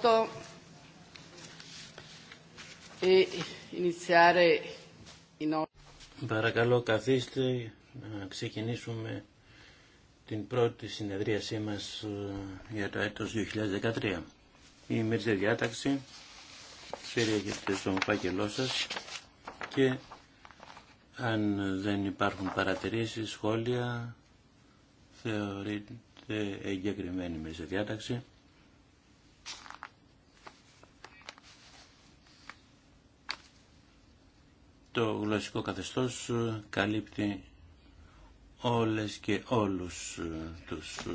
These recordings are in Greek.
E Παρακαλώ καθίστε να ξεκινήσουμε την πρώτη συνεδρίασή μας ε, για το έτος 2013. Η ημερήσια διάταξη περιέχεται στον φάκελό σας και αν δεν υπάρχουν παρατηρήσεις, σχόλια, θεωρείται εγκεκριμένη ημερήσια διάταξη. το γλωσσικό καθεστώς ε, καλύπτει όλες και όλους ε, τους ε,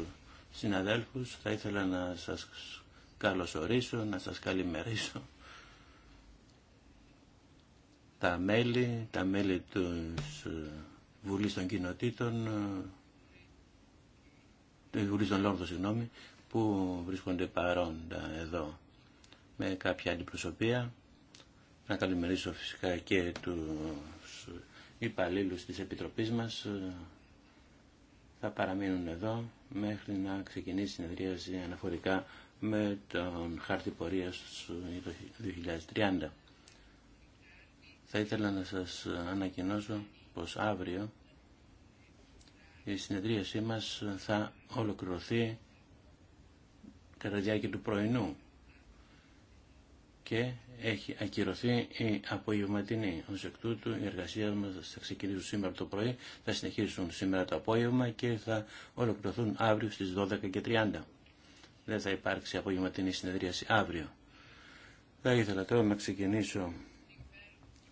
συναδέλφους. Θα ήθελα να σας καλωσορίσω, να σας καλημερίσω. Τα μέλη, τα μέλη του Βουλής των Κοινοτήτων, του Βουλής των Λόρδων, συγγνώμη, που βρίσκονται παρόντα εδώ με κάποια αντιπροσωπεία. Να καλημερίσω φυσικά και τους υπαλλήλους της Επιτροπής μας. Θα παραμείνουν εδώ μέχρι να ξεκινήσει η συνεδρίαση αναφορικά με τον χάρτη πορείας του 2030. Θα ήθελα να σας ανακοινώσω πως αύριο η συνεδρίασή μας θα ολοκληρωθεί κατά διάρκεια του πρωινού και έχει ακυρωθεί η απογευματινή. Ω εκ τούτου, οι εργασίε μα θα ξεκινήσουν σήμερα το πρωί, θα συνεχίσουν σήμερα το απόγευμα και θα ολοκληρωθούν αύριο στι 12.30. Δεν θα υπάρξει απογευματινή συνεδρίαση αύριο. Θα ήθελα τώρα να ξεκινήσω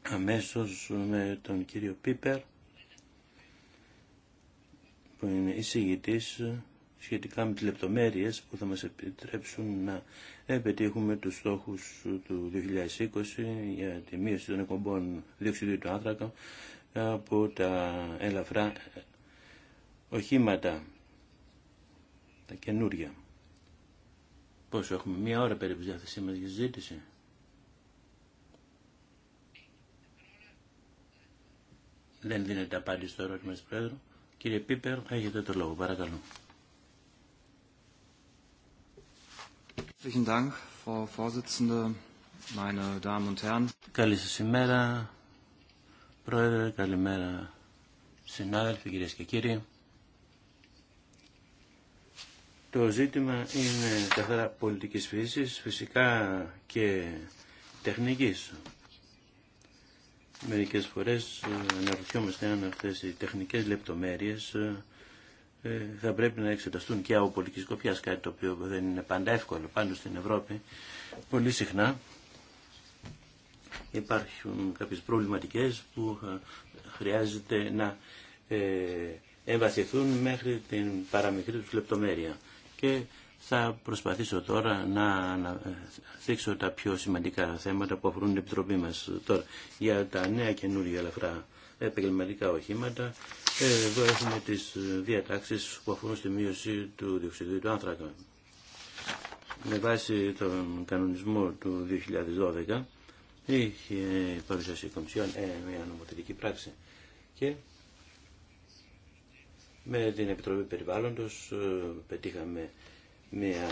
αμέσω με τον κύριο Πίπερ, που είναι εισηγητής σχετικά με τις λεπτομέρειες που θα μας επιτρέψουν να επιτύχουμε τους στόχους του 2020 για τη μείωση των εκπομπών διοξιδίου του άνθρακα από τα ελαφρά οχήματα, τα καινούρια. Πόσο έχουμε, μία ώρα περίπου διάθεσή μας για συζήτηση. Δεν δίνεται απάντηση στο ερώτημα της Πρόεδρου. Κύριε Πίπερ, έχετε το λόγο, παρακαλώ. Καλή σας ημέρα, Πρόεδρε, καλημέρα συνάδελφοι, κυρίε και κύριοι. Το ζήτημα είναι καθαρά πολιτικής φύση, φυσικά και τεχνικής. Μερικές φορές αναρωτιόμαστε αν αυτέ οι τεχνικές λεπτομέρειες ε, θα πρέπει να εξεταστούν και από πολιτική σκοπιά, κάτι το οποίο δεν είναι πάντα εύκολο πάνω στην Ευρώπη. Πολύ συχνά υπάρχουν κάποιες προβληματικές που χρειάζεται να ε, εμβαθυθούν μέχρι την παραμικρή τους λεπτομέρεια. Και θα προσπαθήσω τώρα να δείξω τα πιο σημαντικά θέματα που αφορούν την Επιτροπή μας τώρα για τα νέα καινούργια ελαφρά επαγγελματικά οχήματα. Εδώ έχουμε τις ε, διατάξεις που αφορούν στη μείωση του διοξιδίου του άνθρακα. Με βάση τον κανονισμό του 2012 είχε παρουσιάσει η Κομισιόν ε, μια νομοθετική πράξη και με την Επιτροπή Περιβάλλοντος ε, πετύχαμε μια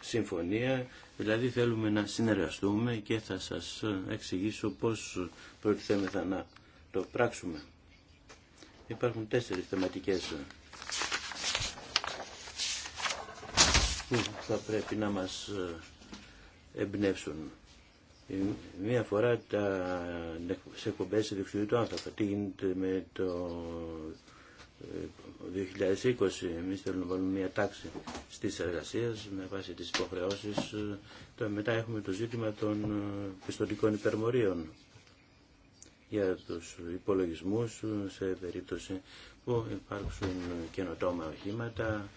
συμφωνία, δηλαδή θέλουμε να συνεργαστούμε και θα σας εξηγήσω πώς προτιθέμεθα να το πράξουμε. Υπάρχουν τέσσερις θεματικές που θα πρέπει να μας ε, εμπνεύσουν. Ε, μία φορά τα σε εκπομπές διοξιδίου του Τι γίνεται με το 2020. Ε, Εμείς θέλουμε να βάλουμε μία τάξη στις εργασίες με βάση τις υποχρεώσεις. Μετά έχουμε το ζήτημα των πιστοτικών υπερμορίων για τους υπολογισμούς σε περίπτωση που υπάρξουν καινοτόμα οχήματα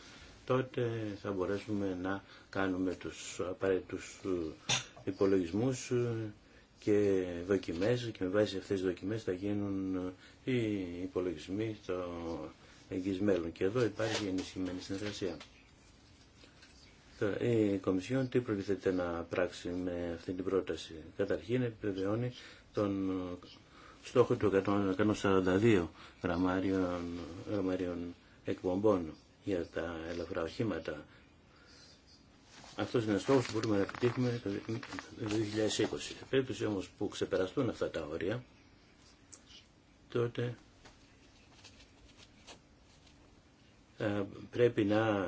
τότε θα μπορέσουμε να κάνουμε τους απαραίτητους υπολογισμούς και δοκιμές και με βάση αυτές τις δοκιμές θα γίνουν οι υπολογισμοί στο εγγύς Και εδώ υπάρχει ενισχυμένη συνεργασία. Η Κομισιόν τι προτίθεται να πράξει με αυτή την πρόταση. Καταρχήν επιβεβαιώνει τον στόχο του 142 γραμμάριων, γραμμάριων εκπομπών για τα ελαφρά οχήματα. Αυτός είναι ο στόχος που μπορούμε να επιτύχουμε το 2020. Σε περίπτωση όμως που ξεπεραστούν αυτά τα όρια, τότε ε, πρέπει να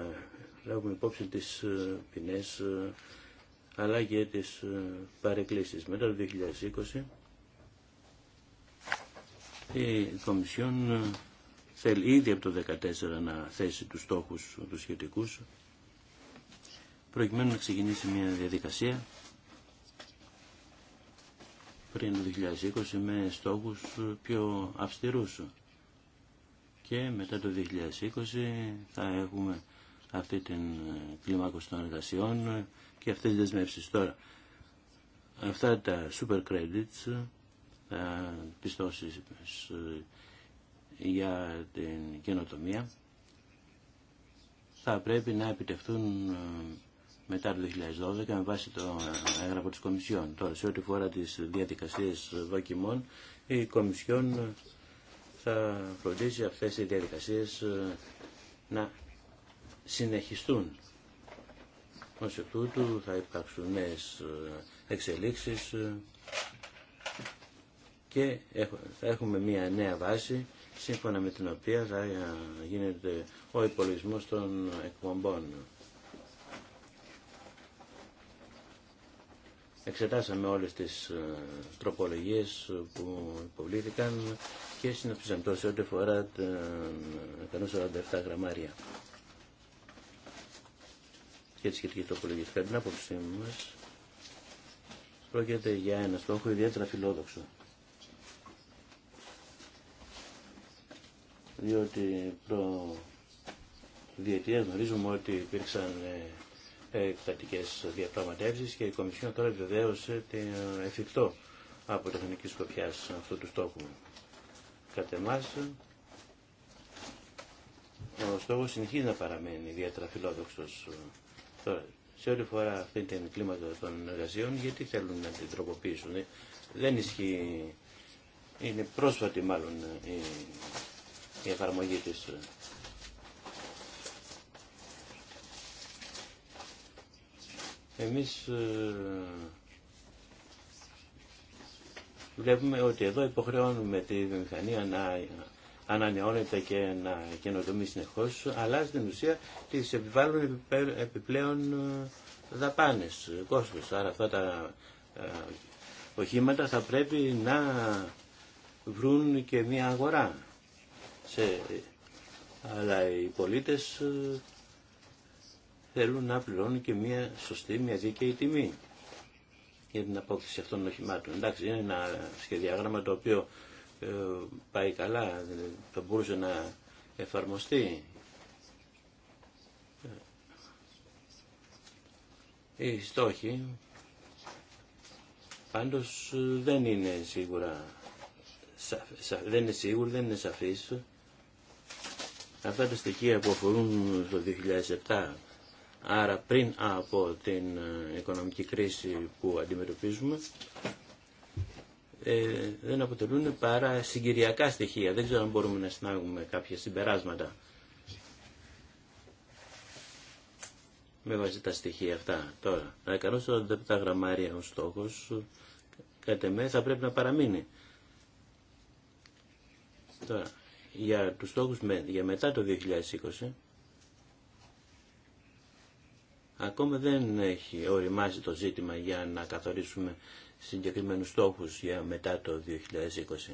λάβουμε υπόψη τις ε, ποινές ε, αλλά και τις παρεκκλήσεις. Μετά το 2020 η Κομισιόν ε, θέλει ήδη από το 2014 να θέσει τους στόχους του σχετικούς προκειμένου να ξεκινήσει μια διαδικασία πριν το 2020 με στόχους πιο αυστηρούς και μετά το 2020 θα έχουμε αυτή την ε, κλιμάκωση των εργασιών και αυτές τις δεσμεύσεις. Τώρα, αυτά τα super credits πιστώσεις ε, ε, για την καινοτομία θα πρέπει να επιτευχθούν ε, μετά το 2012 με βάση το έγγραφο της Κομισιόν. Τώρα σε ό,τι φορά τις διαδικασίες δοκιμών η Κομισιόν θα φροντίσει αυτές οι διαδικασίες να συνεχιστούν. Ως εκ τούτου θα υπάρξουν νέες εξελίξεις και θα έχουμε μια νέα βάση σύμφωνα με την οποία θα ε, γίνεται ο υπολογισμός των εκπομπών. Εξετάσαμε όλες τις ε, τροπολογίες που υποβλήθηκαν και συναψίσαμε τόσο ό,τι φορά ε, τα 147 γραμμάρια και τη σχετική τροπολογία. Κατά την άποψή μας πρόκειται για ένα στόχο ιδιαίτερα φιλόδοξο. διότι προ διετία γνωρίζουμε ότι υπήρξαν ε, εκτατικές διαπραγματεύσεις και η Κομισιόν τώρα βεβαίωσε την εφικτό από τεχνική σκοπιά αυτού του στόχου. Κατ' εμάς, ο στόχος συνεχίζει να παραμένει ιδιαίτερα φιλόδοξος. Τώρα, σε ό,τι φορά αυτή την κλίμακα των εργασιών, γιατί θέλουν να την τροποποιήσουν. Δεν ισχύει, είναι πρόσφατη μάλλον η η εφαρμογή της. Εμείς ε, βλέπουμε ότι εδώ υποχρεώνουμε τη βιομηχανία να ανανεώνεται και να καινοτομεί συνεχώ. αλλά στην ουσία τη επιβάλλουν επιπλέον ε, δαπάνε. κόστο. Άρα αυτά τα ε, οχήματα θα πρέπει να βρουν και μια αγορά σε... αλλά οι πολίτες ε, θέλουν να πληρώνουν και μια σωστή, μια δίκαιη τιμή για την απόκτηση αυτών των οχημάτων. Εντάξει, είναι ένα σχεδιάγραμμα το οποίο ε, πάει καλά, ε, το μπορούσε να εφαρμοστεί. Οι στόχοι πάντως δεν είναι σίγουρα δεν είναι σίγουρο δεν είναι σαφείς Αυτά τα στοιχεία που αφορούν το 2007, άρα πριν από την ε, οικονομική κρίση που αντιμετωπίζουμε, ε, δεν αποτελούν παρά συγκυριακά στοιχεία. Δεν ξέρω αν μπορούμε να συνάγουμε κάποια συμπεράσματα με βάση τα στοιχεία αυτά. Τώρα, να κάνω τα γραμμάρια ο στόχος, κατά θα πρέπει να παραμείνει. Τώρα, για τους στόχους με, για μετά το 2020 ακόμα δεν έχει οριμάσει το ζήτημα για να καθορίσουμε συγκεκριμένους στόχους για μετά το 2020.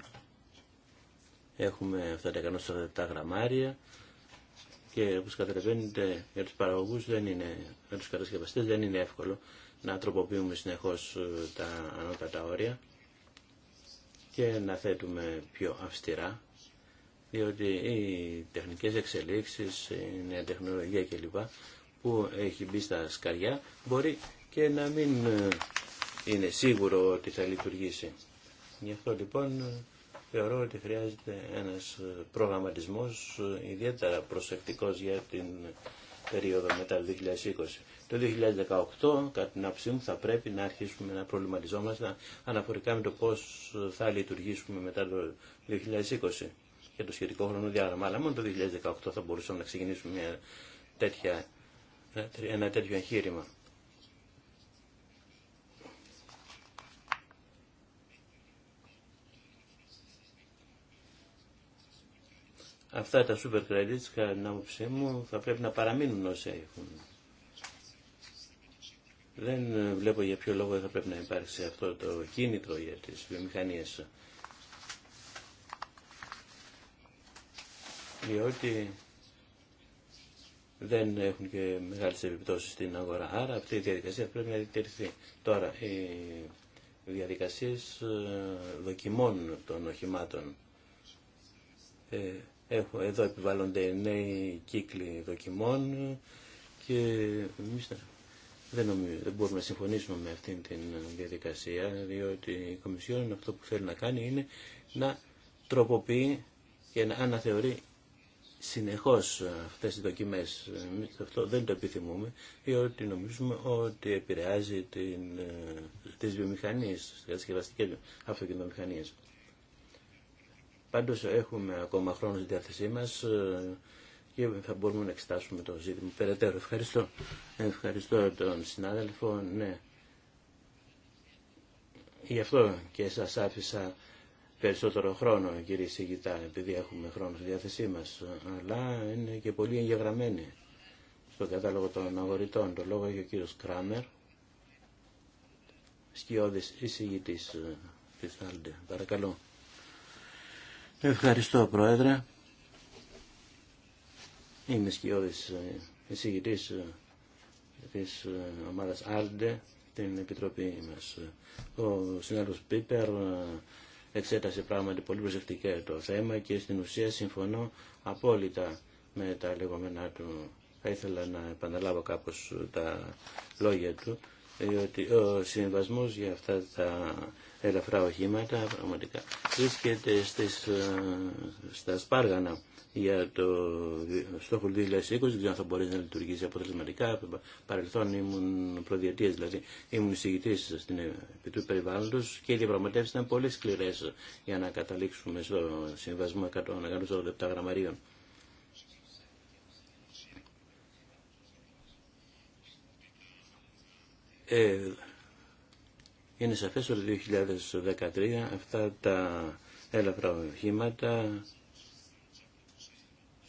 Έχουμε αυτά τα 147 γραμμάρια και όπως καταλαβαίνετε για τους παραγωγούς δεν είναι, για τους δεν είναι εύκολο να τροποποιούμε συνεχώς ε, τα ανώτατα όρια και να θέτουμε πιο αυστηρά διότι οι τεχνικές εξελίξεις, η νέα τεχνολογία κλπ. που έχει μπει στα σκαριά μπορεί και να μην ε, είναι σίγουρο ότι θα λειτουργήσει. Γι' αυτό λοιπόν θεωρώ ότι χρειάζεται ένας προγραμματισμός ε, ιδιαίτερα προσεκτικός για την περίοδο μετά το 2020. Το 2018, κατά την άψή μου, θα πρέπει να αρχίσουμε να προβληματιζόμαστε αναφορικά με το πώς θα λειτουργήσουμε μετά το 2020 για το σχετικό χρονοδιάγραμμα. Αλλά μόνο το 2018 θα μπορούσαμε να ξεκινήσουμε μια τέτοια, ένα τέτοιο εγχείρημα. Αυτά τα super credits, κατά την άποψή μου, θα πρέπει να παραμείνουν όσοι έχουν. Δεν βλέπω για ποιο λόγο θα πρέπει να υπάρξει αυτό το κίνητρο για τις βιομηχανίες. διότι δεν έχουν και μεγάλες επιπτώσεις στην αγορά. Άρα αυτή η διαδικασία πρέπει να διατηρηθεί. Τώρα, οι διαδικασίες ε, δοκιμών των οχημάτων. Ε, εδώ επιβάλλονται νέοι κύκλοι δοκιμών και εμεί δεν, μπορούμε να συμφωνήσουμε με αυτήν τη διαδικασία, διότι η Κομισιόν αυτό που θέλει να κάνει είναι να τροποποιεί και να αναθεωρεί συνεχώς ε, αυτές οι δοκιμές. αυτό δεν το επιθυμούμε, διότι νομίζουμε ότι επηρεάζει την, ε, τις βιομηχανίες, τις κατασκευαστικές αυτοκινητομηχανίες. Πάντως έχουμε ακόμα χρόνο στη διάθεσή μας ε, και θα μπορούμε να εξετάσουμε το ζήτημα περαιτέρω. Ευχαριστώ. Ευχαριστώ τον συνάδελφο. Ναι. Γι' αυτό και σας άφησα περισσότερο χρόνο, κύριε Σιγητά, επειδή έχουμε χρόνο στη διάθεσή μας, αλλά είναι και πολύ εγγεγραμμένη Στο κατάλογο των αγορητών. Το λόγο έχει ο κύριος Κράμερ, σκιώδης εισηγητής ε, της Άλντε. Παρακαλώ. Ευχαριστώ, Πρόεδρε. Είμαι σκιώδης ε, εισηγητής ε, της ομάδα Άλντε, την Επιτροπή μα, Ο συνάδελφος Πίπερ εξέτασε πράγματι πολύ προσεκτικά το θέμα και στην ουσία συμφωνώ απόλυτα με τα λεγόμενά του. Θα ήθελα να επαναλάβω κάπως τα λόγια του, διότι ο συμβασμός για αυτά τα ελαφρά οχήματα πραγματικά βρίσκεται στις, ε, στα σπάργανα για το στόχο 2020, δεν ξέρω θα μπορεί να λειτουργήσει αποτελεσματικά. Παρελθόν ήμουν προδιατίας, δηλαδή ήμουν εισηγητής στην Επιτροπή Περιβάλλοντος και οι διαπραγματεύσεις ήταν πολύ σκληρές για να καταλήξουμε στο συμβασμό 147 γραμμαρίων. Ε, είναι σαφές ότι το 2013 αυτά τα έλαφρα οχήματα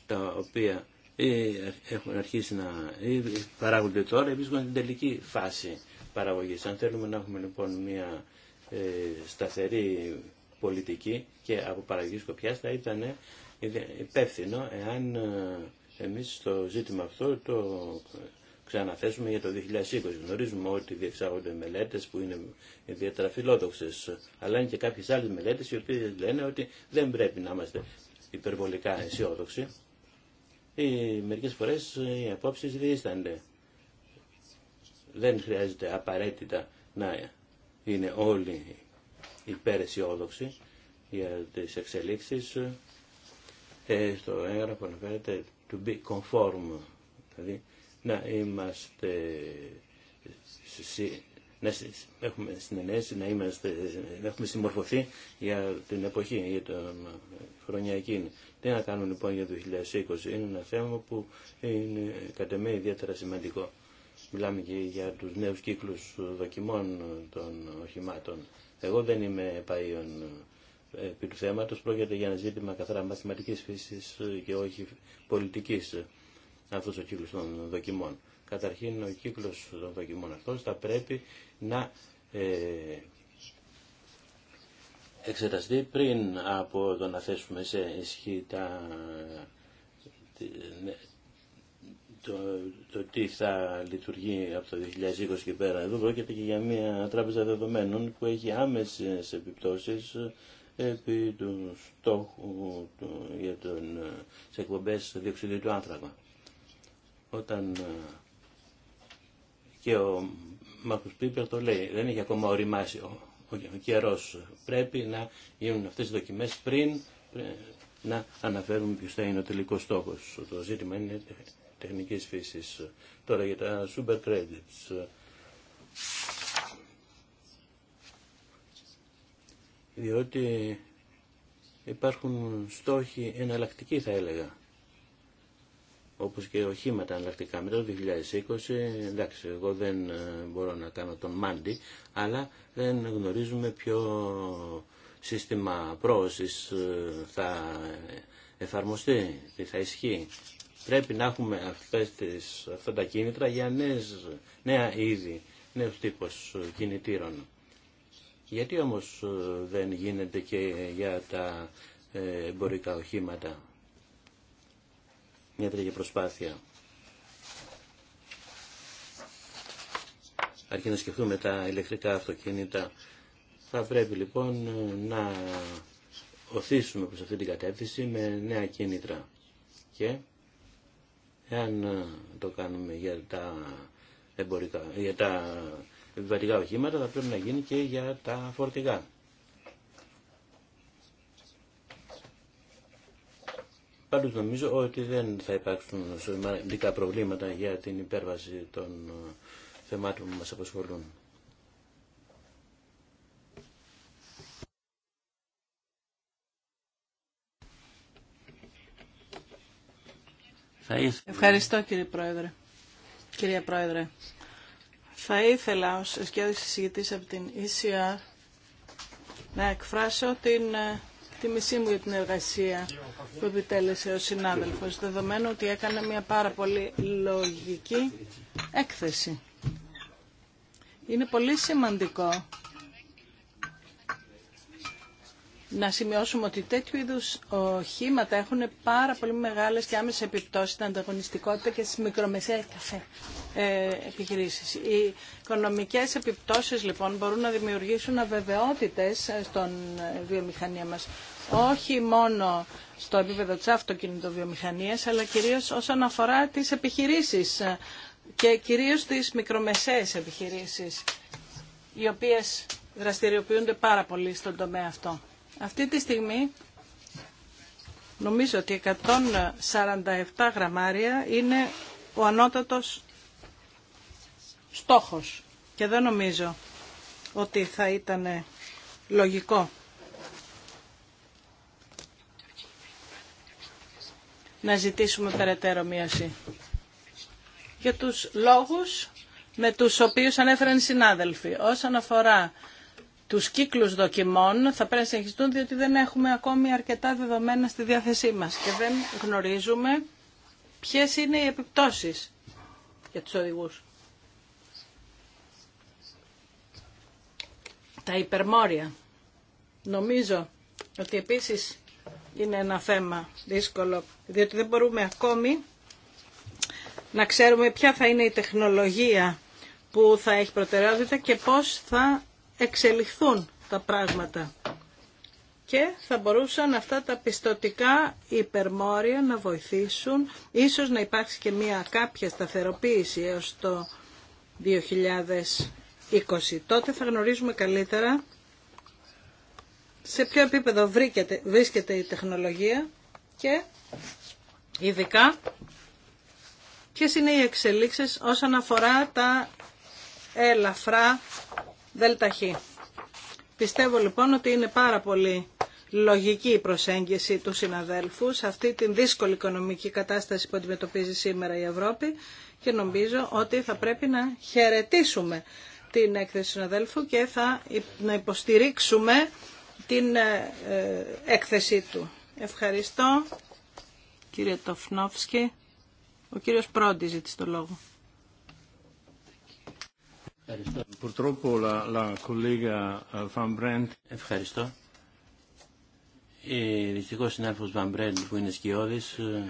τα οποία ε, έχουν αρχίσει να ε, παράγονται τώρα βρίσκονται στην τελική φάση παραγωγής. Αν θέλουμε να έχουμε λοιπόν μια ε, σταθερή πολιτική και από παραγωγή σκοπιάς θα ήταν υπεύθυνο εάν εμείς στο ζήτημα αυτό το ξαναθέσουμε για το 2020. Γνωρίζουμε ότι διεξάγονται μελέτες που είναι ιδιαίτερα φιλόδοξες, αλλά είναι και κάποιες άλλες μελέτες οι οποίες λένε ότι δεν πρέπει να είμαστε υπερβολικά αισιόδοξοι. Οι, μερικές φορές οι απόψεις διήστανται. Δεν χρειάζεται απαραίτητα να είναι όλοι υπεραισιόδοξοι για τις εξελίξεις. Ε, στο έγγραφο αναφέρεται to be conform, δηλαδή να είμαστε να έχουμε συνενέσει, να, είμαστε, να έχουμε συμμορφωθεί για την εποχή, για την ε, χρονιά εκείνη. Τι να κάνουν λοιπόν για το 2020, είναι ένα θέμα που είναι κατά με ιδιαίτερα σημαντικό. Μιλάμε και για τους νέους κύκλους δοκιμών των οχημάτων. Εγώ δεν είμαι παίον ε, επί του θέματος, πρόκειται για ένα ζήτημα καθαρά μαθηματικής φύσης και όχι πολιτικής αυτός ο κύκλος των δοκιμών. Καταρχήν ο κύκλος των δοκιμών αυτός θα πρέπει να ε, εξεταστεί πριν από το να θέσουμε σε ισχύ τα, ναι, το, το τι θα λειτουργεί από το 2020 και πέρα. Εδώ πρόκειται και για μια τράπεζα δεδομένων που έχει άμεσες επιπτώσεις επί του στόχου για τον, ε, σε εκπομπές διοξιδίου του άνθρακα όταν ε, και ο Μάρκος Πίπερ το λέει, δεν έχει ακόμα οριμάσει ο, καιρό. Πρέπει να γίνουν αυτές οι δοκιμές πριν, να αναφέρουμε ποιος θα είναι ο τελικός στόχος. Το ζήτημα είναι τεχνικής φύσης. Τώρα για τα super credits. Διότι υπάρχουν στόχοι εναλλακτικοί θα έλεγα όπως και οχήματα εναλλακτικά. Μετά το 2020, εντάξει, εγώ δεν ε, μπορώ να κάνω τον μάντι, αλλά δεν γνωρίζουμε ποιο σύστημα πρόωσης ε, θα εφαρμοστεί, τι θα ισχύει. Πρέπει να έχουμε αυτές τις, αυτά τα κίνητρα για νέες, νέα είδη, νέους τύπους ε, κινητήρων. Γιατί όμως δεν γίνεται και για τα εμπορικά οχήματα μια τέτοια προσπάθεια. Αρκεί να σκεφτούμε τα ηλεκτρικά αυτοκίνητα. Θα πρέπει λοιπόν να οθήσουμε προς αυτή την κατεύθυνση με νέα κίνητρα. Και εάν το κάνουμε για τα εμπορικά, για τα επιβατικά οχήματα θα πρέπει να γίνει και για τα φορτηγά. Πάντως νομίζω ότι δεν θα υπάρξουν σημαντικά προβλήματα για την υπέρβαση των ε, θεμάτων που μας απασχολούν. Ευχαριστώ κύριε Πρόεδρε. Κυρία Πρόεδρε, θα ήθελα ως εσκέδωση συζητής από την ECR να εκφράσω την ε, μισή μου για την εργασία που επιτέλεσε ο συνάδελφος, δεδομένου ότι έκανε μια πάρα πολύ λογική έκθεση. Είναι πολύ σημαντικό να σημειώσουμε ότι τέτοιου είδου οχήματα έχουν πάρα πολύ μεγάλε και άμεσε επιπτώσει, στην ανταγωνιστικότητα και στι μικρομεσαίε καφέ ε, επιχειρήσεις. Οι οικονομικέ επιπτώσει λοιπόν μπορούν να δημιουργήσουν αβεβαιότητε ε, στον ε, βιομηχανία μα, Όχι μόνο στο επίπεδο τη αυτοκινητοβιομηχανία, αλλά κυρίω όσον αφορά τι επιχειρήσει και κυρίω τι μικρομεσαίε επιχειρήσει, οι οποίε δραστηριοποιούνται πάρα πολύ στον τομέα αυτό. Αυτή τη στιγμή νομίζω ότι 147 γραμμάρια είναι ο ανώτατος στόχος και δεν νομίζω ότι θα ήταν λογικό να ζητήσουμε περαιτέρω μείωση για τους λόγους με τους οποίους ανέφεραν οι συνάδελφοι. Όσον αφορά τους κύκλους δοκιμών θα πρέπει να συνεχιστούν διότι δεν έχουμε ακόμη αρκετά δεδομένα στη διάθεσή μας και δεν γνωρίζουμε ποιες είναι οι επιπτώσεις για τους οδηγούς. Τα υπερμόρια. Νομίζω ότι επίσης είναι ένα θέμα δύσκολο, διότι δεν μπορούμε ακόμη να ξέρουμε ποια θα είναι η τεχνολογία που θα έχει προτεραιότητα και πώς θα εξελιχθούν τα πράγματα και θα μπορούσαν αυτά τα πιστοτικά υπερμόρια να βοηθήσουν ίσως να υπάρξει και μια κάποια σταθεροποίηση έως το 2020. Τότε θα γνωρίζουμε καλύτερα σε ποιο επίπεδο βρίσκεται η τεχνολογία και ειδικά ποιες είναι οι εξελίξεις όσον αφορά τα ελαφρά ΔΕΛΤΑΧ. Πιστεύω λοιπόν ότι είναι πάρα πολύ λογική η προσέγγιση του συναδέλφου σε αυτή την δύσκολη οικονομική κατάσταση που αντιμετωπίζει σήμερα η Ευρώπη και νομίζω ότι θα πρέπει να χαιρετήσουμε την έκθεση συναδέλφου και θα να υποστηρίξουμε την ε, ε, έκθεσή του. Ευχαριστώ κύριε Τοφνόφσκι. Ο κύριος Πρόντι ζήτησε το λόγο. Ευχαριστώ. Eh, Ευχαριστώ. Η ε, δυστυχώ συνάδελφο Βαμπρέντ που είναι σκιώδη ε,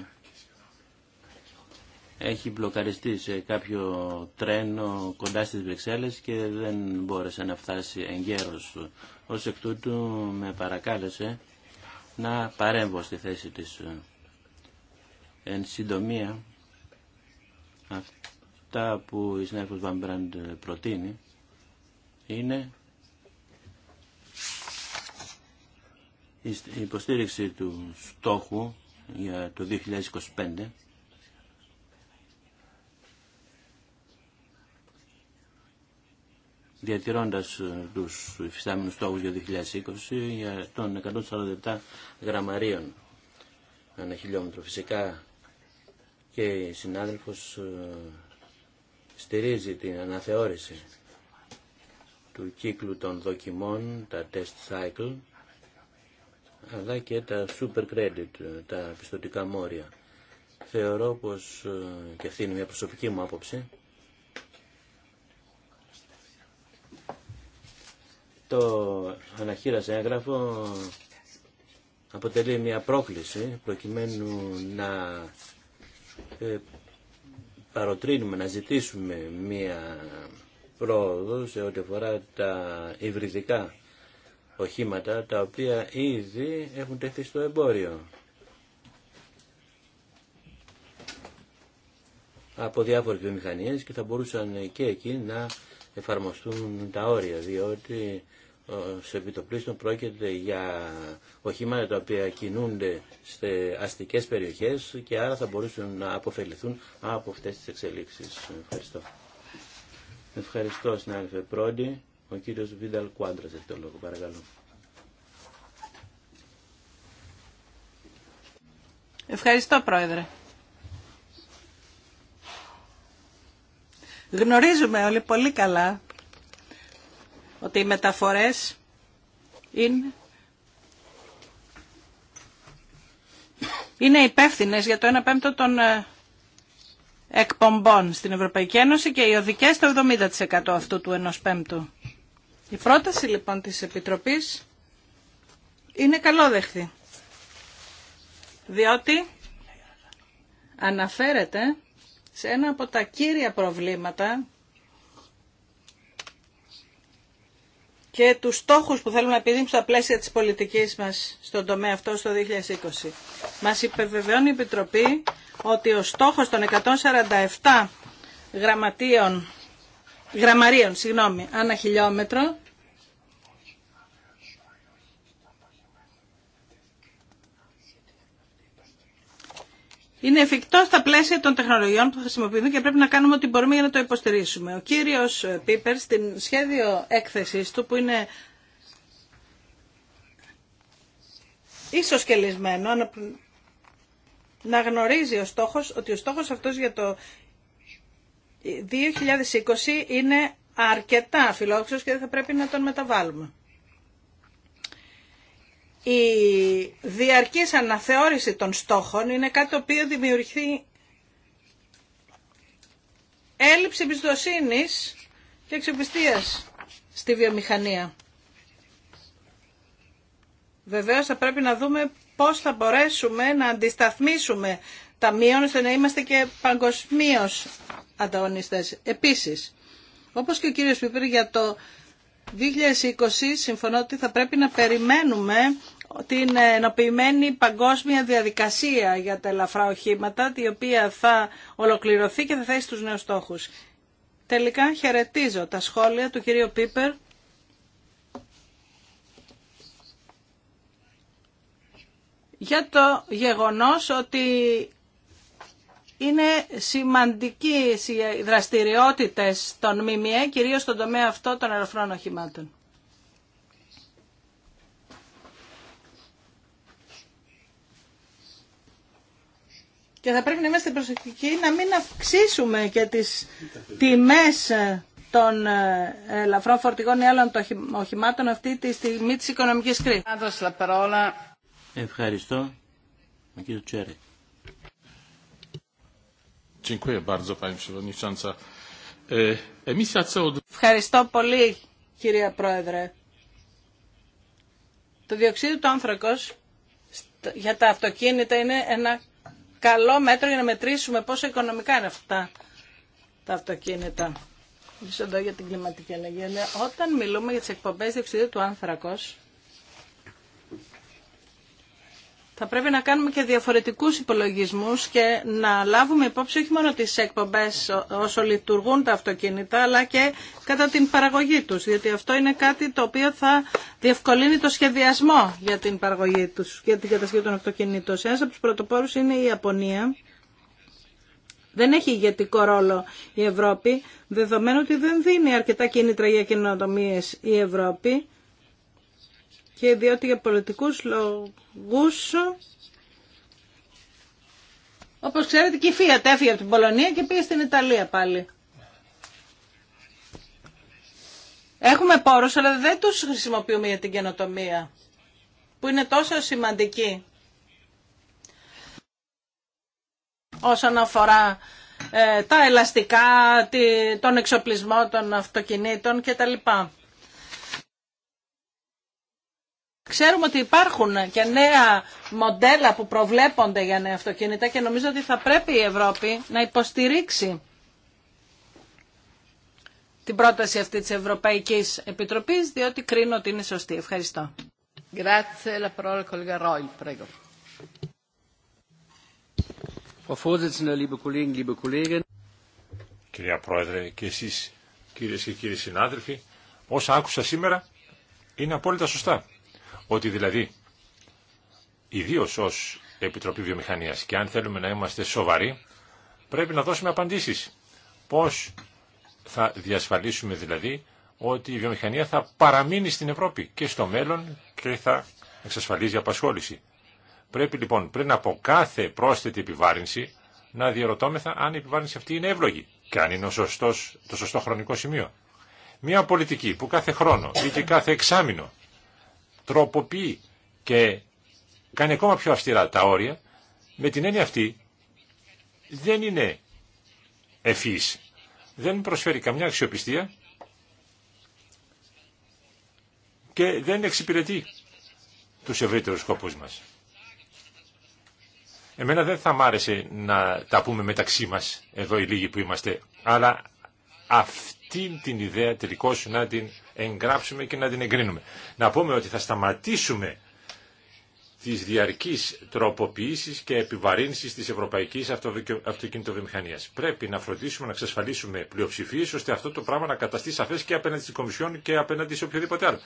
έχει μπλοκαριστεί σε κάποιο τρένο κοντά στις Βρυξέλλες και δεν μπόρεσε να φτάσει εγκαίρως. Ως εκ τούτου με παρακάλεσε να παρέμβω στη θέση της. Ε, εν συντομία, αυτά που η συνάδελφος Βαμπραντ προτείνει είναι η υποστήριξη του στόχου για το 2025 διατηρώντας ε, τους υφιστάμενους στόχου για 2020 για των 147 γραμμαρίων ανά χιλιόμετρο. Φυσικά και η συνάδελφος ε, στηρίζει την αναθεώρηση του κύκλου των δοκιμών, τα test cycle, αλλά και τα super credit, τα πιστοτικά μόρια. Θεωρώ πως, ε, και αυτή είναι μια προσωπική μου άποψη, το αναχείρας έγγραφο αποτελεί μια πρόκληση προκειμένου να ε, παροτρύνουμε να ζητήσουμε μία πρόοδο σε ό,τι αφορά τα υβριδικά οχήματα τα οποία ήδη έχουν τεθεί στο εμπόριο. από διάφορες βιομηχανίες και θα μπορούσαν και εκεί να εφαρμοστούν τα όρια διότι σε επιτοπλίστων πρόκειται για οχήματα τα οποία κινούνται σε αστικές περιοχές και άρα θα μπορούσαν να αποφεληθούν από αυτές τις εξελίξεις. Ευχαριστώ. Ευχαριστώ συνάδελφε πρώτη. Ο κύριος Βίνταλ Κουάντρας έχει το λόγο. Παρακαλώ. Ευχαριστώ πρόεδρε. Γνωρίζουμε όλοι πολύ καλά ότι οι μεταφορές είναι, είναι υπεύθυνες για το 1 πέμπτο των ε, εκπομπών στην Ευρωπαϊκή Ένωση και οι οδικές το 70% αυτού του 1 πέμπτου. Η πρόταση λοιπόν της Επιτροπής είναι καλόδεχτη, διότι αναφέρεται σε ένα από τα κύρια προβλήματα και τους στόχους που θέλουμε να επιδείξουμε στα πλαίσια της πολιτικής μας στον τομέα αυτό στο 2020. Μας υπεβεβαιώνει η Επιτροπή ότι ο στόχος των 147 γραμμαρίων συγγνώμη, ανά χιλιόμετρο είναι εφικτό στα πλαίσια των τεχνολογιών που θα χρησιμοποιούν και πρέπει να κάνουμε ό,τι μπορούμε για να το υποστηρίσουμε. Ο κύριο Πίπερ στην σχέδιο έκθεσή του που είναι ίσως κελισμένο να γνωρίζει ο στόχος, ότι ο στόχος αυτός για το 2020 είναι αρκετά φιλόξενος και δεν θα πρέπει να τον μεταβάλουμε η διαρκής αναθεώρηση των στόχων είναι κάτι το οποίο δημιουργεί έλλειψη εμπιστοσύνη και εξοπιστίας στη βιομηχανία. Βεβαίως θα πρέπει να δούμε πώς θα μπορέσουμε να αντισταθμίσουμε τα μείον ώστε να είμαστε και παγκοσμίω ανταγωνιστές. Επίσης, όπως και ο κύριος Πίπερ για το 2020 συμφωνώ ότι θα πρέπει να περιμένουμε την ενοποιημένη παγκόσμια διαδικασία για τα ελαφρά οχήματα, η οποία θα ολοκληρωθεί και θα θέσει τους νέους στόχους. Τελικά χαιρετίζω τα σχόλια του κυρίου Πίπερ. για το γεγονός ότι είναι σημαντικοί οι δραστηριότητες των ΜΜΕ, κυρίως στον τομέα αυτό των ελαφρών οχημάτων. και θα πρέπει να είμαστε προσεκτικοί να μην αυξήσουμε και τις τιμές των ε, ελαφρών φορτηγών ή άλλων των οχημάτων αυτή τη στιγμή της οικονομικής κρίσης. Ευχαριστώ. E, Ευχαριστώ πολύ κυρία Πρόεδρε. Το διοξείδιο του άνθρακος για τα αυτοκίνητα είναι ένα καλό μέτρο για να μετρήσουμε πόσο οικονομικά είναι αυτά τα αυτοκίνητα. Μισό για την κλιματική αλλαγή. Ναι, όταν μιλούμε για τις εκπομπέ διοξιδίου του άνθρακος, θα πρέπει να κάνουμε και διαφορετικούς υπολογισμούς και να λάβουμε υπόψη όχι μόνο τις εκπομπές όσο λειτουργούν τα αυτοκίνητα, αλλά και κατά την παραγωγή τους, διότι αυτό είναι κάτι το οποίο θα διευκολύνει το σχεδιασμό για την παραγωγή τους, για την κατασκευή των αυτοκινήτων. Ένας από τους πρωτοπόρους είναι η Ιαπωνία. Δεν έχει ηγετικό ρόλο η Ευρώπη, δεδομένου ότι δεν δίνει αρκετά κίνητρα για κοινοτομίες η Ευρώπη και διότι για πολιτικούς λόγους όπως ξέρετε και η Fiat έφυγε από την Πολωνία και πήγε στην Ιταλία πάλι. Έχουμε πόρους αλλά δεν τους χρησιμοποιούμε για την καινοτομία που είναι τόσο σημαντική όσον αφορά ε, τα ελαστικά, τον εξοπλισμό των αυτοκινήτων κτλ. Ξέρουμε ότι υπάρχουν και νέα μοντέλα που προβλέπονται για νέα αυτοκίνητα και νομίζω ότι θα πρέπει η Ευρώπη να υποστηρίξει την πρόταση αυτή της Ευρωπαϊκής Επιτροπής, διότι κρίνω ότι είναι σωστή. Ευχαριστώ. Κυρία Πρόεδρε και εσείς κυρίες και κύριοι συνάδελφοι, όσα άκουσα σήμερα είναι απόλυτα σωστά. Ότι δηλαδή, ιδίω ω Επιτροπή Βιομηχανία, και αν θέλουμε να είμαστε σοβαροί, πρέπει να δώσουμε απαντήσει. Πώ θα διασφαλίσουμε δηλαδή ότι η βιομηχανία θα παραμείνει στην Ευρώπη και στο μέλλον και θα εξασφαλίζει απασχόληση. Πρέπει λοιπόν πριν από κάθε πρόσθετη επιβάρυνση να διαρωτώμεθα αν η επιβάρυνση αυτή είναι εύλογη και αν είναι το σωστό χρονικό σημείο. Μια πολιτική που κάθε χρόνο ή και κάθε εξάμεινο τροποποιεί και κάνει ακόμα πιο αυστηρά τα όρια, με την έννοια αυτή δεν είναι ευφύης. Δεν προσφέρει καμιά αξιοπιστία και δεν εξυπηρετεί τους ευρύτερους σκοπούς μας. Εμένα δεν θα μ' άρεσε να τα πούμε μεταξύ μας εδώ οι λίγοι που είμαστε, αλλά αυτή την ιδέα τελικώς να την εγγράψουμε και να την εγκρίνουμε. Να πούμε ότι θα σταματήσουμε τις διαρκείς τροποποιήσεις και επιβαρύνσεις της ευρωπαϊκής αυτοκινητοβιομηχανίας. Πρέπει να φροντίσουμε να εξασφαλίσουμε πλειοψηφίες ώστε αυτό το πράγμα να καταστεί σαφές και απέναντι στην Κομισιόν και απέναντι σε οποιοδήποτε άλλο.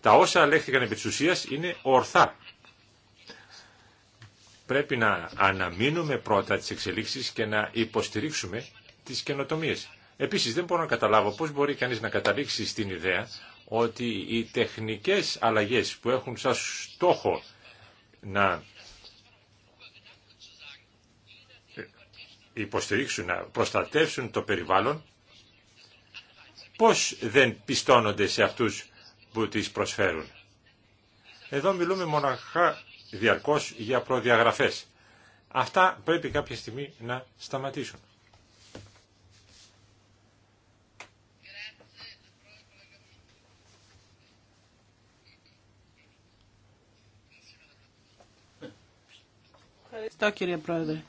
Τα όσα αλέχθηκαν επί της ουσίας είναι ορθά. Πρέπει να αναμείνουμε πρώτα τις εξελίξεις και να υποστηρίξουμε τις καινοτομίες. Επίσης δεν μπορώ να καταλάβω πώς μπορεί κανείς να καταλήξει στην ιδέα ότι οι τεχνικές αλλαγές που έχουν σαν στόχο να υποστηρίξουν, να προστατεύσουν το περιβάλλον, πώς δεν πιστώνονται σε αυτούς που τις προσφέρουν. Εδώ μιλούμε μοναχά διαρκώς για προδιαγραφές. Αυτά πρέπει κάποια στιγμή να σταματήσουν. Ευχαριστώ κύριε Πρόεδρε.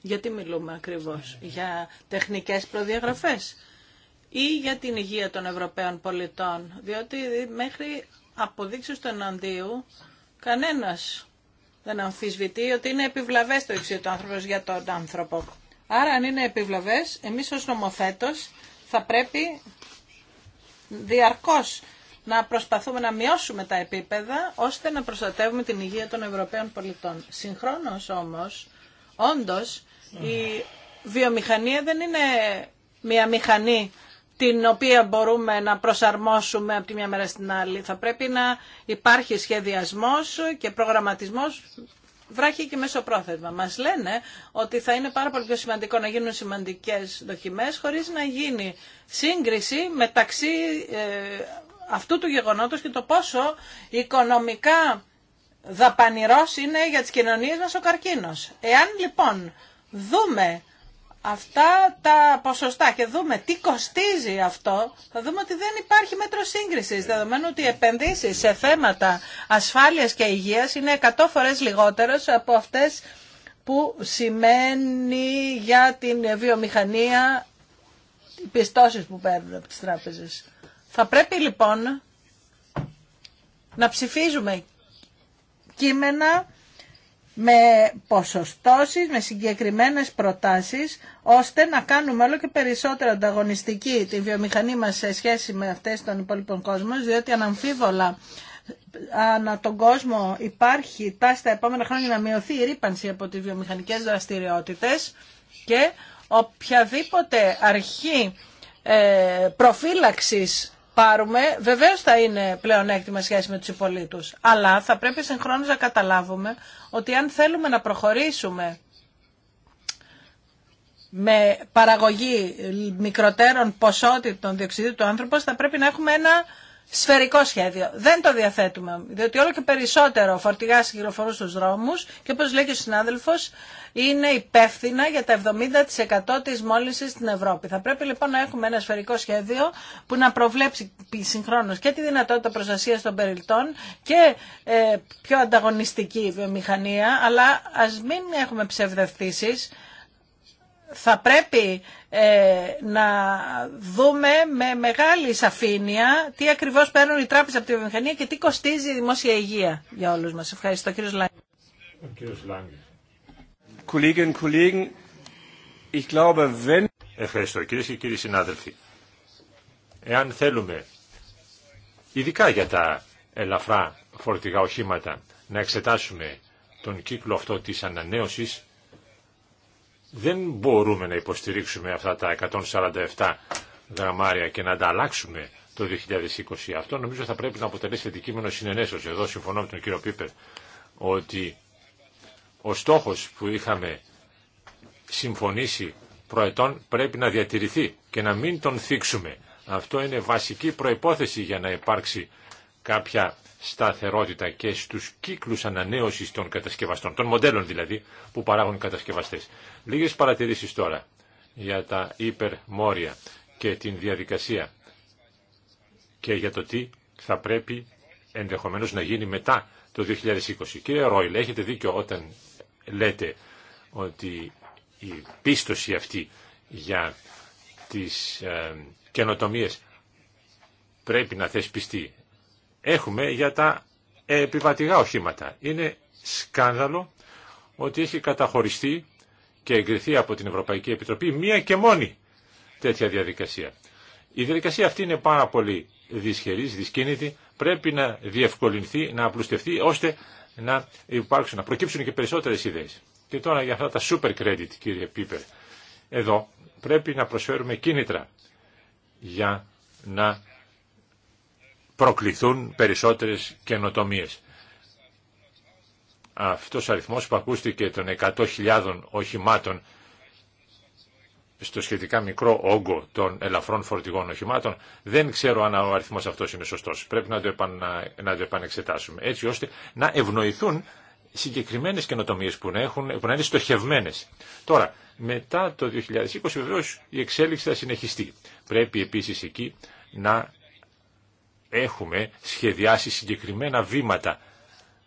Γιατί μιλούμε ακριβώς, για τεχνικές προδιαγραφές ή για την υγεία των Ευρωπαίων πολιτών, διότι μέχρι αποδείξεις του εναντίου κανένας δεν αμφισβητεί ότι είναι επιβλαβές το εξίο του άνθρωπος για τον άνθρωπο. Άρα αν είναι επιβλαβές, εμείς ως νομοθέτος θα πρέπει διαρκώς να προσπαθούμε να μειώσουμε τα επίπεδα ώστε να προστατεύουμε την υγεία των Ευρωπαίων πολιτών. Συγχρόνως όμως, όντως, η βιομηχανία δεν είναι μια μηχανή την οποία μπορούμε να προσαρμόσουμε από τη μια μέρα στην άλλη. Θα πρέπει να υπάρχει σχεδιασμός και προγραμματισμός βράχει και μέσω πρόθεσμα. Μας λένε ότι θα είναι πάρα πολύ πιο σημαντικό να γίνουν σημαντικές δοκιμές χωρίς να γίνει σύγκριση μεταξύ ε, αυτού του γεγονότος και το πόσο οικονομικά δαπανηρός είναι για τις κοινωνίες μας ο καρκίνος. Εάν λοιπόν δούμε αυτά τα ποσοστά και δούμε τι κοστίζει αυτό, θα δούμε ότι δεν υπάρχει μέτρο σύγκρισης, δεδομένου ότι οι επενδύσεις σε θέματα ασφάλειας και υγείας είναι 100 φορές λιγότερες από αυτές που σημαίνει για την βιομηχανία οι πιστώσεις που παίρνουν από τις τράπεζες. Θα πρέπει λοιπόν να ψηφίζουμε κείμενα με ποσοστώσεις, με συγκεκριμένες προτάσεις, ώστε να κάνουμε όλο και περισσότερο ανταγωνιστική τη βιομηχανή μας σε σχέση με αυτές των υπόλοιπων κόσμων, διότι αναμφίβολα ανά τον κόσμο υπάρχει τάση τα επόμενα χρόνια να μειωθεί η ρήπανση από τις βιομηχανικές δραστηριότητες και οποιαδήποτε αρχή ε, προφύλαξης πάρουμε, βεβαίω θα είναι πλεονέκτημα σχέση με του υπολείπου. Αλλά θα πρέπει συγχρόνω να καταλάβουμε ότι αν θέλουμε να προχωρήσουμε με παραγωγή μικροτέρων ποσότητων διοξιδίου του άνθρωπο, θα πρέπει να έχουμε ένα σφαιρικό σχέδιο. Δεν το διαθέτουμε, διότι όλο και περισσότερο φορτηγά κυκλοφορούν στους δρόμους και όπως λέει και ο συνάδελφος, είναι υπεύθυνα για τα 70% τη μόλυνση στην Ευρώπη. Θα πρέπει λοιπόν να έχουμε ένα σφαιρικό σχέδιο που να προβλέψει συγχρόνω και τη δυνατότητα προστασία των περιλτών και ε, πιο ανταγωνιστική βιομηχανία, αλλά α μην έχουμε ψευδευτήσει θα πρέπει ε, να δούμε με μεγάλη σαφήνεια τι ακριβώς παίρνουν οι τράπεζες από τη βιομηχανία και τι κοστίζει η δημόσια υγεία για όλους μας. Ευχαριστώ κύριος Λάγκη. Ευχαριστώ κύριε και κύριοι συνάδελφοι. Εάν θέλουμε, ειδικά για τα ελαφρά φορτηγά οχήματα, να εξετάσουμε τον κύκλο αυτό της ανανέωσης, δεν μπορούμε να υποστηρίξουμε αυτά τα 147 γραμμάρια και να τα αλλάξουμε το 2020. Αυτό νομίζω θα πρέπει να αποτελέσει αντικείμενο συνενέσεως. Εδώ συμφωνώ με τον κύριο Πίπερ ότι ο στόχος που είχαμε συμφωνήσει προετών πρέπει να διατηρηθεί και να μην τον θίξουμε. Αυτό είναι βασική προϋπόθεση για να υπάρξει κάποια σταθερότητα και στους κύκλους ανανέωσης των κατασκευαστών, των μοντέλων δηλαδή που παράγουν οι κατασκευαστές. Λίγες παρατηρήσεις τώρα για τα υπερμόρια και την διαδικασία και για το τι θα πρέπει ενδεχομένως να γίνει μετά το 2020. Κύριε Ρόιλ, έχετε δίκιο όταν λέτε ότι η πίστοση αυτή για τις ε, καινοτομίες πρέπει να θεσπιστεί έχουμε για τα επιβατηγά οχήματα. Είναι σκάνδαλο ότι έχει καταχωριστεί και εγκριθεί από την Ευρωπαϊκή Επιτροπή μία και μόνη τέτοια διαδικασία. Η διαδικασία αυτή είναι πάρα πολύ δυσχερής, δυσκίνητη, πρέπει να διευκολυνθεί, να απλουστευτεί, ώστε να υπάρξουν, να προκύψουν και περισσότερες ιδέες. Και τώρα για αυτά τα super credit, κύριε Πίπερ. Εδώ πρέπει να προσφέρουμε κίνητρα για να προκληθούν περισσότερες καινοτομίες. Αυτός ο αριθμός που ακούστηκε των 100.000 οχημάτων στο σχετικά μικρό όγκο των ελαφρών φορτηγών οχημάτων, δεν ξέρω αν ο αριθμός αυτός είναι σωστός. Πρέπει να το, να επανεξετάσουμε έτσι ώστε να ευνοηθούν συγκεκριμένες καινοτομίες που να, έχουν, που είναι στοχευμένες. Τώρα, μετά το 2020 βεβαίω η εξέλιξη θα συνεχιστεί. Πρέπει επίσης εκεί να έχουμε σχεδιάσει συγκεκριμένα βήματα.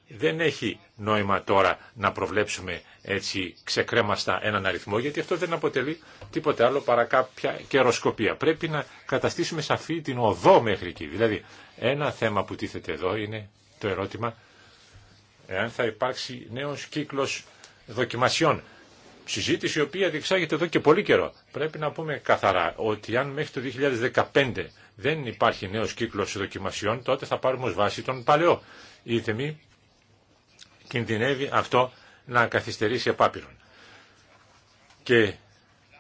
Δεν έχει νόημα τώρα να προβλέψουμε έτσι ξεκρέμαστα έναν αριθμό, γιατί αυτό δεν αποτελεί τίποτε άλλο παρά κάποια καιροσκοπία. Πρέπει να καταστήσουμε σαφή την οδό μέχρι εκεί. Δηλαδή, ένα θέμα που τίθεται εδώ είναι το ερώτημα εάν θα υπάρξει νέος κύκλος δοκιμασιών συζήτηση η οποία διεξάγεται εδώ και πολύ καιρό. Πρέπει να πούμε καθαρά ότι αν μέχρι το 2015 δεν υπάρχει νέος κύκλος δοκιμασιών, τότε θα πάρουμε ως βάση τον παλαιό. Η ΔΕΜΗ κινδυνεύει αυτό να καθυστερήσει επάπειρον. Και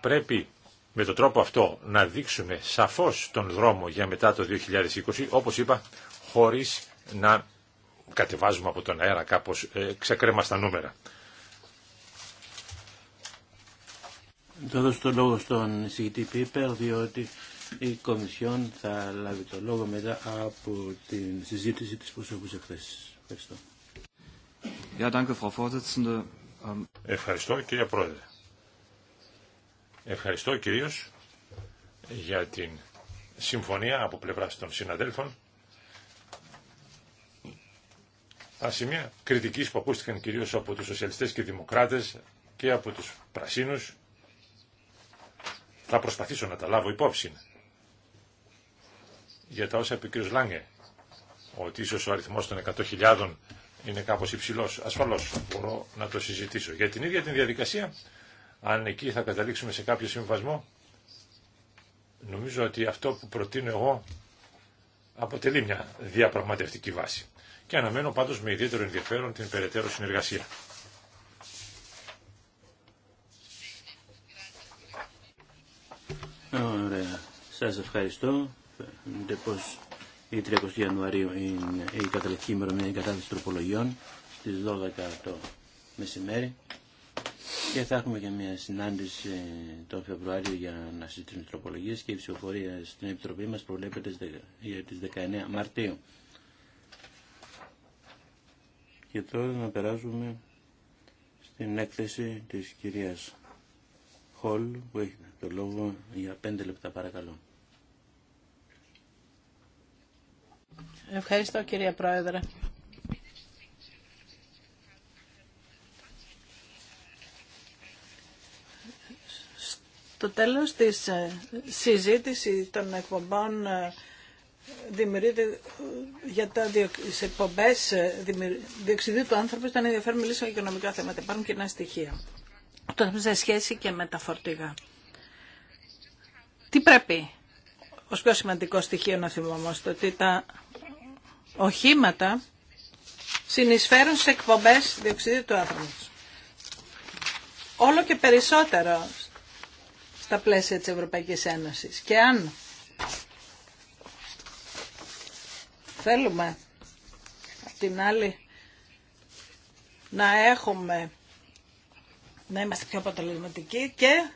πρέπει με τον τρόπο αυτό να δείξουμε σαφώς τον δρόμο για μετά το 2020, όπως είπα, χωρίς να κατεβάζουμε από τον αέρα κάπως ε, ξεκρέμα νούμερα. Θα δώσω το λόγο στον εισηγητή Πίπερ, διότι η Κομισιόν θα λάβει το λόγο μετά από τη συζήτηση της προσωπικής εκθέσης. Ευχαριστώ. Ähm, Ευχαριστώ κύριε Πρόεδρε. Ευχαριστώ κυρίως για την συμφωνία από πλευράς των συναδέλφων. Τα σημεία κριτικής που ακούστηκαν κυρίως από τους σοσιαλιστές και δημοκράτες και από τους πρασίνους θα προσπαθήσω να τα λάβω υπόψη για τα όσα είπε ο κ. Λάγκε, ότι ίσω ο αριθμό των 100.000 είναι κάπως υψηλό, Ασφαλώς μπορώ να το συζητήσω. Για την ίδια την διαδικασία, αν εκεί θα καταλήξουμε σε κάποιο συμβασμό, νομίζω ότι αυτό που προτείνω εγώ αποτελεί μια διαπραγματευτική βάση. Και αναμένω πάντως με ιδιαίτερο ενδιαφέρον την περαιτέρω συνεργασία. Ωραία. Σας ευχαριστώ. Φαίνεται πως η 30 Ιανουαρίου είναι η καταληκτική ημερομηνία κατάθεση τροπολογιών στις 12 το μεσημέρι και θα έχουμε και μια συνάντηση τον Φεβρουάριο για να συζητήσουμε τροπολογίες και η ψηφοφορία στην Επιτροπή μας προβλέπεται για τις 19 Μαρτίου. Και τώρα να περάσουμε στην έκθεση της κυρίας Χολ που έχει το λόγο για πέντε λεπτά παρακαλώ. Ευχαριστώ κυρία Πρόεδρε. Στο τέλος της ε, συζήτησης των εκπομπών ε, δημιουργείται για τις εκπομπές ε, διοξιδίου του άνθρωπου ήταν ενδιαφέρον μιλήσω για οικονομικά θέματα. Υπάρχουν κοινά στοιχεία. Το σε σχέση και με τα φορτηγά. Τι πρέπει ω πιο σημαντικό στοιχείο να θυμόμαστε, ότι τα οχήματα συνεισφέρουν σε εκπομπές διοξιδίου του άθρωπου. Όλο και περισσότερο στα πλαίσια της Ευρωπαϊκής Ένωσης. Και αν θέλουμε απ' την άλλη να έχουμε να είμαστε πιο αποτελεσματικοί και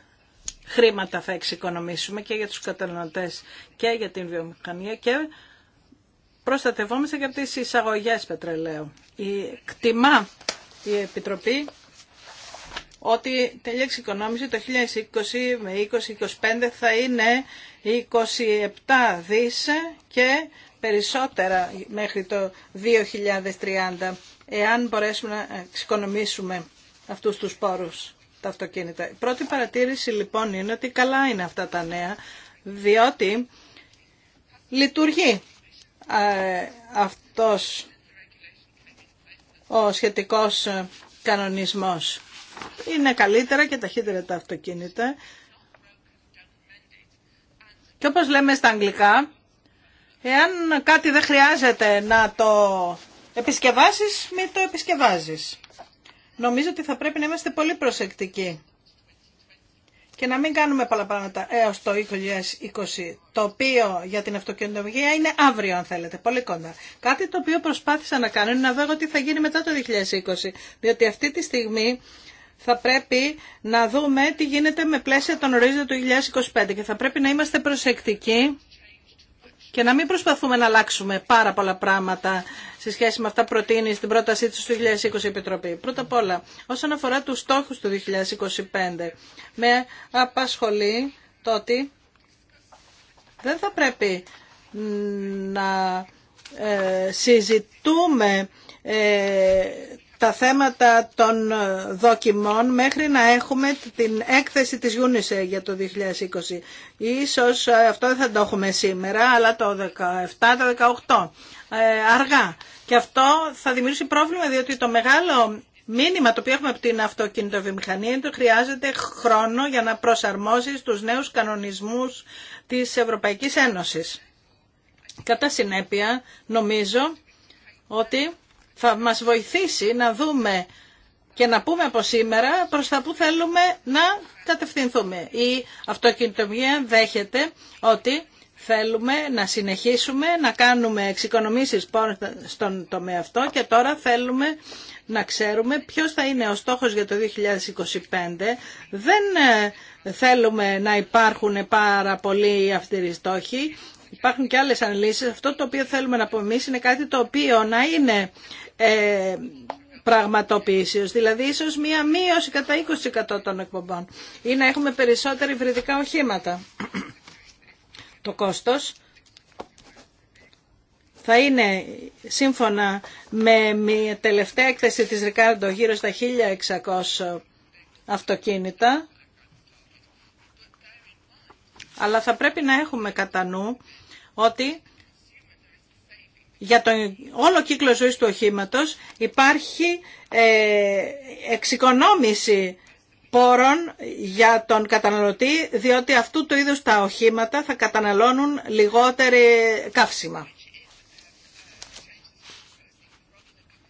χρήματα θα εξοικονομήσουμε και για τους καταναλωτές και για την βιομηχανία και προστατευόμαστε και από τις εισαγωγές πετρελαίου. Η κτιμά η Επιτροπή ότι τελεία εξοικονόμηση το 2020 με 2025 θα είναι 27 δίσε και περισσότερα μέχρι το 2030 εάν μπορέσουμε να εξοικονομήσουμε αυτούς τους πόρους τα αυτοκίνητα. Η πρώτη παρατήρηση λοιπόν είναι ότι καλά είναι αυτά τα νέα, διότι λειτουργεί ε, αυτός ο σχετικός ε, κανονισμός. Είναι καλύτερα και ταχύτερα τα αυτοκίνητα. Και όπως λέμε στα αγγλικά, εάν κάτι δεν χρειάζεται να το επισκευάσεις, μην το επισκευάζεις. Νομίζω ότι θα πρέπει να είμαστε πολύ προσεκτικοί και να μην κάνουμε πολλά πράγματα έως το 2020, το οποίο για την αυτοκινητοβουλία είναι αύριο αν θέλετε, πολύ κοντά. Κάτι το οποίο προσπάθησα να κάνω είναι να δω τι θα γίνει μετά το 2020, διότι αυτή τη στιγμή θα πρέπει να δούμε τι γίνεται με πλαίσια των ορίζοντα του 2025 και θα πρέπει να είμαστε προσεκτικοί και να μην προσπαθούμε να αλλάξουμε πάρα πολλά πράγματα σε σχέση με αυτά που προτείνει στην πρότασή της του 2020 Επιτροπή. Πρώτα απ' όλα, όσον αφορά τους στόχους του 2025, με απασχολεί το ότι δεν θα πρέπει να ε, συζητούμε ε, τα θέματα των δοκιμών μέχρι να έχουμε την έκθεση της UNICEF για το 2020. Ίσως ε, αυτό δεν θα το έχουμε σήμερα, αλλά το 17, το 18, αργά. Και αυτό θα δημιουργήσει πρόβλημα, διότι το μεγάλο μήνυμα το οποίο έχουμε από την αυτοκινητοβιομηχανία είναι ότι χρειάζεται χρόνο για να προσαρμόσει τους νέους κανονισμούς της Ευρωπαϊκής Ένωσης. Κατά συνέπεια, νομίζω ότι θα μας βοηθήσει να δούμε και να πούμε από σήμερα προς τα που θέλουμε να κατευθυνθούμε. Η αυτοκινητομία δέχεται ότι θέλουμε να συνεχίσουμε να κάνουμε εξοικονομήσεις στον τομέα αυτό και τώρα θέλουμε να ξέρουμε ποιος θα είναι ο στόχος για το 2025. Δεν ε, θέλουμε να υπάρχουν πάρα πολλοί οι στόχοι. Υπάρχουν και άλλες αναλύσεις. Αυτό το οποίο θέλουμε να πούμε εμείς είναι κάτι το οποίο να είναι ε, πραγματοποίησεως, δηλαδή ίσως μία μείωση κατά 20% των εκπομπών ή να έχουμε περισσότερα υβριδικά οχήματα. Το κόστος θα είναι σύμφωνα με μια τελευταία έκθεση της Ρικάρντο γύρω στα 1600 αυτοκίνητα, αλλά θα πρέπει να έχουμε κατά νου ότι για τον όλο κύκλο ζωής του οχήματος υπάρχει ε, εξοικονόμηση πόρων για τον καταναλωτή, διότι αυτού του είδους τα οχήματα θα καταναλώνουν λιγότερη καύσιμα.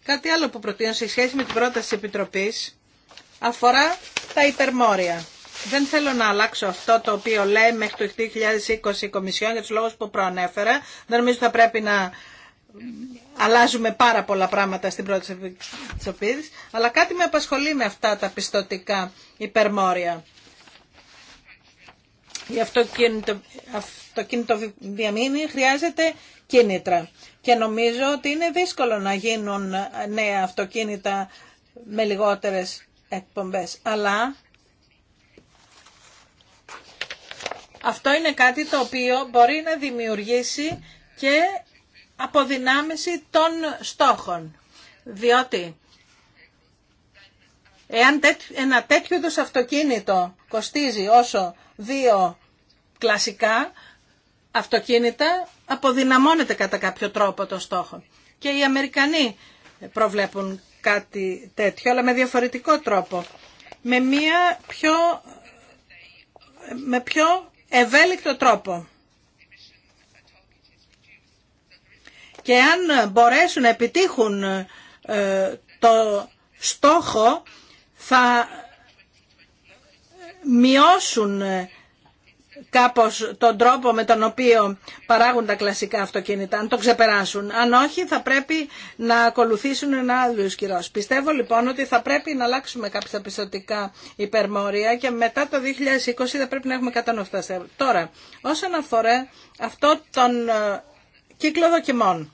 Κάτι άλλο που προτείνω σε σχέση με την πρόταση της Επιτροπής αφορά τα υπερμόρια. Δεν θέλω να αλλάξω αυτό το οποίο λέει μέχρι το 2020 η Κομισιόν για τους λόγους που προανέφερα. Δεν νομίζω θα πρέπει να αλλάζουμε πάρα πολλά πράγματα στην πρώτη της αλλά κάτι με απασχολεί με αυτά τα πιστοτικά υπερμόρια. Η το κινητό διαμήνη χρειάζεται κίνητρα. Και νομίζω ότι είναι δύσκολο να γίνουν νέα αυτοκίνητα με λιγότερες εκπομπές. Αλλά αυτό είναι κάτι το οποίο μπορεί να δημιουργήσει και αποδυνάμιση των στόχων. Διότι εάν ένα τέτοιο είδους αυτοκίνητο κοστίζει όσο δύο κλασικά αυτοκίνητα, αποδυναμώνεται κατά κάποιο τρόπο το στόχο. Και οι Αμερικανοί προβλέπουν κάτι τέτοιο, αλλά με διαφορετικό τρόπο. Με, μια πιο, με πιο ευέλικτο τρόπο. και αν μπορέσουν να επιτύχουν ε, το στόχο θα μειώσουν ε, κάπως τον τρόπο με τον οποίο παράγουν τα κλασικά αυτοκίνητα, αν το ξεπεράσουν. Αν όχι, θα πρέπει να ακολουθήσουν ένα άλλο ισχυρό. Πιστεύω λοιπόν ότι θα πρέπει να αλλάξουμε κάποια πιστοτικά υπερμόρια και μετά το 2020 θα πρέπει να έχουμε κατανοητά. Τώρα, όσον αφορά αυτό τον ε, κύκλο δοκιμών.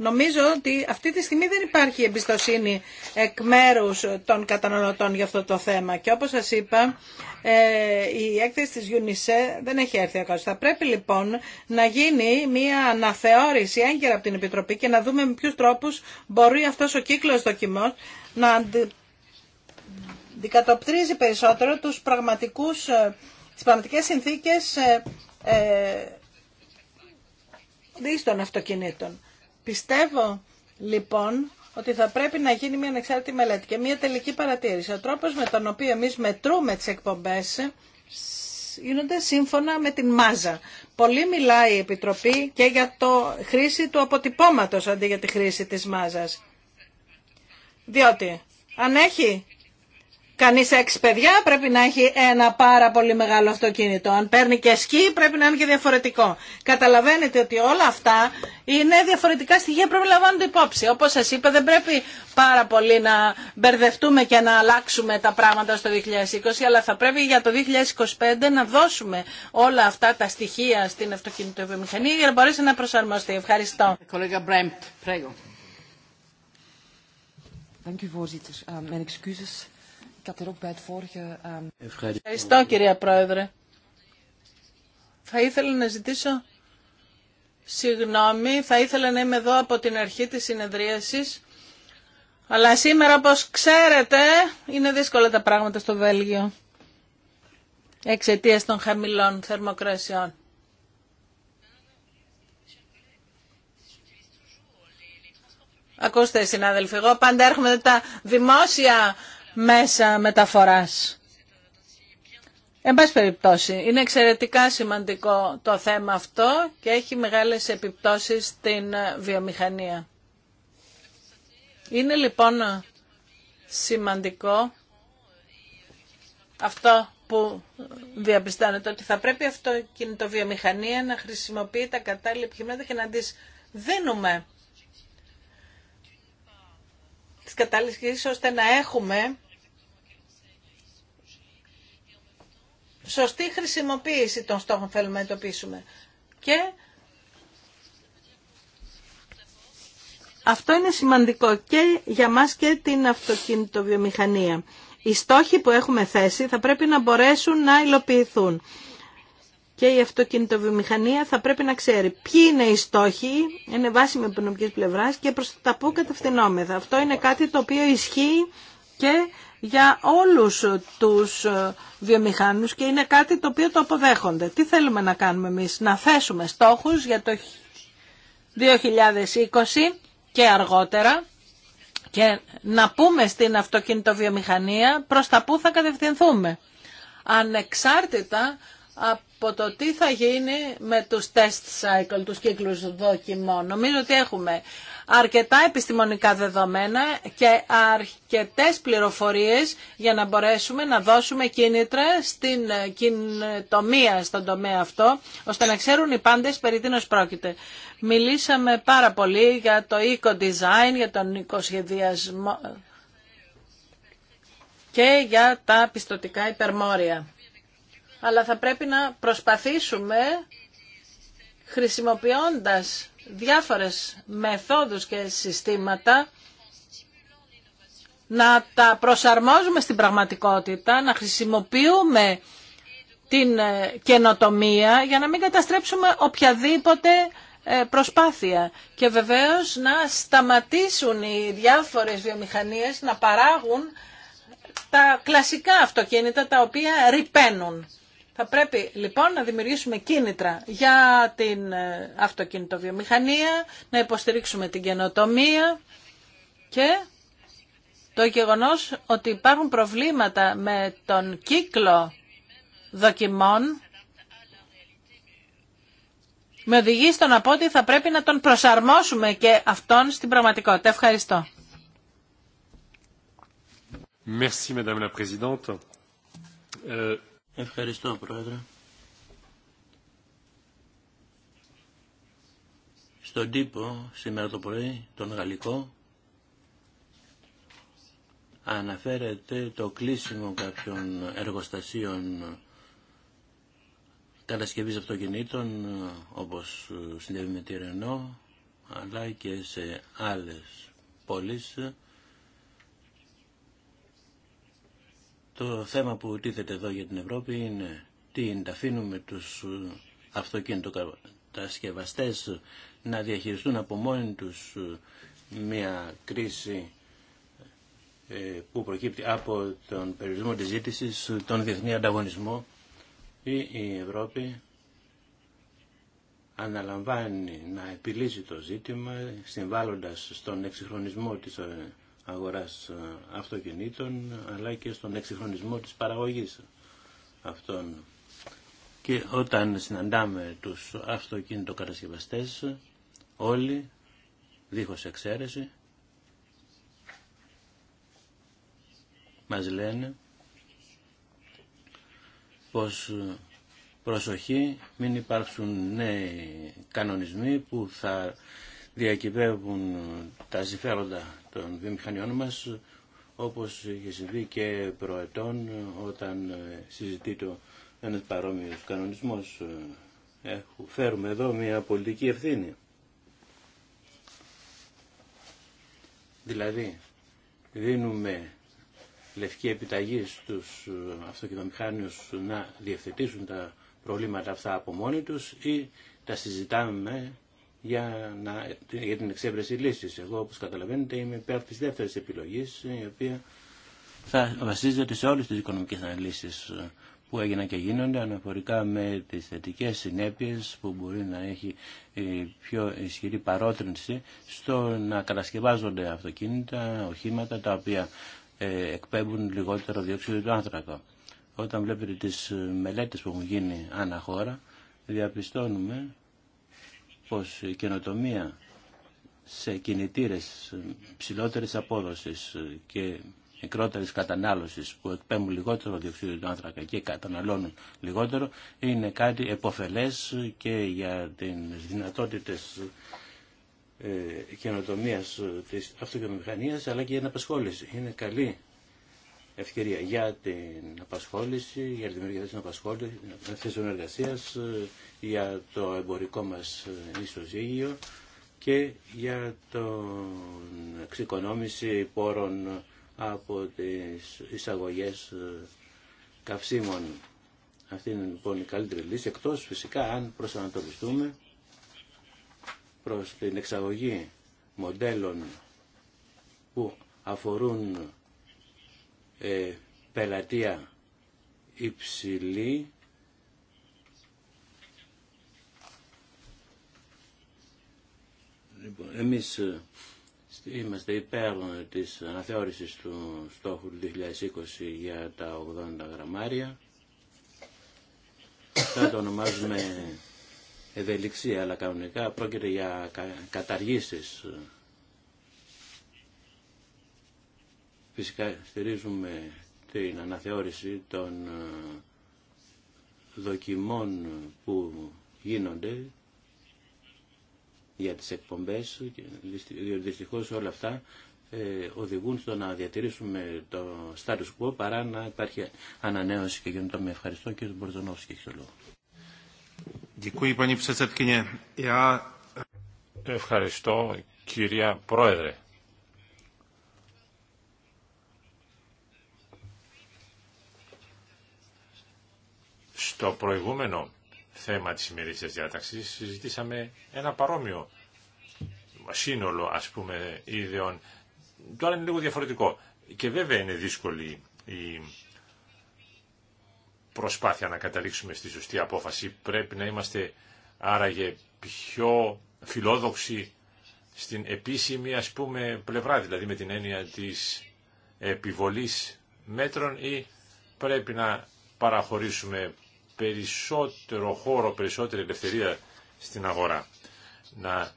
Νομίζω ότι αυτή τη στιγμή δεν υπάρχει εμπιστοσύνη εκ μέρου των καταναλωτών για αυτό το θέμα. Και όπως σας είπα, ε, η έκθεση της UNICE δεν έχει έρθει ακόμα. Θα πρέπει λοιπόν να γίνει μια αναθεώρηση έγκαιρα από την Επιτροπή και να δούμε με ποιους τρόπους μπορεί αυτός ο κύκλος δοκιμών να αντικατοπτρίζει περισσότερο τους πραγματικούς, ε, τις πραγματικές συνθήκες ε, ε των αυτοκινήτων. Πιστεύω λοιπόν ότι θα πρέπει να γίνει μια ανεξάρτητη μελέτη και μια τελική παρατήρηση. Ο τρόπος με τον οποίο εμείς μετρούμε τις εκπομπές γίνονται σύμφωνα με την μάζα. Πολύ μιλάει η Επιτροπή και για το χρήση του αποτυπώματος αντί για τη χρήση της μάζας. Διότι αν έχει Κανεί έξι παιδιά πρέπει να έχει ένα πάρα πολύ μεγάλο αυτοκίνητο. Αν παίρνει και σκι πρέπει να είναι και διαφορετικό. Καταλαβαίνετε ότι όλα αυτά είναι διαφορετικά στοιχεία που πρέπει να λαμβάνονται υπόψη. Όπω σα είπα δεν πρέπει πάρα πολύ να μπερδευτούμε και να αλλάξουμε τα πράγματα στο 2020 αλλά θα πρέπει για το 2025 να δώσουμε όλα αυτά τα στοιχεία στην αυτοκινητοβιομηχανία για να μπορέσει να προσαρμοστεί. Ευχαριστώ. Thank you, voorzitter. Uh, mijn excuses. Er ehm, Ευχαριστώ κυρία Πρόεδρε. Θα ήθελα να ζητήσω συγγνώμη, θα ήθελα να είμαι εδώ από την αρχή της συνεδρίασης, αλλά σήμερα όπως ξέρετε είναι δύσκολα τα πράγματα στο Βέλγιο εξαιτίας των χαμηλών θερμοκρασιών. Ακούστε συνάδελφοι, εγώ πάντα έρχομαι τα δημόσια μέσα μεταφοράς. Εν πάση περιπτώσει, είναι εξαιρετικά σημαντικό το θέμα αυτό και έχει μεγάλες επιπτώσεις στην βιομηχανία. Είναι λοιπόν σημαντικό αυτό που διαπιστώνεται ότι θα πρέπει αυτό το βιομηχανία να χρησιμοποιεί τα κατάλληλα επιχειρήματα και να τις δίνουμε τις κατάλληλες ώστε να έχουμε σωστή χρησιμοποίηση των στόχων θέλουμε να εντοπίσουμε. Και αυτό είναι σημαντικό και για μας και την αυτοκινητοβιομηχανία. Οι στόχοι που έχουμε θέσει θα πρέπει να μπορέσουν να υλοποιηθούν. Και η αυτοκινητοβιομηχανία θα πρέπει να ξέρει ποιοι είναι οι στόχοι, είναι με από πλευράς και προ τα που κατευθυνόμεθα. Αυτό είναι κάτι το οποίο ισχύει και για όλους τους ε, βιομηχάνους και είναι κάτι το οποίο το αποδέχονται. Τι θέλουμε να κάνουμε εμείς, να θέσουμε στόχους για το 2020 και αργότερα και να πούμε στην αυτοκινητοβιομηχανία προς τα που θα κατευθυνθούμε. Ανεξάρτητα από το τι θα γίνει με τους test cycle, τους κύκλους δοκιμών. Νομίζω ότι έχουμε αρκετά επιστημονικά δεδομένα και αρκετές πληροφορίες για να μπορέσουμε να δώσουμε κίνητρα στην ε, τομία, στον τομέα αυτό, ώστε να ξέρουν οι πάντες περί τίνος πρόκειται. Μιλήσαμε πάρα πολύ για το eco για τον οικοσχεδιασμό και για τα πιστοτικά υπερμόρια. Αλλά θα πρέπει να προσπαθήσουμε χρησιμοποιώντας διάφορες μεθόδους και συστήματα να τα προσαρμόζουμε στην πραγματικότητα, να χρησιμοποιούμε την ε, καινοτομία για να μην καταστρέψουμε οποιαδήποτε ε, προσπάθεια και βεβαίως να σταματήσουν οι διάφορες βιομηχανίες να παράγουν τα κλασικά αυτοκίνητα τα οποία ρηπαίνουν. Θα πρέπει λοιπόν να δημιουργήσουμε κίνητρα για την ε, αυτοκινητοβιομηχανία, να υποστηρίξουμε την καινοτομία και το γεγονός ότι υπάρχουν προβλήματα με τον κύκλο δοκιμών με οδηγεί στο να πω ότι θα πρέπει να τον προσαρμόσουμε και αυτόν στην πραγματικότητα. Ευχαριστώ. Merci, Madame la euh, Ευχαριστώ, Πρόεδρε. Στον τύπο, σήμερα το πρωί, τον γαλλικό, αναφέρεται το κλείσιμο κάποιων εργοστασίων κατασκευής αυτοκινήτων, όπως συνέβη με τη Ρενό, αλλά και σε άλλες πόλεις, Το θέμα που τίθεται εδώ για την Ευρώπη είναι τι είναι, τα αφήνουμε τους ε, να διαχειριστούν από μόνοι τους ε, μια κρίση ε, που προκύπτει από τον περιορισμό της ζήτησης, τον διεθνή ανταγωνισμό ή η Ευρώπη αναλαμβάνει να επιλύσει το ζήτημα συμβάλλοντας στον εξυγχρονισμό της αγοράς ε, αυτοκινήτων αλλά και στον εξυγχρονισμό της παραγωγής αυτών. Και όταν συναντάμε τους αυτοκινητοκατασκευαστές όλοι δίχως εξαίρεση μας λένε πως ε, προσοχή μην υπάρξουν νέοι κανονισμοί που θα διακυβεύουν τα συμφέροντα των βιομηχανιών μας όπως είχε συμβεί και προετών όταν ε, συζητείται ένας παρόμοιος κανονισμός. Ε, φέρουμε εδώ μια πολιτική ευθύνη. Δηλαδή δίνουμε λευκή επιταγή στους ε, αυτοκινομηχάνιους να διευθετήσουν τα προβλήματα αυτά από μόνοι τους ή τα συζητάμε για, να, για την εξέβρεση λύσης. Εγώ, όπως καταλαβαίνετε, είμαι υπέρ της δεύτερης επιλογής, η οποία θα βασίζεται σε όλες τις οικονομικές αναλύσεις που έγιναν και γίνονται αναφορικά με τις θετικές συνέπειες που μπορεί να έχει ε, πιο ισχυρή παρότρινση στο να κατασκευάζονται αυτοκίνητα, οχήματα τα οποία ε, εκπέμπουν λιγότερο διοξείδιο του άνθρακα. Όταν βλέπετε τις μελέτες που έχουν γίνει ανά χώρα, διαπιστώνουμε πως η καινοτομία σε κινητήρες ψηλότερης απόδοσης και μικρότερης κατανάλωσης που εκπέμπουν λιγότερο διοξείδιο του άνθρακα και καταναλώνουν λιγότερο είναι κάτι εποφελές και για τις δυνατότητες ε, καινοτομίας της αυτοκινητομηχανίας αλλά και για την απασχόληση. Είναι καλή ευκαιρία για την απασχόληση, για τη δημιουργία της θέσεων εργασίας, για το εμπορικό μας ισοζύγιο και για την εξοικονόμηση πόρων από τις εισαγωγές καυσίμων. Αυτή είναι λοιπόν η καλύτερη λύση, εκτός φυσικά αν προσανατολιστούμε προς την εξαγωγή μοντέλων που αφορούν ε, πελατεία υψηλή Λοιπόν, εμείς ε, είμαστε υπέρ της αναθεώρησης του στόχου του 2020 για τα 80 γραμμάρια. Θα το ονομάζουμε ευελιξία, αλλά κανονικά πρόκειται για καταργήσεις ε, Φυσικά στηρίζουμε την αναθεώρηση των ε, δοκιμών που γίνονται για τις εκπομπές, διότι δυστυχώς όλα αυτά ε, οδηγούν στο να διατηρήσουμε το status quo παρά να υπάρχει ανανέωση και γίνοντα με ευχαριστώ και τον λόγο. Ευχαριστώ κυρία Πρόεδρε. Στο προηγούμενο θέμα της της διάταξης συζητήσαμε ένα παρόμοιο σύνολο ας πούμε ιδεών. Τώρα είναι λίγο διαφορετικό. Και βέβαια είναι δύσκολη η προσπάθεια να καταλήξουμε στη σωστή απόφαση. Πρέπει να είμαστε άραγε πιο φιλόδοξοι στην επίσημη ας πούμε πλευρά, δηλαδή με την έννοια της επιβολής μέτρων ή πρέπει να παραχωρήσουμε περισσότερο χώρο, περισσότερη ελευθερία στην αγορά. Να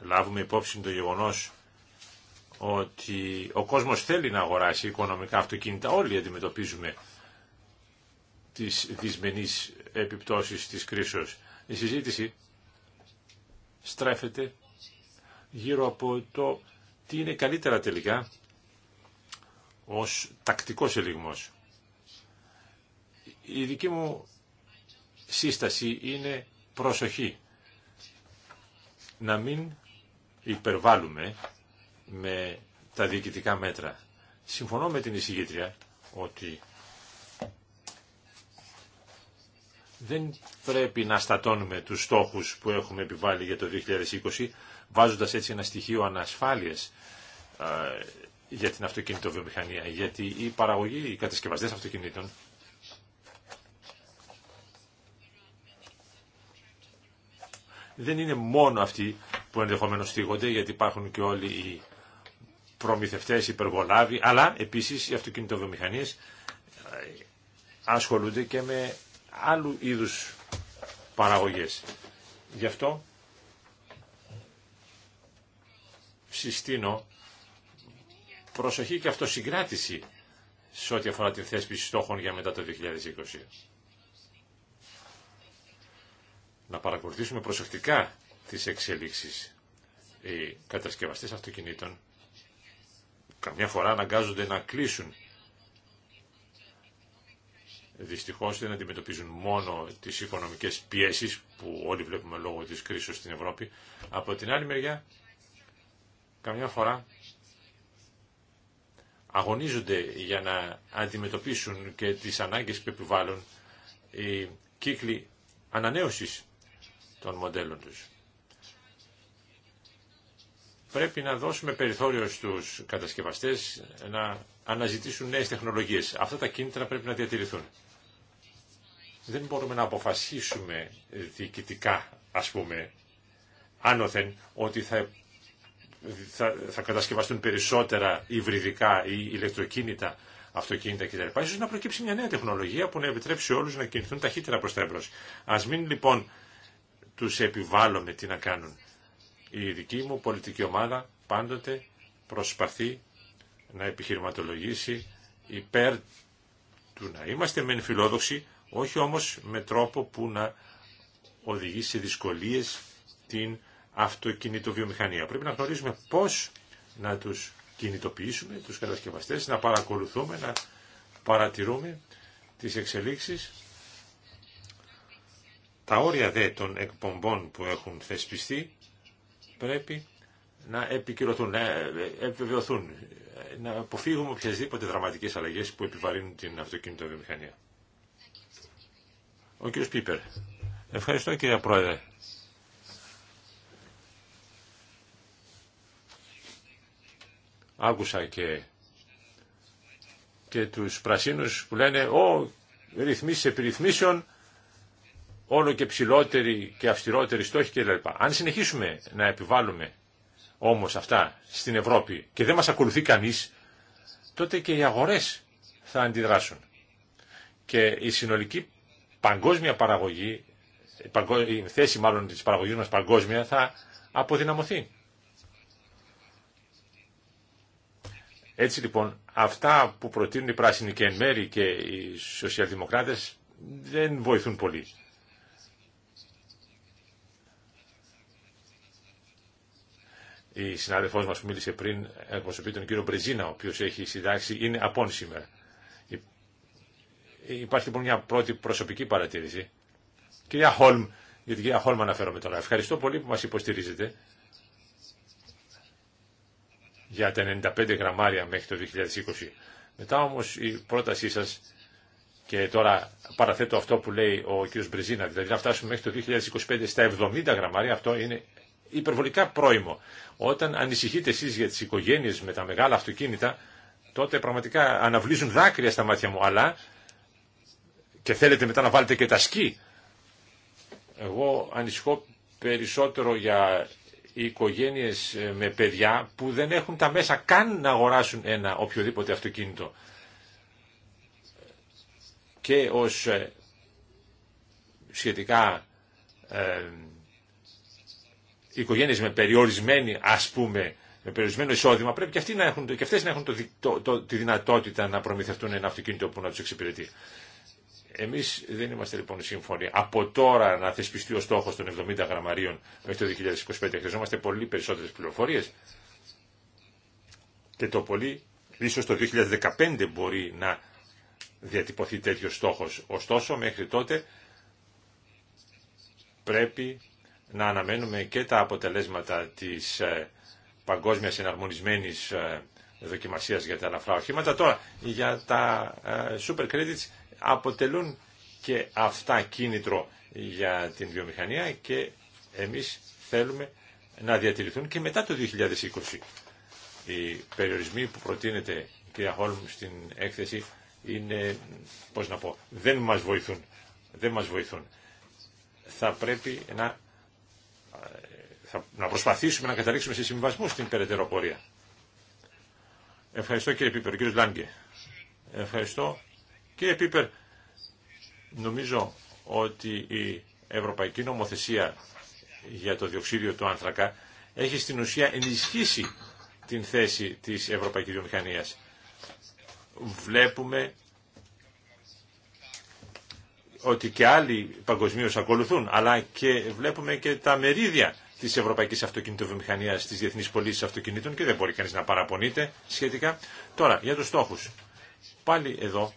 λάβουμε υπόψη το γεγονός ότι ο κόσμος θέλει να αγοράσει οικονομικά αυτοκίνητα. Όλοι αντιμετωπίζουμε τις δυσμενείς επιπτώσεις της κρίσης. Η συζήτηση στρέφεται γύρω από το τι είναι καλύτερα τελικά ως τακτικός ελιγμός. Η δική μου σύσταση είναι προσοχή. Να μην υπερβάλλουμε με τα διοικητικά μέτρα. Συμφωνώ με την εισηγήτρια ότι δεν πρέπει να στατώνουμε τους στόχους που έχουμε επιβάλει για το 2020, βάζοντας έτσι ένα στοιχείο ανασφάλειας ε, για την αυτοκινητοβιομηχανία, γιατί η παραγωγοί, οι κατασκευαστές αυτοκινήτων δεν είναι μόνο αυτοί που ενδεχομένω θίγονται, γιατί υπάρχουν και όλοι οι προμηθευτές, υπεργολάβοι, αλλά επίσης οι αυτοκινητοβιομηχανίε ε, ασχολούνται και με άλλου είδους παραγωγές. Γι' αυτό συστήνω προσοχή και αυτοσυγκράτηση σε ό,τι αφορά την θέσπιση στόχων για μετά το 2020 να παρακολουθήσουμε προσεκτικά τις εξελίξεις. Οι κατασκευαστές αυτοκινήτων καμιά φορά αναγκάζονται να κλείσουν. Δυστυχώς δεν αντιμετωπίζουν μόνο τις οικονομικές πιέσεις που όλοι βλέπουμε λόγω της κρίσης στην Ευρώπη. Από την άλλη μεριά, καμιά φορά αγωνίζονται για να αντιμετωπίσουν και τις ανάγκες που επιβάλλουν οι κύκλοι ανανέωσης των μοντέλων τους. Πρέπει να δώσουμε περιθώριο στους κατασκευαστές να αναζητήσουν νέες τεχνολογίες. Αυτά τα κίνητρα πρέπει να διατηρηθούν. Δεν μπορούμε να αποφασίσουμε διοικητικά, ας πούμε, άνωθεν ότι θα, θα, κατασκευαστούν περισσότερα υβριδικά ή ηλεκτροκίνητα αυτοκίνητα κτλ. Ίσως να προκύψει μια νέα τεχνολογία που να επιτρέψει όλους να κινηθούν ταχύτερα προς τα εμπρός. Ας μην λοιπόν τους επιβάλλουμε τι να κάνουν. Η δική μου πολιτική ομάδα πάντοτε προσπαθεί να επιχειρηματολογήσει υπέρ του να είμαστε μεν φιλόδοξοι, όχι όμως με τρόπο που να οδηγεί σε δυσκολίες την αυτοκινητοβιομηχανία. Πρέπει να γνωρίζουμε πώς να τους κινητοποιήσουμε, τους κατασκευαστές, να παρακολουθούμε, να παρατηρούμε τις εξελίξεις τα όρια δε των εκπομπών που έχουν θεσπιστεί πρέπει να επικυρωθούν, να επιβεβαιωθούν, να αποφύγουμε οποιασδήποτε δραματικές αλλαγές που επιβαρύνουν την αυτοκίνητο βιομηχανία. Ο κύριος Πίπερ. Ευχαριστώ κύριε Πρόεδρε. Άκουσα και, και τους πρασίνους που λένε «Ω, ρυθμίσεις επιρυθμίσεων όλο και ψηλότεροι και αυστηρότεροι στόχοι κλπ. Αν συνεχίσουμε να επιβάλλουμε όμως αυτά στην Ευρώπη και δεν μας ακολουθεί κανείς, τότε και οι αγορές θα αντιδράσουν. Και η συνολική παγκόσμια παραγωγή, η θέση μάλλον της παραγωγής μας παγκόσμια θα αποδυναμωθεί. Έτσι λοιπόν, αυτά που προτείνουν οι πράσινοι και εν μέρη και οι σοσιαλδημοκράτες δεν βοηθούν πολύ. η συνάδελφό μα που μίλησε πριν εκπροσωπεί τον κύριο Μπρεζίνα, ο οποίο έχει συντάξει, είναι απόν σήμερα. Υπάρχει λοιπόν μια πρώτη προσωπική παρατήρηση. Κυρία Χόλμ, για την κυρία Χόλμ αναφέρομαι τώρα. Ευχαριστώ πολύ που μα υποστηρίζετε για τα 95 γραμμάρια μέχρι το 2020. Μετά όμω η πρότασή σα και τώρα παραθέτω αυτό που λέει ο κ. Μπριζίνα, δηλαδή να φτάσουμε μέχρι το 2025 στα 70 γραμμάρια, αυτό είναι υπερβολικά πρόημο. Όταν ανησυχείτε εσείς για τις οικογένειες με τα μεγάλα αυτοκίνητα, τότε πραγματικά αναβλύζουν δάκρυα στα μάτια μου, αλλά και θέλετε μετά να βάλετε και τα σκι. Εγώ ανησυχώ περισσότερο για οι οικογένειες ε, με παιδιά που δεν έχουν τα μέσα καν να αγοράσουν ένα οποιοδήποτε αυτοκίνητο. Και ω ε, σχετικά ε, οι οικογένειε με περιορισμένη, α πούμε, με περιορισμένο εισόδημα, πρέπει και, αυτοί να έχουν, και αυτές να έχουν το, τη δυνατότητα να προμηθευτούν ένα αυτοκίνητο που να του εξυπηρετεί. Εμεί δεν είμαστε λοιπόν σύμφωνοι από τώρα να θεσπιστεί ο στόχο των 70 γραμμαρίων μέχρι το 2025. Χρειαζόμαστε πολύ περισσότερε πληροφορίε και το πολύ ίσως το 2015 μπορεί να διατυπωθεί τέτοιο στόχο. Ωστόσο μέχρι τότε πρέπει να αναμένουμε και τα αποτελέσματα της ε, παγκόσμιας εναρμονισμένης ε, δοκιμασίας για τα ελαφρά οχήματα. Τώρα, για τα ε, super credits αποτελούν και αυτά κίνητρο για την βιομηχανία και εμείς θέλουμε να διατηρηθούν και μετά το 2020. Οι περιορισμοί που προτείνεται κυρία Χόλμ στην έκθεση είναι, πώς να πω, δεν μας βοηθούν. Δεν μας βοηθούν. Θα πρέπει να θα, να προσπαθήσουμε να καταλήξουμε σε συμβασμού στην περαιτέρω πορεία. Ευχαριστώ κύριε Πίπερ. Κύριε Λάγκε. Ευχαριστώ. Κύριε Πίπερ, νομίζω ότι η Ευρωπαϊκή Νομοθεσία για το διοξίδιο του άνθρακα έχει στην ουσία ενισχύσει την θέση της Ευρωπαϊκής Βιομηχανίας. Βλέπουμε ότι και άλλοι παγκοσμίω ακολουθούν, αλλά και βλέπουμε και τα μερίδια τη Ευρωπαϊκή Αυτοκινητοβιομηχανία τη διεθνή πωλήση αυτοκινήτων και δεν μπορεί κανεί να παραπονείται σχετικά. Τώρα, για του στόχου. Πάλι εδώ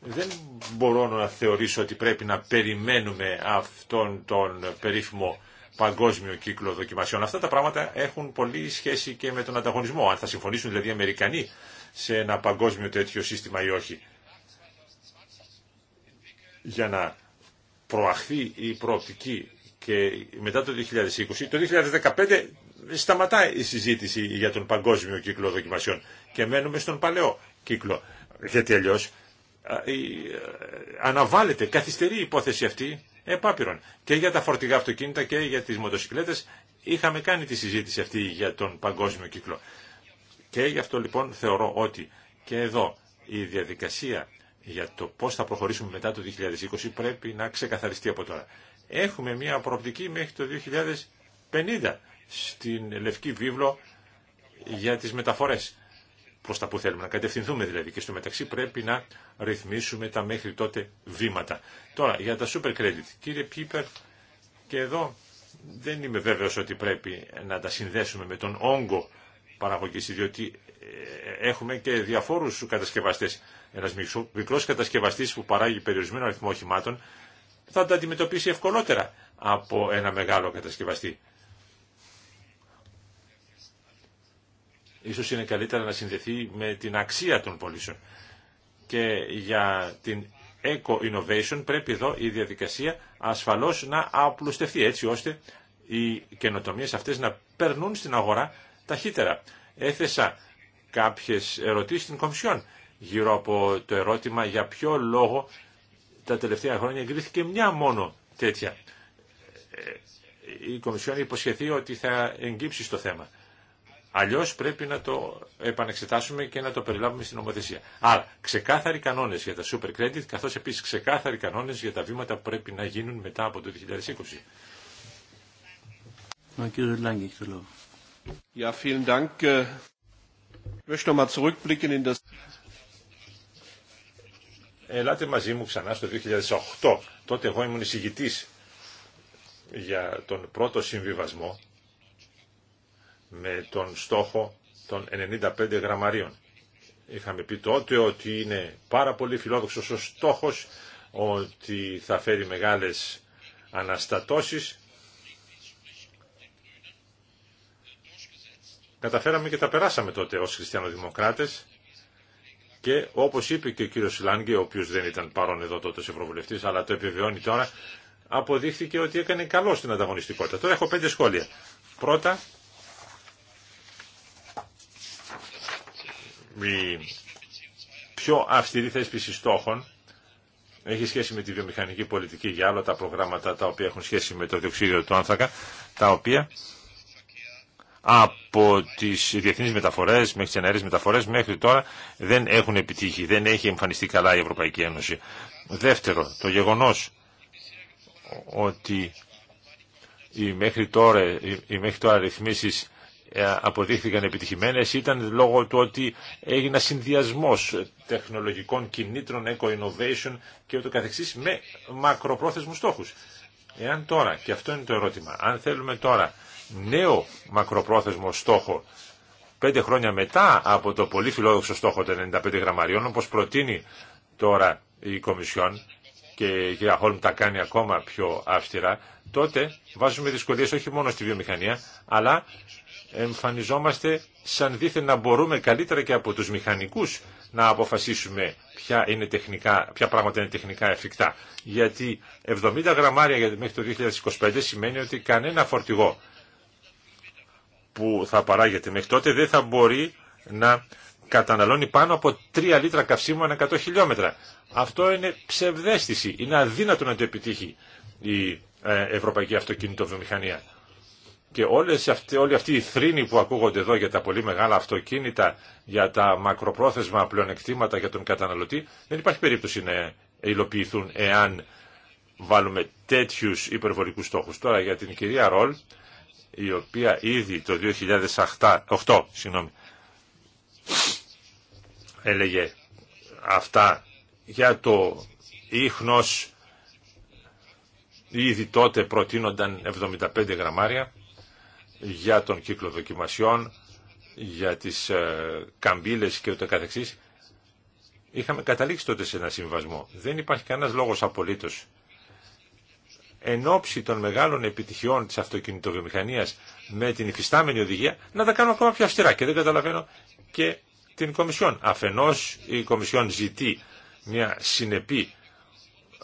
δεν μπορώ να θεωρήσω ότι πρέπει να περιμένουμε αυτόν τον περίφημο παγκόσμιο κύκλο δοκιμασιών. Αυτά τα πράγματα έχουν πολύ σχέση και με τον ανταγωνισμό. Αν θα συμφωνήσουν δηλαδή οι Αμερικανοί σε ένα παγκόσμιο τέτοιο σύστημα ή όχι για να προαχθεί η προοπτική και μετά το 2020, το 2015 σταματάει η συζήτηση για τον παγκόσμιο κύκλο δοκιμασιών και μένουμε στον παλαιό κύκλο. Γιατί αλλιώ ε, αναβάλλεται, καθυστερεί η υπόθεση αυτή επάπειρον. Και για τα φορτηγά αυτοκίνητα και για τις μοτοσυκλέτες είχαμε κάνει τη συζήτηση αυτή για τον παγκόσμιο κύκλο. Και γι' αυτό λοιπόν θεωρώ ότι και εδώ η διαδικασία για το πώς θα προχωρήσουμε μετά το 2020 πρέπει να ξεκαθαριστεί από τώρα. Έχουμε μια προοπτική μέχρι το 2050 στην Λευκή Βίβλο για τις μεταφορές προς τα που θέλουμε να κατευθυνθούμε δηλαδή και στο μεταξύ πρέπει να ρυθμίσουμε τα μέχρι τότε βήματα. Τώρα για τα super credit. Κύριε Πίπερ και εδώ δεν είμαι βέβαιος ότι πρέπει να τα συνδέσουμε με τον όγκο παραγωγής διότι ε, έχουμε και διαφόρους κατασκευαστές. Ένας μικρός κατασκευαστής που παράγει περιορισμένο αριθμό οχημάτων θα τα αντιμετωπίσει ευκολότερα από ένα μεγάλο κατασκευαστή. Ίσως είναι καλύτερα να συνδεθεί με την αξία των πωλήσεων. Και για την eco-innovation πρέπει εδώ η διαδικασία ασφαλώς να απλουστευτεί έτσι ώστε οι καινοτομίες αυτές να περνούν στην αγορά ταχύτερα. Έθεσα κάποιες ερωτήσεις στην Κομισιόν γύρω από το ερώτημα για ποιο λόγο τα τελευταία χρόνια εγκρίθηκε μια μόνο τέτοια. Ε, η Κομισιόν υποσχεθεί ότι θα εγκύψει στο θέμα. Αλλιώς πρέπει να το επανεξετάσουμε και να το περιλάβουμε στην νομοθεσία. Άρα, ξεκάθαροι κανόνες για τα super credit, καθώς επίσης ξεκάθαροι κανόνες για τα βήματα που πρέπει να γίνουν μετά από το 2020. Ο Ελάτε μαζί μου ξανά στο 2008. Τότε εγώ ήμουν εισηγητή για τον πρώτο συμβιβασμό με τον στόχο των 95 γραμμαρίων. Είχαμε πει τότε ότι είναι πάρα πολύ φιλόδοξο ο στόχο ότι θα φέρει μεγάλε αναστατώσει. καταφέραμε και τα περάσαμε τότε ως χριστιανοδημοκράτες και όπως είπε και ο κύριος Λάγκη, ο οποίος δεν ήταν παρόν εδώ τότε ως Ευρωβουλευτής, αλλά το επιβεβαιώνει τώρα, αποδείχθηκε ότι έκανε καλό στην ανταγωνιστικότητα. Τώρα έχω πέντε σχόλια. Πρώτα, η πιο αυστηρή θέσπιση στόχων έχει σχέση με τη βιομηχανική πολιτική για άλλα τα προγράμματα τα οποία έχουν σχέση με το διοξίδιο του άνθρακα, τα οποία από τις διεθνείς μεταφορές μέχρι τις εναέρειες μεταφορές μέχρι τώρα δεν έχουν επιτύχει, δεν έχει εμφανιστεί καλά η Ευρωπαϊκή Ένωση. Δεύτερο, το γεγονός ότι οι μέχρι τώρα, οι μέχρι τώρα ρυθμίσεις ε, αποδείχθηκαν επιτυχημένες ήταν λόγω του ότι έγινε συνδυασμός τεχνολογικών κινήτρων, eco-innovation και ούτω καθεξής με μακροπρόθεσμους στόχους. Εάν τώρα, και αυτό είναι το ερώτημα, αν θέλουμε τώρα νέο μακροπρόθεσμο στόχο πέντε χρόνια μετά από το πολύ φιλόδοξο στόχο των 95 γραμμαρίων, όπως προτείνει τώρα η Κομισιόν και η κυρία Χόλμ τα κάνει ακόμα πιο αυστηρά, τότε βάζουμε δυσκολίες όχι μόνο στη βιομηχανία, αλλά εμφανιζόμαστε σαν δήθεν να μπορούμε καλύτερα και από τους μηχανικούς να αποφασίσουμε ποια, είναι τεχνικά, ποια πράγματα είναι τεχνικά εφικτά. Γιατί 70 γραμμάρια μέχρι το 2025 σημαίνει ότι κανένα φορτηγό που θα παράγεται μέχρι τότε δεν θα μπορεί να καταναλώνει πάνω από 3 λίτρα καυσίμου ανά 100 χιλιόμετρα. Αυτό είναι ψευδέστηση. Είναι αδύνατο να το επιτύχει η ε, ευρωπαϊκή αυτοκινητοβιομηχανία. Και όλες αυτοί, όλοι αυτοί οι θρήνοι που ακούγονται εδώ για τα πολύ μεγάλα αυτοκίνητα, για τα μακροπρόθεσμα πλεονεκτήματα για τον καταναλωτή, δεν υπάρχει περίπτωση να υλοποιηθούν εάν βάλουμε τέτοιους υπερβολικούς στόχους. Τώρα για την κυρία Ρολ, η οποία ήδη το 2008 συγγνώμη, έλεγε αυτά για το ίχνος ήδη τότε προτείνονταν 75 γραμμάρια για τον κύκλο δοκιμασιών, για τις ε, καμπύλες και ούτε καθεξής. Είχαμε καταλήξει τότε σε ένα συμβασμό. Δεν υπάρχει κανένας λόγος απολύτως εν ώψη των μεγάλων επιτυχιών της αυτοκινητοβιομηχανίας με την υφιστάμενη οδηγία να τα κάνουμε ακόμα πιο αυστηρά και δεν καταλαβαίνω και την Κομισιόν. Αφενός η Κομισιόν ζητεί μια συνεπή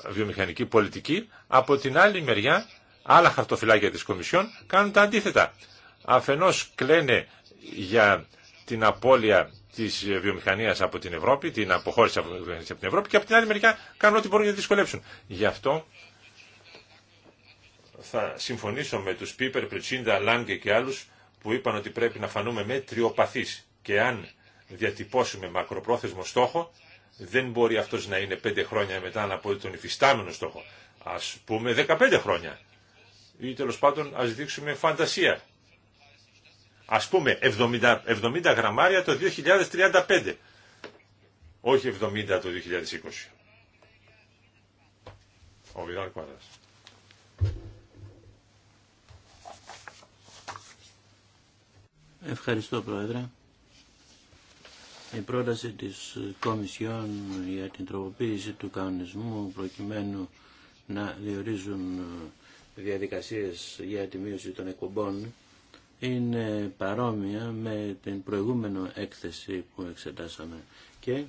βιομηχανική πολιτική, από την άλλη μεριά άλλα χαρτοφυλάκια της Κομισιόν κάνουν τα αντίθετα. Αφενός κλαίνε για την απώλεια τη βιομηχανία από την Ευρώπη, την αποχώρηση από την Ευρώπη και από την άλλη μεριά κάνουν ό,τι μπορούν να δυσκολέψουν. Γι' αυτό θα συμφωνήσω με τους Πίπερ, Πριτσίντα, Λάγκε και άλλους που είπαν ότι πρέπει να φανούμε με τριοπαθείς και αν διατυπώσουμε μακροπρόθεσμο στόχο δεν μπορεί αυτός να είναι 5 χρόνια μετά να πω τον υφιστάμενο στόχο. Ας πούμε 15 χρόνια ή τέλο πάντων ας δείξουμε φαντασία. Ας πούμε 70, 70 γραμμάρια το 2035, όχι 70 το 2020. Ο Κουαράς. Ευχαριστώ Πρόεδρε. Η πρόταση της Κομισιόν για την τροποποίηση του κανονισμού προκειμένου να διορίζουν ε, διαδικασίες για τη μείωση των εκπομπών είναι παρόμοια με την προηγούμενο έκθεση που εξετάσαμε και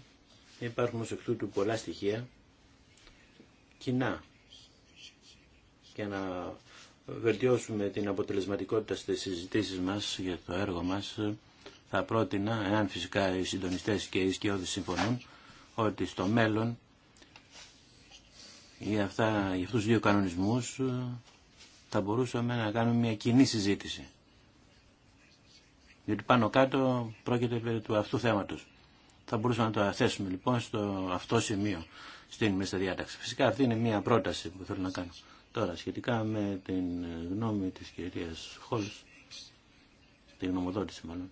υπάρχουν ως εκ τούτου πολλά στοιχεία κοινά και να βελτιώσουμε την αποτελεσματικότητα στις συζητήσεις μας για το έργο μας, θα πρότεινα, εάν φυσικά οι συντονιστές και οι σκιώδεις συμφωνούν, ότι στο μέλλον για, αυτά, για αυτούς τους δύο κανονισμούς θα μπορούσαμε να κάνουμε μια κοινή συζήτηση. Γιατί πάνω κάτω πρόκειται περί του αυτού θέματος. Θα μπορούσαμε να το θέσουμε λοιπόν στο αυτό σημείο στην μεσαδιάταξη. Φυσικά αυτή είναι μια πρόταση που θέλω να κάνω. Τώρα, σχετικά με την ε, γνώμη της κυρίας Χόλς, τη γνωμοδότηση μάλλον,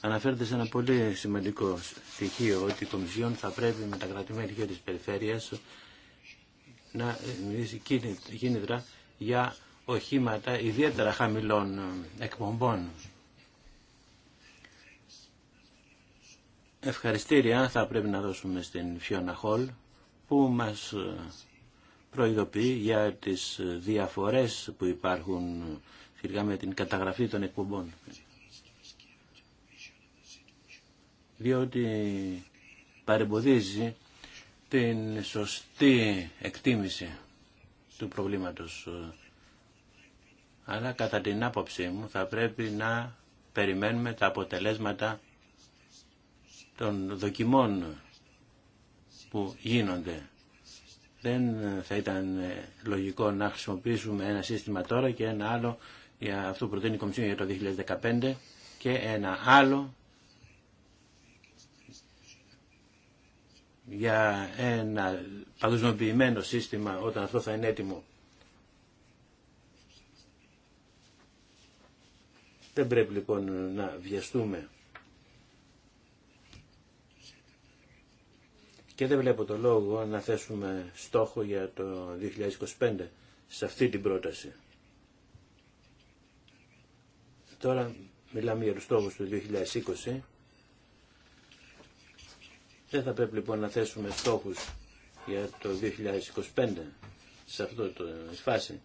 αναφέρεται σε ένα πολύ σημαντικό στοιχείο ότι η Κομισιόν θα πρέπει με τα κρατημέρια τη της περιφέρειας να δημιουργήσει κίνητρα για οχήματα ιδιαίτερα χαμηλών ε, εκπομπών. Ευχαριστήρια θα πρέπει να δώσουμε στην Φιώνα Χολ που μας ε, προειδοποιεί για τις διαφορές που υπάρχουν σχετικά με την καταγραφή των εκπομπών. Διότι παρεμποδίζει την σωστή εκτίμηση του προβλήματος. Αλλά κατά την άποψή μου θα πρέπει να περιμένουμε τα αποτελέσματα των δοκιμών που γίνονται δεν θα ήταν ε, λογικό να χρησιμοποιήσουμε ένα σύστημα τώρα και ένα άλλο για αυτό που προτείνει η Κομισιόν για το 2015 και ένα άλλο για ένα παγκοσμιοποιημένο σύστημα όταν αυτό θα είναι έτοιμο. Δεν πρέπει λοιπόν να βιαστούμε. και δεν βλέπω το λόγο να θέσουμε στόχο για το 2025 σε αυτή την πρόταση. Τώρα μιλάμε για τους στόχους του 2020. Δεν θα πρέπει λοιπόν να θέσουμε στόχους για το 2025 σε αυτό το φάση.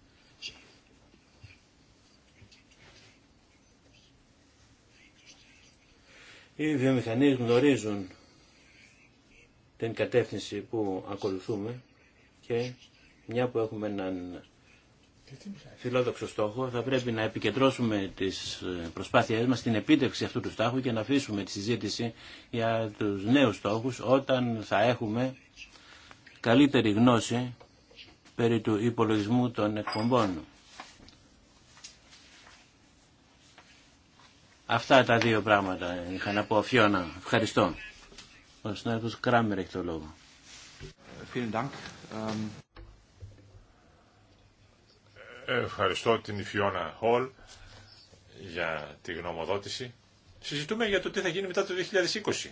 Οι βιομηχανίες γνωρίζουν την κατεύθυνση που ακολουθούμε και μια που έχουμε έναν φιλόδοξο στόχο θα πρέπει να επικεντρώσουμε τις προσπάθειές μας στην επίτευξη αυτού του στόχου και να αφήσουμε τη συζήτηση για τους νέους στόχους όταν θα έχουμε καλύτερη γνώση περί του υπολογισμού των εκπομπών. Αυτά τα δύο πράγματα είχα να πω, Φιώνα. Ευχαριστώ. Ähm, Ευχαριστώ την Φιώνα Χολ για τη γνωμοδότηση. Συζητούμε για το τι θα γίνει μετά το 2020.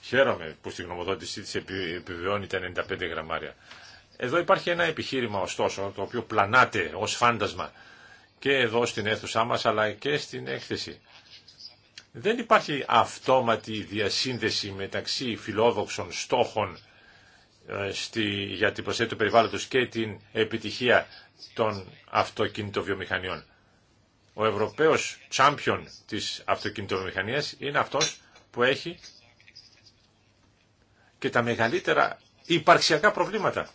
Χαίρομαι που στη γνωμοδότησή της επιβεβαιώνει τα 95 γραμμάρια. Εδώ υπάρχει ένα επιχείρημα ωστόσο, το οποίο πλανάται ως φάντασμα και εδώ στην αίθουσά μας αλλά και στην έκθεση. Δεν υπάρχει αυτόματη διασύνδεση μεταξύ φιλόδοξων στόχων ε, στη, για την προσέγγιση του περιβάλλοντος και την επιτυχία των αυτοκινητοβιομηχανιών. Ο Ευρωπαίος τσάμπιον της αυτοκινητοβιομηχανίας είναι αυτός που έχει και τα μεγαλύτερα υπαρξιακά προβλήματα.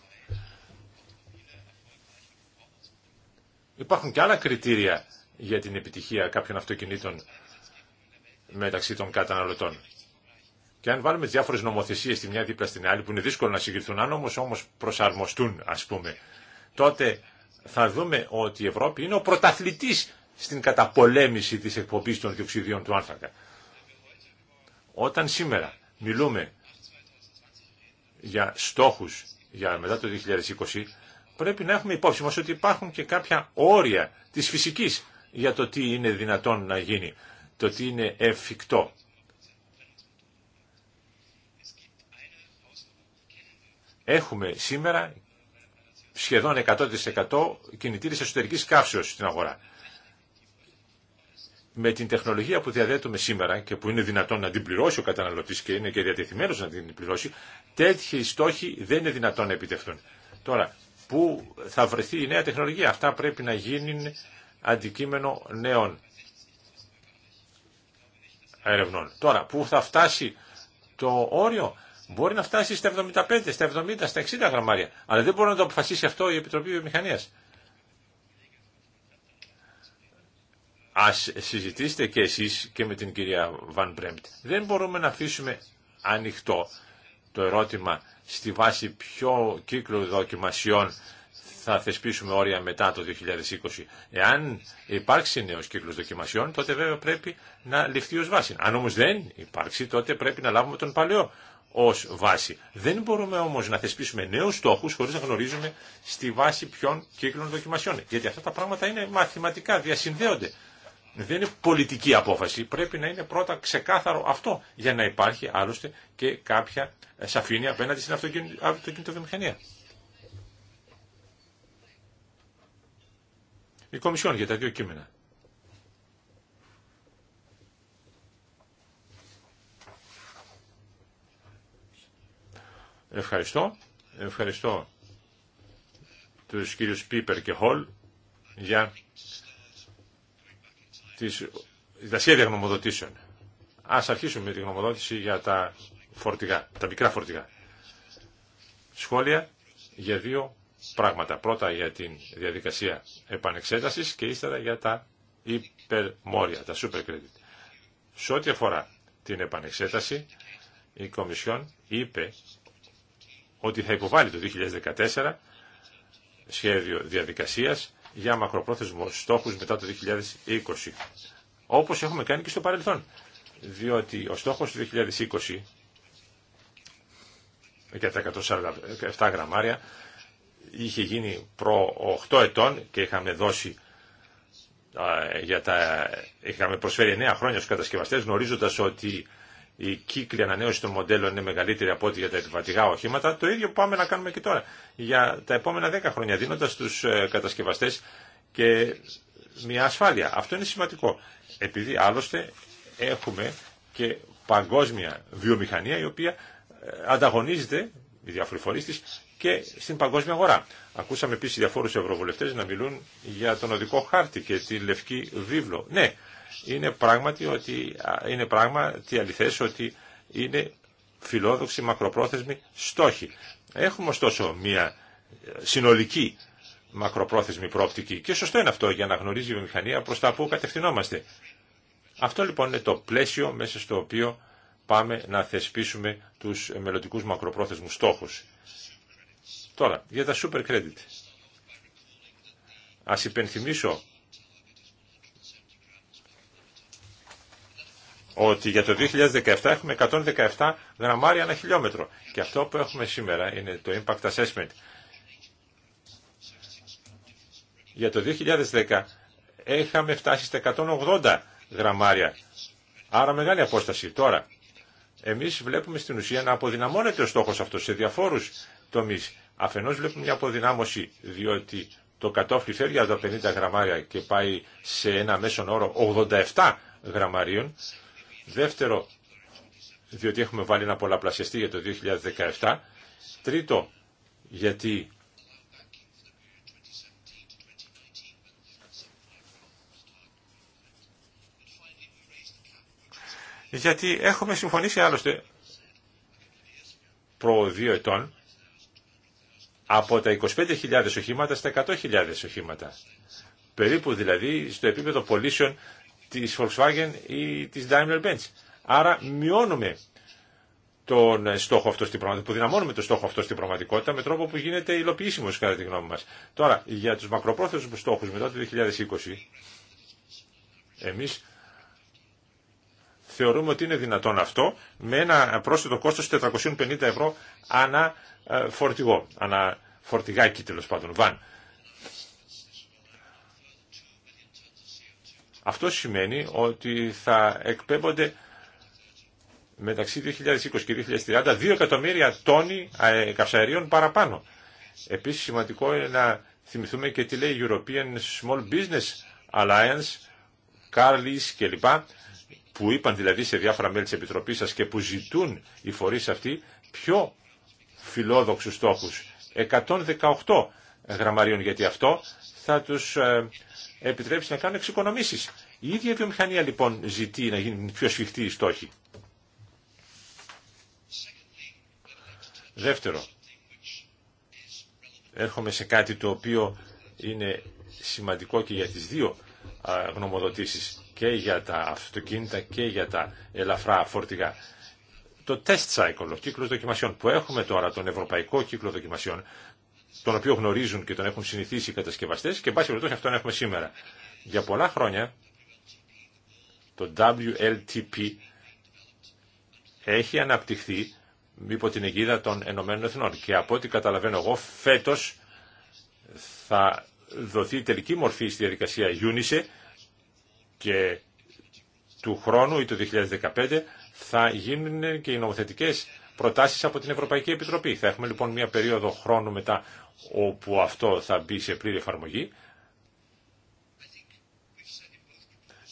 Υπάρχουν και άλλα κριτήρια για την επιτυχία κάποιων αυτοκινήτων μεταξύ των καταναλωτών. Και αν βάλουμε διάφορε νομοθεσίε τη μια δίπλα στην άλλη, που είναι δύσκολο να συγκριθούν, αν όμω όμως προσαρμοστούν, α πούμε, τότε θα δούμε ότι η Ευρώπη είναι ο πρωταθλητή στην καταπολέμηση τη εκπομπή των διοξιδίων του άνθρακα. Όταν σήμερα μιλούμε για στόχους για μετά το 2020, πρέπει να έχουμε υπόψη μας ότι υπάρχουν και κάποια όρια της φυσικής για το τι είναι δυνατόν να γίνει το ότι είναι εφικτό. Έχουμε σήμερα σχεδόν 100% κινητήρες εσωτερικής καύσεως στην αγορά. Με την τεχνολογία που διαδέτουμε σήμερα και που είναι δυνατόν να την πληρώσει ο καταναλωτής και είναι και διατεθειμένος να την πληρώσει, τέτοιοι στόχοι δεν είναι δυνατόν να επιτευχθούν. Τώρα, πού θα βρεθεί η νέα τεχνολογία. Αυτά πρέπει να γίνουν αντικείμενο νέων ερευνών. Τώρα, πού θα φτάσει το όριο, μπορεί να φτάσει στα 75, στα 70, στα 60 γραμμάρια. Αλλά δεν μπορεί να το αποφασίσει αυτό η Επιτροπή Βιομηχανίας. Ας συζητήσετε και εσείς και με την κυρία Βαν Μπρέμπτ. Δεν μπορούμε να αφήσουμε ανοιχτό το ερώτημα στη βάση ποιο κύκλο δοκιμασιών θα θεσπίσουμε όρια μετά το 2020. Εάν υπάρξει νέος κύκλος δοκιμασιών, τότε βέβαια πρέπει να ληφθεί ως βάση. Αν όμως δεν υπάρξει, τότε πρέπει να λάβουμε τον παλαιό ως βάση. Δεν μπορούμε όμως να θεσπίσουμε νέους στόχους χωρίς να γνωρίζουμε στη βάση ποιων κύκλων δοκιμασιών. Γιατί αυτά τα πράγματα είναι μαθηματικά, διασυνδέονται. Δεν είναι πολιτική απόφαση. Πρέπει να είναι πρώτα ξεκάθαρο αυτό για να υπάρχει άλλωστε και κάποια σαφήνεια απέναντι στην βιομηχανία. η Κομισιόν για τα δύο κείμενα. Ευχαριστώ. Ευχαριστώ τους κύριους Πίπερ και Χολ για τις, τα σχέδια γνωμοδοτήσεων. Ας αρχίσουμε με τη γνωμοδότηση για τα φορτηγά, τα μικρά φορτηγά. Σχόλια για δύο πράγματα. Πρώτα για την διαδικασία επανεξέτασης και ύστερα για τα υπερμόρια, τα super credit. Σε ό,τι αφορά την επανεξέταση, η Κομισιόν είπε ότι θα υποβάλει το 2014 σχέδιο διαδικασίας για μακροπρόθεσμο στόχους μετά το 2020. Όπως έχουμε κάνει και στο παρελθόν. Διότι ο στόχος του 2020 για τα 147 γραμμάρια είχε γίνει προ 8 ετών και είχαμε δώσει για τα, είχαμε προσφέρει 9 χρόνια στους κατασκευαστές γνωρίζοντας ότι η κύκλη ανανέωση των μοντέλων είναι μεγαλύτερη από ό,τι για τα επιβατικά οχήματα, το ίδιο πάμε να κάνουμε και τώρα. Για τα επόμενα 10 χρόνια, δίνοντα του ε, κατασκευαστέ και μια ασφάλεια. Αυτό είναι σημαντικό. Επειδή άλλωστε έχουμε και παγκόσμια βιομηχανία η οποία ε, ανταγωνίζεται, οι διάφοροι και στην παγκόσμια αγορά. Ακούσαμε επίση διαφόρου ευρωβουλευτέ να μιλούν για τον οδικό χάρτη και τη λευκή βίβλο. Ναι, είναι πράγματι ότι, είναι πράγματι αληθές ότι είναι φιλόδοξοι μακροπρόθεσμοι στόχοι. Έχουμε ωστόσο μια ε, συνολική μακροπρόθεσμη πρόπτικη και σωστό είναι αυτό για να γνωρίζει η βιομηχανία προς τα που κατευθυνόμαστε. Αυτό λοιπόν είναι το πλαίσιο μέσα στο οποίο πάμε να θεσπίσουμε τους μελλοντικού μακροπρόθεσμους στόχους. Τώρα, για τα super credit. Ας υπενθυμίσω ότι για το 2017 έχουμε 117 γραμμάρια ένα χιλιόμετρο. Και αυτό που έχουμε σήμερα είναι το impact assessment. Για το 2010 είχαμε φτάσει στα 180 γραμμάρια. Άρα μεγάλη απόσταση. Τώρα, εμείς βλέπουμε στην ουσία να αποδυναμώνεται ο στόχος αυτός σε διαφόρους τομείς. Αφενός βλέπουμε μια αποδυνάμωση, διότι το κατόφλι φεύγει από τα 50 γραμμάρια και πάει σε ένα μέσον όρο 87 γραμμαρίων. Δεύτερο, διότι έχουμε βάλει ένα πολλαπλασιαστή για το 2017. Τρίτο, γιατί γιατί έχουμε συμφωνήσει άλλωστε προ δύο ετών από τα 25.000 οχήματα στα 100.000 οχήματα. Περίπου δηλαδή στο επίπεδο πωλήσεων της Volkswagen ή της Daimler-Benz. Άρα μειώνουμε τον στόχο αυτό στην πραγματικότητα, που δυναμώνουμε τον στόχο αυτό στην πραγματικότητα με τρόπο που γίνεται υλοποιήσιμος κατά τη γνώμη μας. Τώρα, για τους μακροπρόθεσμους στόχους μετά το 2020, εμείς θεωρούμε ότι είναι δυνατόν αυτό με ένα πρόσθετο κόστος 450 ευρώ ανά ε, φορτηγό, ανά φορτηγάκι τέλος πάντων, βαν. Αυτό σημαίνει ότι θα εκπέμπονται μεταξύ 2020 και 2030 2 εκατομμύρια τόνοι ε, καυσαερίων παραπάνω. Επίσης σημαντικό είναι να θυμηθούμε και τι λέει European Small Business Alliance, Carlis κλπ που είπαν δηλαδή σε διάφορα μέλη της Επιτροπής σας και που ζητούν οι φορείς αυτοί πιο φιλόδοξους στόχους. 118 γραμμαρίων γιατί αυτό θα τους ε, επιτρέψει να κάνουν εξοικονομήσεις. Η ίδια η βιομηχανία λοιπόν ζητεί να γίνει πιο σφιχτή η στόχη. Δεύτερο, έρχομαι σε κάτι το οποίο είναι σημαντικό και για τις δύο γνωμοδοτήσεις και για τα αυτοκίνητα και για τα ελαφρά φορτηγά. Το test cycle, ο κύκλος δοκιμασιών που έχουμε τώρα, τον ευρωπαϊκό κύκλο δοκιμασιών, τον οποίο γνωρίζουν και τον έχουν συνηθίσει οι κατασκευαστές και πάση περιπτώσει αυτόν έχουμε σήμερα. Για πολλά χρόνια το WLTP έχει αναπτυχθεί υπό την αιγίδα των Ενωμένων Εθνών και από ό,τι καταλαβαίνω εγώ φέτος θα δοθεί τελική μορφή στη διαδικασία UNICE και του χρόνου ή το 2015 θα γίνουν και οι νομοθετικές προτάσεις από την Ευρωπαϊκή Επιτροπή. Θα έχουμε λοιπόν μια περίοδο χρόνου μετά όπου αυτό θα μπει σε πλήρη εφαρμογή.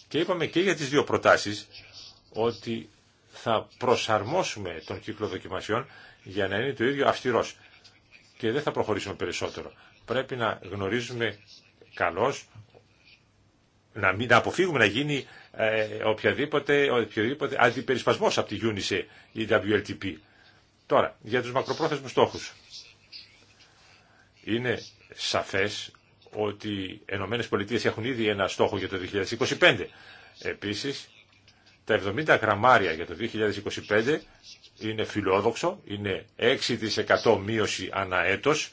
Και είπαμε και για τις δύο προτάσεις ότι θα προσαρμόσουμε τον κύκλο δοκιμασιών για να είναι το ίδιο αυστηρός και δεν θα προχωρήσουμε περισσότερο πρέπει να γνωρίζουμε καλώς, να, μην, αποφύγουμε να γίνει ε, οποιαδήποτε, οποιοδήποτε αντιπερισπασμός από τη UNICE ή WLTP. Τώρα, για τους μακροπρόθεσμους στόχους. Είναι σαφές ότι οι Ενωμένες Πολιτείες έχουν ήδη ένα στόχο για το 2025. Επίσης, τα 70 γραμμάρια για το 2025 είναι φιλόδοξο, είναι 6% μείωση ανά έτος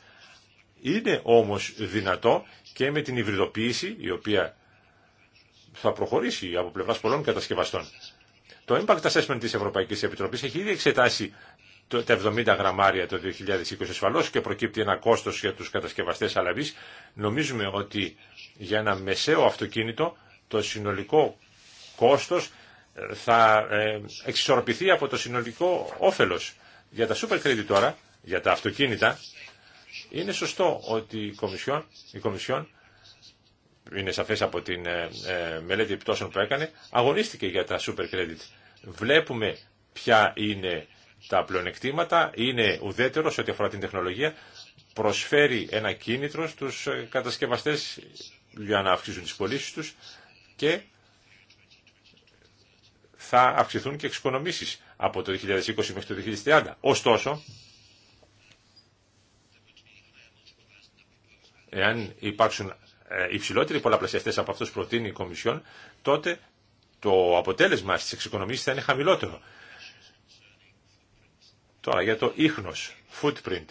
είναι όμως δυνατό και με την υβριδοποίηση η οποία θα προχωρήσει από πλευράς πολλών κατασκευαστών. Το impact assessment της Ευρωπαϊκής Επιτροπής έχει ήδη εξετάσει τα 70 γραμμάρια το 2020 ασφαλώς και προκύπτει ένα κόστος για τους κατασκευαστές αλλά νομίζουμε ότι για ένα μεσαίο αυτοκίνητο το συνολικό κόστος ε, θα ε, εξισορροπηθεί από το συνολικό όφελος. Για τα super credit τώρα, για τα αυτοκίνητα είναι σωστό ότι η Κομισιόν, η Κομισιόν είναι σαφές από την ε, ε, μελέτη επιπτώσεων που έκανε, αγωνίστηκε για τα super credit. Βλέπουμε ποια είναι τα πλεονεκτήματα, είναι ουδέτερο ό,τι αφορά την τεχνολογία, προσφέρει ένα κίνητρο στους ε, κατασκευαστές για να αυξήσουν τις πωλήσει τους και θα αυξηθούν και εξοικονομήσεις από το 2020 μέχρι το 2030. Ωστόσο, Εάν υπάρξουν ε, υψηλότεροι πολλαπλασιαστέ από αυτού που προτείνει η Κομισιόν, τότε το αποτέλεσμα στι εξοικονομήσει θα είναι χαμηλότερο. Τώρα για το ίχνος, footprint,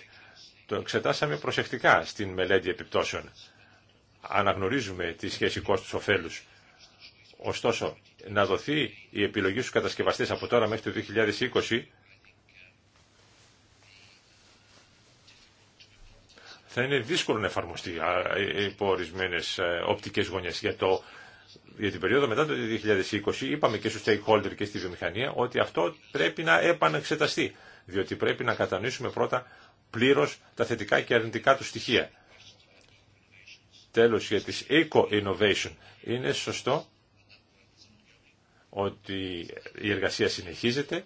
το εξετάσαμε προσεκτικά στην μελέτη επιπτώσεων. Αναγνωρίζουμε τη σχέση κόστους-οφέλους. Ωστόσο, να δοθεί η επιλογή στους κατασκευαστές από τώρα μέχρι το 2020 θα είναι δύσκολο να εφαρμοστεί ε, υπό ορισμένε ε, οπτικές γωνιές για για την περίοδο μετά το 2020 είπαμε και στους stakeholder και στη βιομηχανία ότι αυτό πρέπει να επαναξεταστεί διότι πρέπει να κατανοήσουμε πρώτα πλήρως τα θετικά και αρνητικά του στοιχεία. Τέλος για τις eco-innovation είναι σωστό ότι η εργασία συνεχίζεται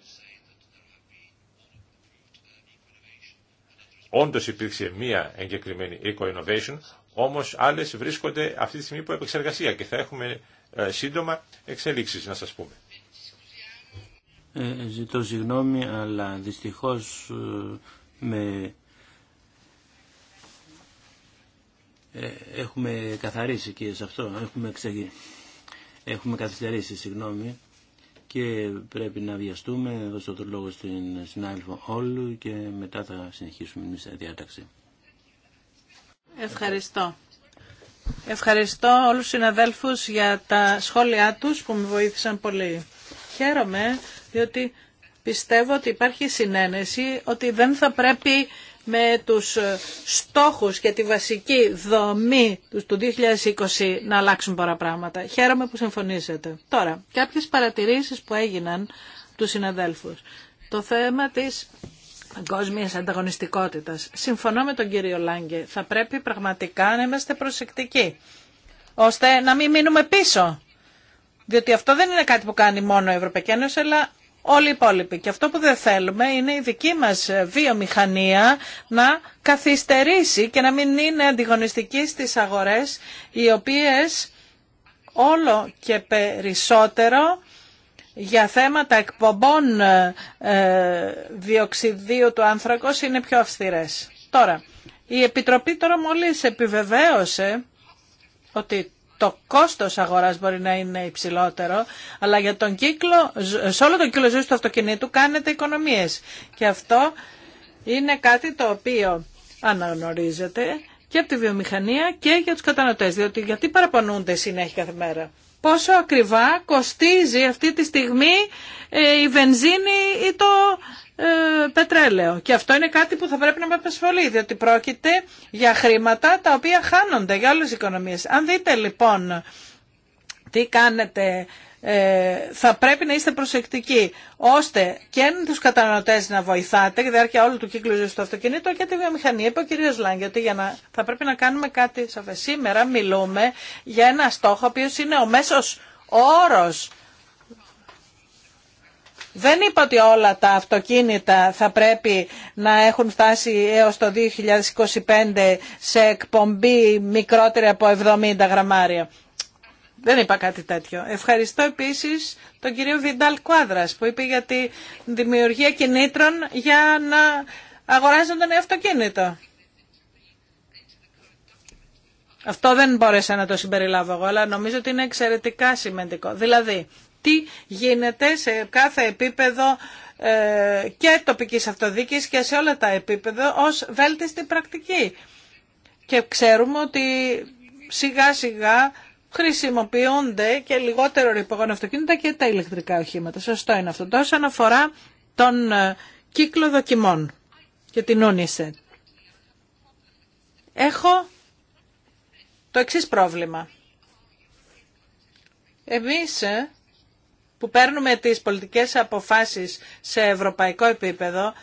Όντως υπήρξε μία εγκεκριμένη eco-innovation, όμως άλλες βρίσκονται αυτή τη στιγμή που επεξεργασία και θα έχουμε ε, σύντομα εξελίξεις να σας πούμε. Ε, ζητώ συγγνώμη, αλλά δυστυχώς ε, με... έχουμε καθαρίσει και σε αυτό, έχουμε, ξε... έχουμε καθυστερήσει, συγγνώμη και πρέπει να βιαστούμε. Δώσω τον λόγο στην συνάδελφο Όλου και μετά θα συνεχίσουμε εμείς τη διάταξη. Ευχαριστώ. Ευχαριστώ όλους τους συναδέλφους για τα σχόλιά τους που με βοήθησαν πολύ. Χαίρομαι διότι πιστεύω ότι υπάρχει συνένεση ότι δεν θα πρέπει με τους ε, στόχους και τη βασική δομή του 2020 να αλλάξουν πολλά πράγματα. Χαίρομαι που συμφωνήσετε. Τώρα, κάποιες παρατηρήσεις που έγιναν του συναδέλφου. Το θέμα της παγκόσμια ανταγωνιστικότητας. Συμφωνώ με τον κύριο Λάγκε. Θα πρέπει πραγματικά να είμαστε προσεκτικοί, ώστε να μην μείνουμε πίσω. Διότι αυτό δεν είναι κάτι που κάνει μόνο η Ευρωπαϊκή Ένωση, αλλά όλοι οι υπόλοιποι. Και αυτό που δεν θέλουμε είναι η δική μας βιομηχανία να καθυστερήσει και να μην είναι αντιγωνιστική στις αγορές οι οποίες όλο και περισσότερο για θέματα εκπομπών ε, ε, διοξιδίου του άνθρακος είναι πιο αυστηρές. Τώρα, η Επιτροπή τώρα μόλις επιβεβαίωσε ότι το κόστος αγοράς μπορεί να είναι υψηλότερο, αλλά για τον κύκλο, σε όλο τον κύκλο ζωής του αυτοκινήτου κάνετε οικονομίες. Και αυτό είναι κάτι το οποίο αναγνωρίζεται και από τη βιομηχανία και για τους κατανοτές, διότι γιατί παραπονούνται συνέχεια κάθε μέρα. Πόσο ακριβά κοστίζει αυτή τη στιγμή ε, η βενζίνη ή το ε, πετρέλαιο. Και αυτό είναι κάτι που θα πρέπει να με απασχολεί, διότι πρόκειται για χρήματα τα οποία χάνονται για όλες τις οικονομίες. Αν δείτε λοιπόν τι κάνετε, ε, θα πρέπει να είστε προσεκτικοί, ώστε και τους καταναλωτές να βοηθάτε για διάρκεια όλου του κύκλου ζωής του αυτοκινήτου και τη βιομηχανία. Είπε ο κ. Λάγκη ότι για να, θα πρέπει να κάνουμε κάτι σαφές. Σήμερα μιλούμε για ένα στόχο, ο οποίος είναι ο μέσος όρος δεν είπα ότι όλα τα αυτοκίνητα θα πρέπει να έχουν φτάσει έως το 2025 σε εκπομπή μικρότερη από 70 γραμμάρια. Δεν είπα κάτι τέτοιο. Ευχαριστώ επίσης τον κύριο Βιντάλ Κουάδρας που είπε για τη δημιουργία κινήτρων για να αγοράζουν τον αυτοκίνητο. Αυτό δεν μπόρεσα να το συμπεριλάβω εγώ, αλλά νομίζω ότι είναι εξαιρετικά σημαντικό. Δηλαδή, τι γίνεται σε κάθε επίπεδο ε, και τοπικής αυτοδίκης και σε όλα τα επίπεδα ως βέλτιστη πρακτική. Και ξέρουμε ότι σιγά σιγά χρησιμοποιούνται και λιγότερο ρηπογόνο αυτοκίνητα και τα ηλεκτρικά οχήματα. Σωστό είναι αυτό. Τόσο αναφορά τον ε, κύκλο δοκιμών και την όνισε. Έχω το εξής πρόβλημα. Εμείς ε, που παίρνουμε τις πολιτικές αποφάσεις σε ευρωπαϊκό επίπεδο,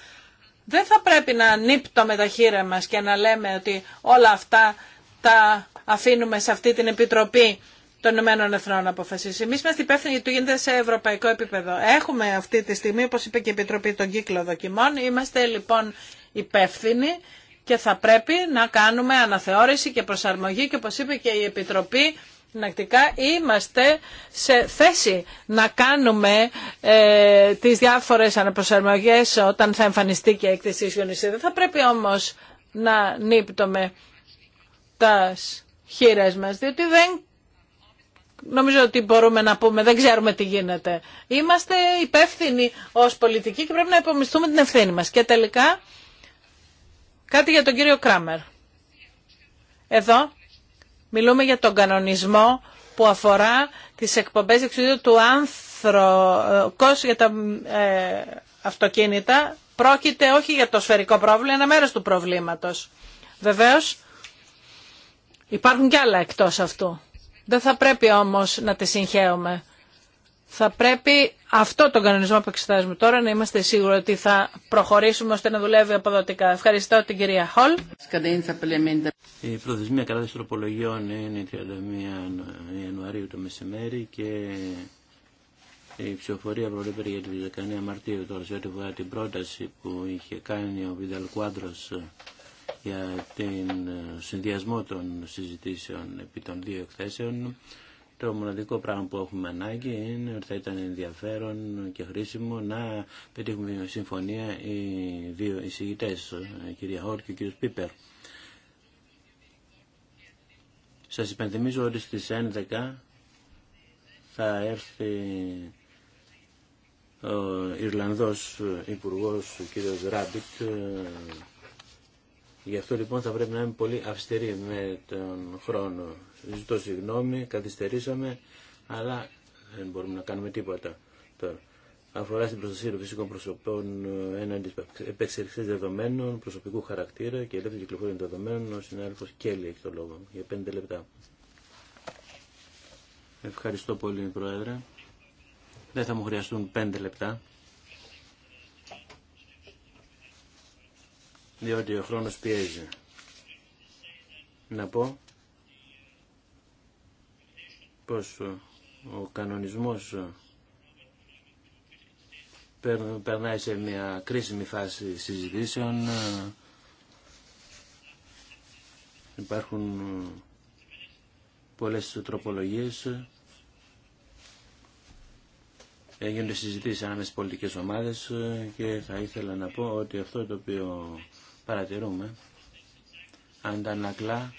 δεν θα πρέπει να νύπτω με τα χείρα μας και να λέμε ότι όλα αυτά τα αφήνουμε σε αυτή την Επιτροπή των Ηνωμένων Εθνών να αποφασίσει. Εμεί είμαστε υπεύθυνοι γιατί γίνεται σε ευρωπαϊκό επίπεδο. Έχουμε αυτή τη στιγμή, όπω είπε και η Επιτροπή, τον κύκλο δοκιμών. Είμαστε λοιπόν υπεύθυνοι και θα πρέπει να κάνουμε αναθεώρηση και προσαρμογή και όπω είπε και η Επιτροπή συνακτικά είμαστε σε θέση να κάνουμε ε, τις διάφορες αναπροσαρμογές όταν θα εμφανιστεί και η έκθεση Ιονισή. Δεν θα πρέπει όμως να νύπτουμε τα χείρες μας, διότι δεν νομίζω ότι μπορούμε να πούμε, δεν ξέρουμε τι γίνεται. Είμαστε υπεύθυνοι ως πολιτικοί και πρέπει να υπομισθούμε την ευθύνη μας. Και τελικά κάτι για τον κύριο Κράμερ. Εδώ Μιλούμε για τον κανονισμό που αφορά τις εκπομπές εξουσίου του άνθρωπος για τα ε, αυτοκίνητα. Πρόκειται όχι για το σφαιρικό πρόβλημα, ένα μέρος του προβλήματος. Βεβαίως υπάρχουν κι άλλα εκτός αυτού. Δεν θα πρέπει όμως να τη συγχαίουμε θα πρέπει αυτό το κανονισμό που εξετάζουμε τώρα να είμαστε σίγουροι ότι θα προχωρήσουμε ώστε να δουλεύει αποδοτικά. Ευχαριστώ την κυρία Χολ. Η προθεσμία κατά τροπολογιών είναι 31 Ιανουαρίου το μεσημέρι και η ψηφοφορία προβλέπεται για την 19 Μαρτίου τώρα σε ό,τι αφορά την πρόταση που είχε κάνει ο Βιδαλ Κουάντρος για τον ε, συνδυασμό των συζητήσεων επί των δύο εκθέσεων. Το μοναδικό πράγμα που έχουμε ανάγκη είναι ότι θα ήταν ενδιαφέρον και χρήσιμο να πετύχουμε συμφωνία οι δύο εισηγητέ, η κυρία Χόρ και ο κύριος Πίπερ. Σας υπενθυμίζω ότι στις 11 θα έρθει ο Ιρλανδός Υπουργός, ο κύριος Ράμπιτ, Γι' αυτό λοιπόν θα πρέπει να είμαι πολύ αυστηρή με τον χρόνο. Ζητώ συγγνώμη, καθυστερήσαμε, αλλά δεν μπορούμε να κάνουμε τίποτα τώρα. Αφορά στην προστασία των φυσικών προσωπών ε, έναντι επεξεργασία δεδομένων, προσωπικού χαρακτήρα και ελεύθερη κυκλοφορία δεδομένων, ο συνάδελφο Κέλλη έχει το λόγο για πέντε λεπτά. Ευχαριστώ πολύ, Πρόεδρε. Δεν θα μου χρειαστούν πέντε λεπτά. διότι ο χρόνος πιέζει. Να πω πως ο κανονισμός περνάει σε μια κρίσιμη φάση συζητήσεων. Υπάρχουν πολλές τροπολογίες. Έγινε συζητήσει ανάμεσα στις πολιτικές ομάδες και θα ήθελα να πω ότι αυτό το οποίο παρατηρούμε αντανακλά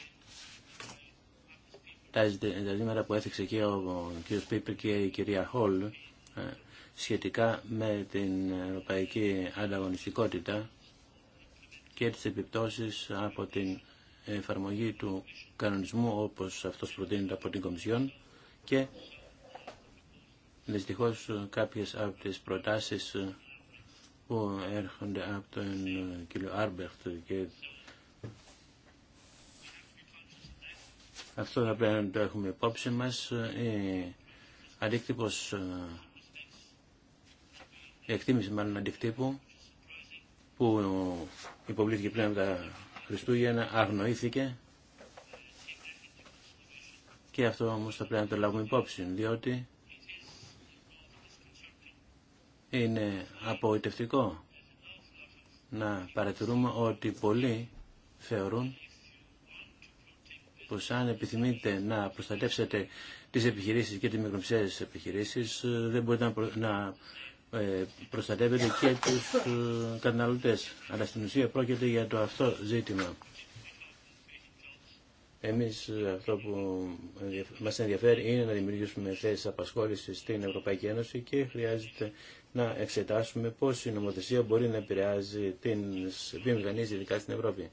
τα ζητήματα που έθιξε και ο κ. Πίπερ και η κυρία Χολ ε, σχετικά με την ευρωπαϊκή ανταγωνιστικότητα και τις επιπτώσεις από την εφαρμογή του κανονισμού όπως αυτός προτείνεται από την Κομισιόν και δυστυχώς κάποιες από τις προτάσεις που έρχονται από τον ε, κύριο Άρμπεχτ και αυτό θα πρέπει να το έχουμε υπόψη μας ε, ε, η εκτίμηση μάλλον αντικτύπου που υποβλήθηκε πριν από τα Χριστούγεννα αγνοήθηκε και αυτό όμως θα πρέπει να το λάβουμε υπόψη διότι είναι απογοητευτικό να παρατηρούμε ότι πολλοί θεωρούν πως αν επιθυμείτε να προστατεύσετε τις επιχειρήσεις και τις μικρομεσαίες επιχειρήσεις δεν μπορείτε να ε, προστατεύετε και τους ε, καταναλωτές. Αλλά στην ουσία πρόκειται για το αυτό ζήτημα. Εμείς αυτό που μα ενδιαφέρει είναι να δημιουργήσουμε θέσεις απασχόληση στην Ευρωπαϊκή Ένωση και χρειάζεται να εξετάσουμε πώ η νομοθεσία μπορεί να επηρεάζει την βιομηχανίε ειδικά στην Ευρώπη.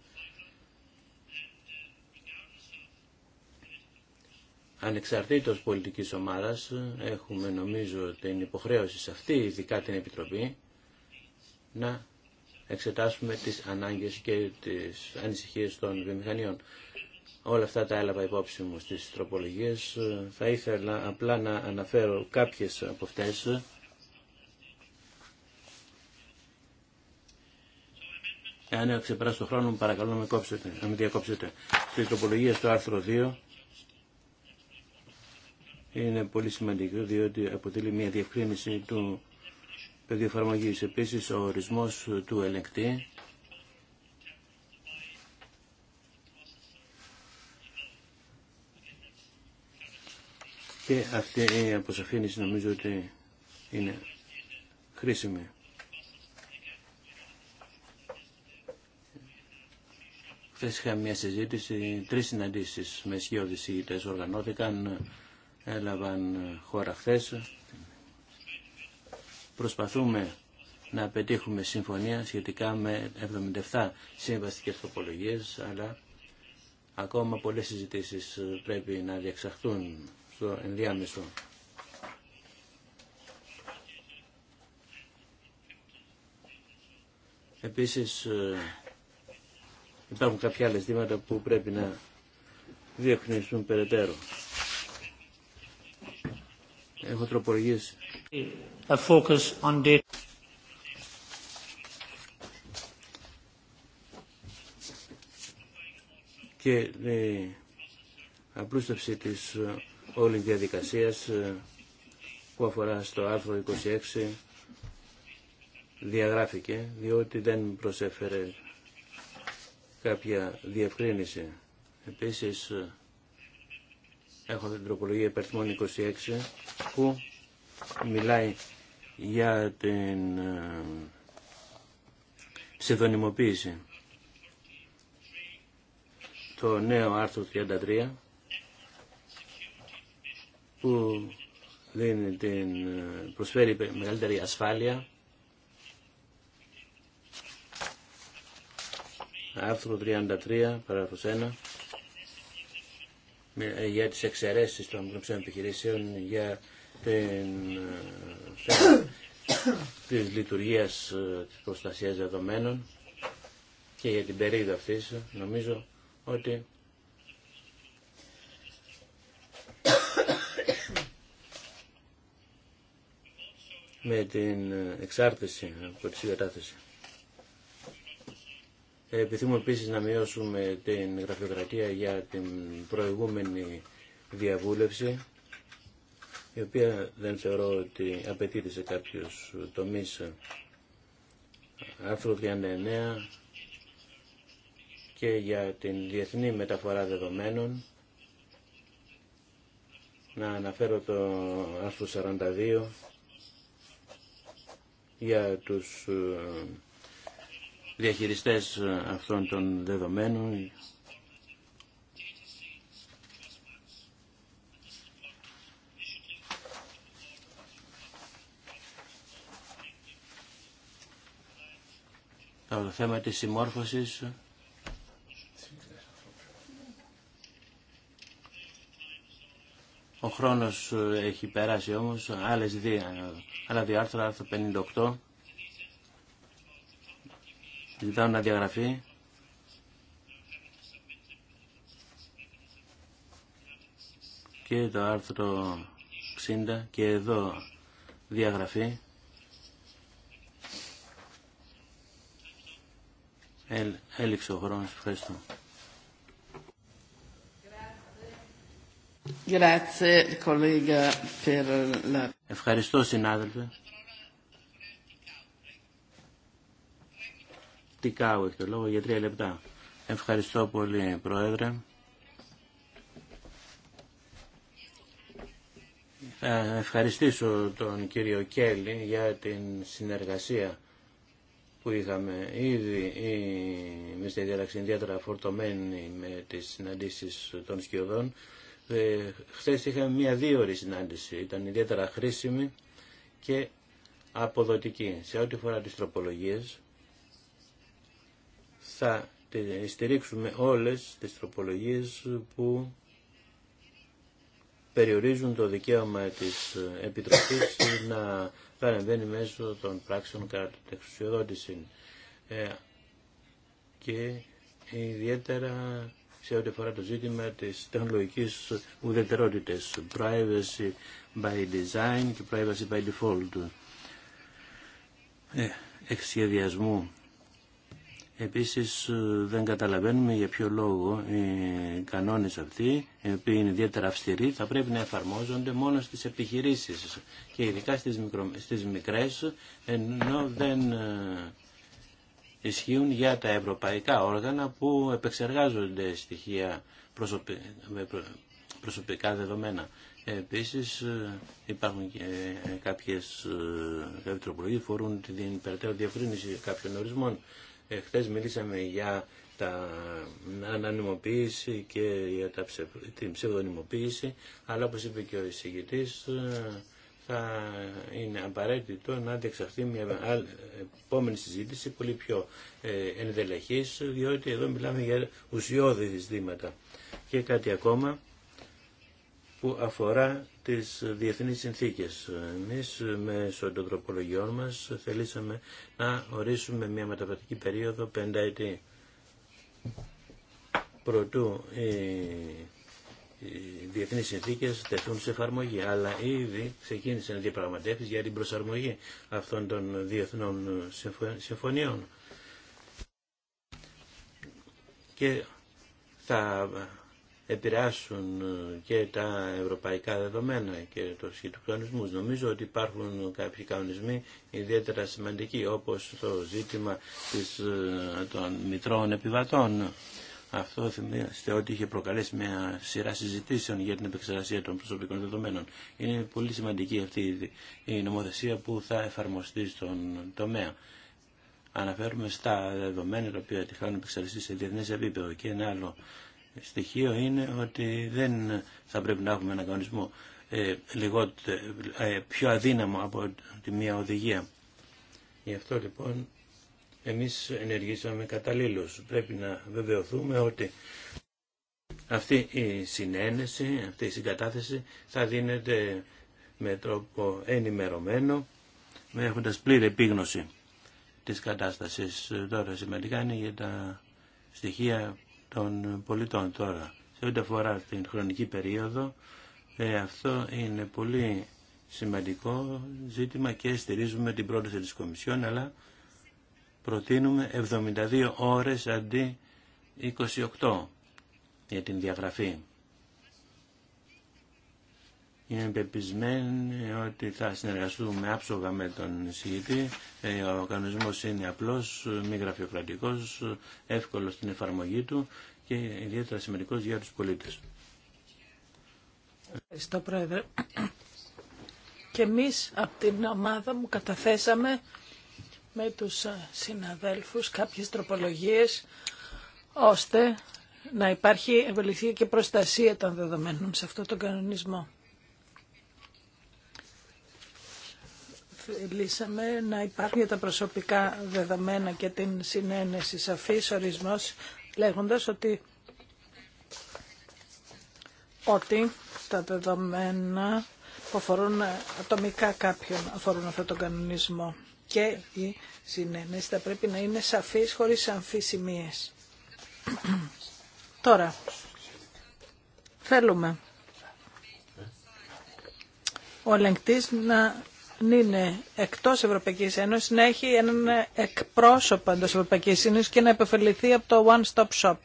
Ανεξαρτήτως πολιτικής ομάδας έχουμε νομίζω την υποχρέωση σε αυτή, ειδικά την Επιτροπή, να εξετάσουμε τις ανάγκες και τις ανησυχίες των βιομηχανιών. Όλα αυτά τα έλαβα υπόψη μου στις τροπολογίες. Ε, θα ήθελα απλά να αναφέρω κάποιες από αυτές. Αν έχω ξεπεράσει το χρόνο μου, παρακαλώ να με, κόψετε, να με διακόψετε. Στη τροπολογία στο άρθρο 2 είναι πολύ σημαντικό διότι αποτελεί μια διευκρίνηση του πεδίου εφαρμογή. Επίση, ο ορισμό του ελεκτή και αυτή η αποσαφήνιση νομίζω ότι είναι χρήσιμη. Χθε είχα μια συζήτηση, τρεις συναντήσεις με οι ηγητές οργανώθηκαν, έλαβαν χώρα χθε. Προσπαθούμε να πετύχουμε συμφωνία σχετικά με 77 συμβαστικές τοπολογίες, αλλά ακόμα πολλές συζητήσεις πρέπει να διεξαχθούν στο ενδιάμεσο. Επίσης ε, υπάρχουν κάποια άλλα ζητήματα που πρέπει να διευκρινιστούν περαιτέρω. Έχω τροπολογήσει. A focus on Και η απλούστευση της ε, Όλη η διαδικασία ε, που αφορά στο άρθρο 26 διαγράφηκε διότι δεν προσέφερε κάποια διευκρίνηση. Επίσης ε, έχω την τροπολογία υπερθμών 26 που μιλάει για την ε, ψευδονιμοποίηση. Το νέο άρθρο 33 που την, προσφέρει μεγαλύτερη ασφάλεια. Άρθρο 33, παράγραφος 1 ε, για τις εξαιρέσεις των μικρομεσαίων επιχειρήσεων για την ε, της λειτουργίας ε, της προστασίας δεδομένων και για την περίοδο αυτής νομίζω ότι με την εξάρτηση από τη συγκατάθεση. Επιθυμούμε επίσης να μειώσουμε την γραφειοκρατία για την προηγούμενη διαβούλευση, η οποία δεν θεωρώ ότι απαιτείται σε κάποιους τομείς. Άρθρο 39 και για την διεθνή μεταφορά δεδομένων, να αναφέρω το άρθρο 42, για τους ε, διαχειριστές ε, αυτών των δεδομένων το θέμα της συμμόρφωσης Ο χρόνος ε, έχει περάσει όμως, άλλες δύο, ε, άλλα δύο άρθρα, άρθρο 58, ζητάω να διαγραφεί. Και το άρθρο 60 και εδώ διαγραφή. Έλ, έληξε ο χρόνος, ευχαριστώ. Ευχαριστώ συνάδελφε. Τικάου έχει το λόγο για τρία λεπτά. Ευχαριστώ πολύ Πρόεδρε. Θα ευχαριστήσω τον κύριο Κέλλη για την συνεργασία που είχαμε ήδη η Μεστερία ιδιαίτερα φορτωμένη με τις συναντήσεις των σκιωδών ε, χθες είχαμε μια ώρη συνάντηση, ήταν ιδιαίτερα χρήσιμη και αποδοτική. Σε ό,τι φορά τις τροπολογίες θα στηρίξουμε όλες τις τροπολογίες που περιορίζουν το δικαίωμα της Επιτροπής να παρεμβαίνει μέσω των πράξεων κατά την εξουσιοδότηση. Ε, και ιδιαίτερα σε ό,τι αφορά το ζήτημα της τεχνολογικής ουδετερότητας, privacy by design και privacy by default, ε, εξσχεδιασμού. Επίσης ε, δεν καταλαβαίνουμε για ποιο λόγο οι κανόνες αυτοί, οι οποίοι είναι ιδιαίτερα αυστηροί, θα πρέπει να εφαρμόζονται μόνο στις επιχειρήσεις και ειδικά στις, μικρο, στις μικρές, ενώ δεν ε, ισχύουν για τα ευρωπαϊκά όργανα που επεξεργάζονται στοιχεία προσωπικά δεδομένα. Επίσης ε, υπάρχουν και ε, ε, κάποιες τροπολογίες που φορούν την περαιτέρω διευκρίνηση κάποιων ορισμών. Χθε μιλήσαμε για τα ανανυμοποίηση και για τα την ψευδονυμοποίηση, αλλά όπως είπε και ο εισηγητής, θα είναι απαραίτητο να διεξαχθεί μια επόμενη συζήτηση πολύ πιο ε, ενδελεχής, διότι εδώ μιλάμε για ουσιώδη δυσδήματα. Και κάτι ακόμα που αφορά τις διεθνείς συνθήκες. Εμείς μέσω των τροπολογιών μας θελήσαμε να ορίσουμε μια μεταβατική περίοδο πενταετή. Προτού η οι διεθνείς συνθήκες τεθούν σε εφαρμογή, αλλά ήδη ξεκίνησαν διαπραγματεύσει για την προσαρμογή αυτών των διεθνών συμφωνιών. Και θα επηρεάσουν και τα ευρωπαϊκά δεδομένα και το σχετικονισμούς. Νομίζω ότι υπάρχουν κάποιοι κανονισμοί ιδιαίτερα σημαντικοί, όπως το ζήτημα της, ε, των μητρών επιβατών αυτό θυμάστε ότι είχε προκαλέσει μια σειρά συζητήσεων για την επεξεργασία των προσωπικών δεδομένων. Είναι πολύ σημαντική αυτή η νομοθεσία που θα εφαρμοστεί στον τομέα. Αναφέρουμε στα δεδομένα τα οποία τυχαίνουν χάνουν σε διεθνές επίπεδο. Και ένα άλλο στοιχείο είναι ότι δεν θα πρέπει να έχουμε έναν κανονισμό ε, ε πιο αδύναμο από τη μία οδηγία. Γι' αυτό λοιπόν εμείς ενεργήσαμε καταλήλως. Πρέπει να βεβαιωθούμε ότι αυτή η συνένεση, αυτή η συγκατάθεση θα δίνεται με τρόπο ενημερωμένο, με έχοντας πλήρη επίγνωση της κατάστασης. Τώρα σημαντικά είναι για τα στοιχεία των πολιτών τώρα. Σε ό,τι αφορά την χρονική περίοδο, ε, αυτό είναι πολύ σημαντικό ζήτημα και στηρίζουμε την πρόταση της Κομισιόν, αλλά προτείνουμε 72 ώρες αντί 28 για την διαγραφή. Είμαι πεπισμένη ότι θα συνεργαστούμε άψογα με τον συγητή. Ε, ο κανονισμός είναι απλός, μη γραφειοκρατικός, εύκολος στην εφαρμογή του και ιδιαίτερα σημαντικός για τους πολίτες. Ευχαριστώ Πρόεδρε. Και εμείς από την ομάδα μου καταθέσαμε με τους συναδέλφους κάποιες τροπολογίες ώστε να υπάρχει ευελιξία και προστασία των δεδομένων σε αυτό τον κανονισμό. Θέλησαμε να υπάρχουν τα προσωπικά δεδομένα και την συνένεση σαφής ορισμός λέγοντας ότι ότι τα δεδομένα που αφορούν ατομικά κάποιον αφορούν αυτόν τον κανονισμό και οι συνένεση θα πρέπει να είναι σαφής χωρίς αμφισημίες. Τώρα, θέλουμε ο ελεγκτής να είναι εκτός Ευρωπαϊκής Ένωσης, να έχει έναν εκπρόσωπο εντός Ευρωπαϊκής Ένωσης και να επεφεληθεί από το One Stop Shop.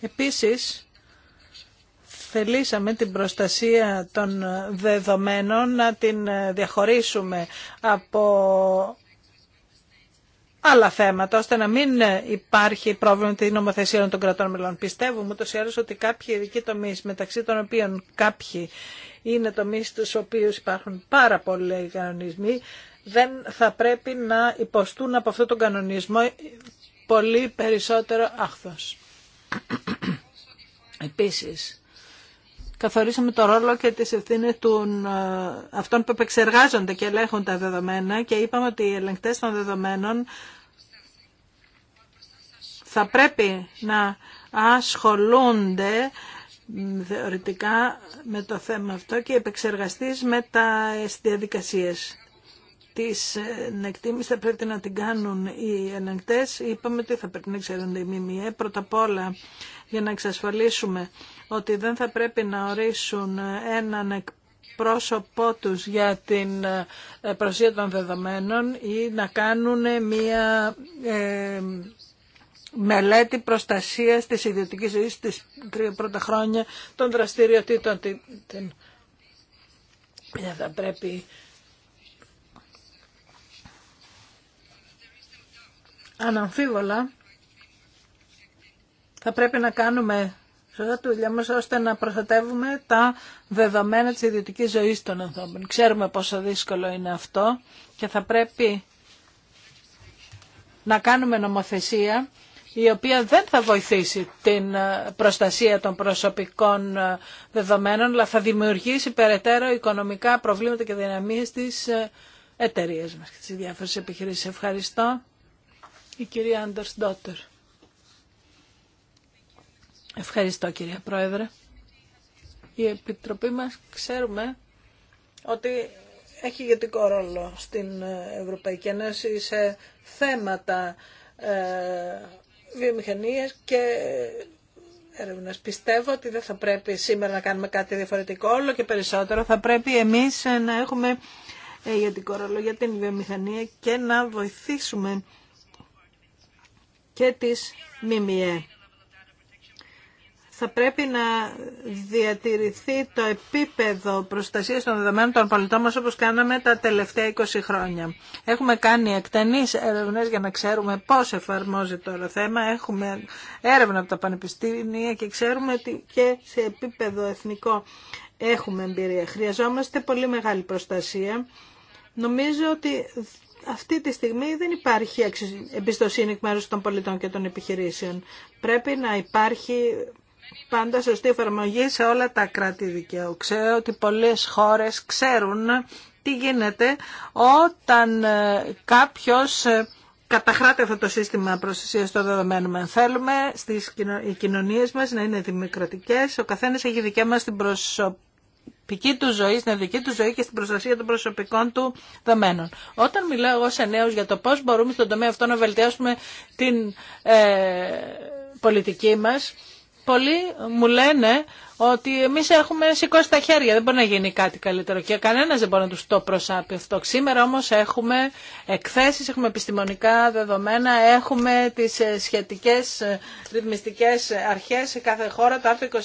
Επίσης, θελήσαμε την προστασία των δεδομένων να την διαχωρίσουμε από άλλα θέματα, ώστε να μην υπάρχει πρόβλημα με την νομοθεσία των κρατών μελών. Πιστεύουμε ούτως ή άλλως ότι κάποιοι ειδικοί τομεί μεταξύ των οποίων κάποιοι είναι τομείς στους οποίου υπάρχουν πάρα πολλοί κανονισμοί, δεν θα πρέπει να υποστούν από αυτόν τον κανονισμό πολύ περισσότερο άχθος. Επίσης, καθορίσαμε το ρόλο και τις ευθύνες των, ε, αυτών που επεξεργάζονται και ελέγχουν τα δεδομένα και είπαμε ότι οι ελεγκτές των δεδομένων θα πρέπει να ασχολούνται θεωρητικά με το θέμα αυτό και επεξεργαστείς με τα διαδικασίες της ε, εκτίμηση θα πρέπει να την κάνουν οι ελεγκτές. Είπαμε ότι θα πρέπει να ξέρουν οι ΜΜΕ. Πρώτα απ' όλα για να εξασφαλίσουμε ότι δεν θα πρέπει να ορίσουν έναν πρόσωπό τους για την ε, προσία των δεδομένων ή να κάνουν μία ε, μελέτη προστασίας της ιδιωτικής ζωής τις τρία πρώτα χρόνια των δραστηριοτήτων. Ε, θα πρέπει αναμφίβολα θα πρέπει να κάνουμε σωστά τη δουλειά μας ώστε να προστατεύουμε τα δεδομένα της ιδιωτικής ζωής των ανθρώπων. Ξέρουμε πόσο δύσκολο είναι αυτό και θα πρέπει να κάνουμε νομοθεσία η οποία δεν θα βοηθήσει την ε, προστασία των προσωπικών ε, δεδομένων, αλλά θα δημιουργήσει περαιτέρω οικονομικά προβλήματα και δυναμίες στις ε, εταιρείε μας και στις διάφορες επιχειρήσεις. Ευχαριστώ. Η κυρία Άντερς Ντότερ. Ευχαριστώ κύριε Πρόεδρε. Η Επιτροπή μας ξέρουμε ότι έχει ηγετικό ρόλο στην Ευρωπαϊκή Ένωση σε θέματα ε, βιομηχανίες και έρευνας. Πιστεύω ότι δεν θα πρέπει σήμερα να κάνουμε κάτι διαφορετικό όλο και περισσότερο. Θα πρέπει εμείς να έχουμε ηγετικό ρόλο για την βιομηχανία και να βοηθήσουμε και τις ΜΜΕ θα πρέπει να διατηρηθεί το επίπεδο προστασίας των δεδομένων των πολιτών μας όπως κάναμε τα τελευταία 20 χρόνια. Έχουμε κάνει εκτενείς έρευνες για να ξέρουμε πώς εφαρμόζεται το θέμα. Έχουμε έρευνα από τα πανεπιστήμια και ξέρουμε ότι και σε επίπεδο εθνικό έχουμε εμπειρία. Χρειαζόμαστε πολύ μεγάλη προστασία. Νομίζω ότι αυτή τη στιγμή δεν υπάρχει εμπιστοσύνη εκ μέρους των πολιτών και των επιχειρήσεων. Πρέπει να υπάρχει πάντα σωστή εφαρμογή σε όλα τα κράτη δικαίου. Ξέρω ότι πολλές χώρες ξέρουν τι γίνεται όταν ε, κάποιος ε, καταχράται αυτό το σύστημα προστασία των δεδομένων. Θέλουμε στις κοινωνίες μας να είναι δημοκρατικές. Ο καθένας έχει δικαίωμα στην προσωπική του ζωή, στην δική του ζωή και στην προστασία των προσωπικών του δεδομένων. Όταν μιλάω εγώ σε για το πώς μπορούμε στον τομέα αυτό να βελτιώσουμε την ε, πολιτική μας, πολλοί μου λένε ότι εμείς έχουμε σηκώσει τα χέρια, δεν μπορεί να γίνει κάτι καλύτερο και κανένας δεν μπορεί να τους το προσάπει αυτό. Σήμερα όμως έχουμε εκθέσεις, έχουμε επιστημονικά δεδομένα, έχουμε τις ε, σχετικές ε, ρυθμιστικές αρχές σε κάθε χώρα, το άρθρο 29,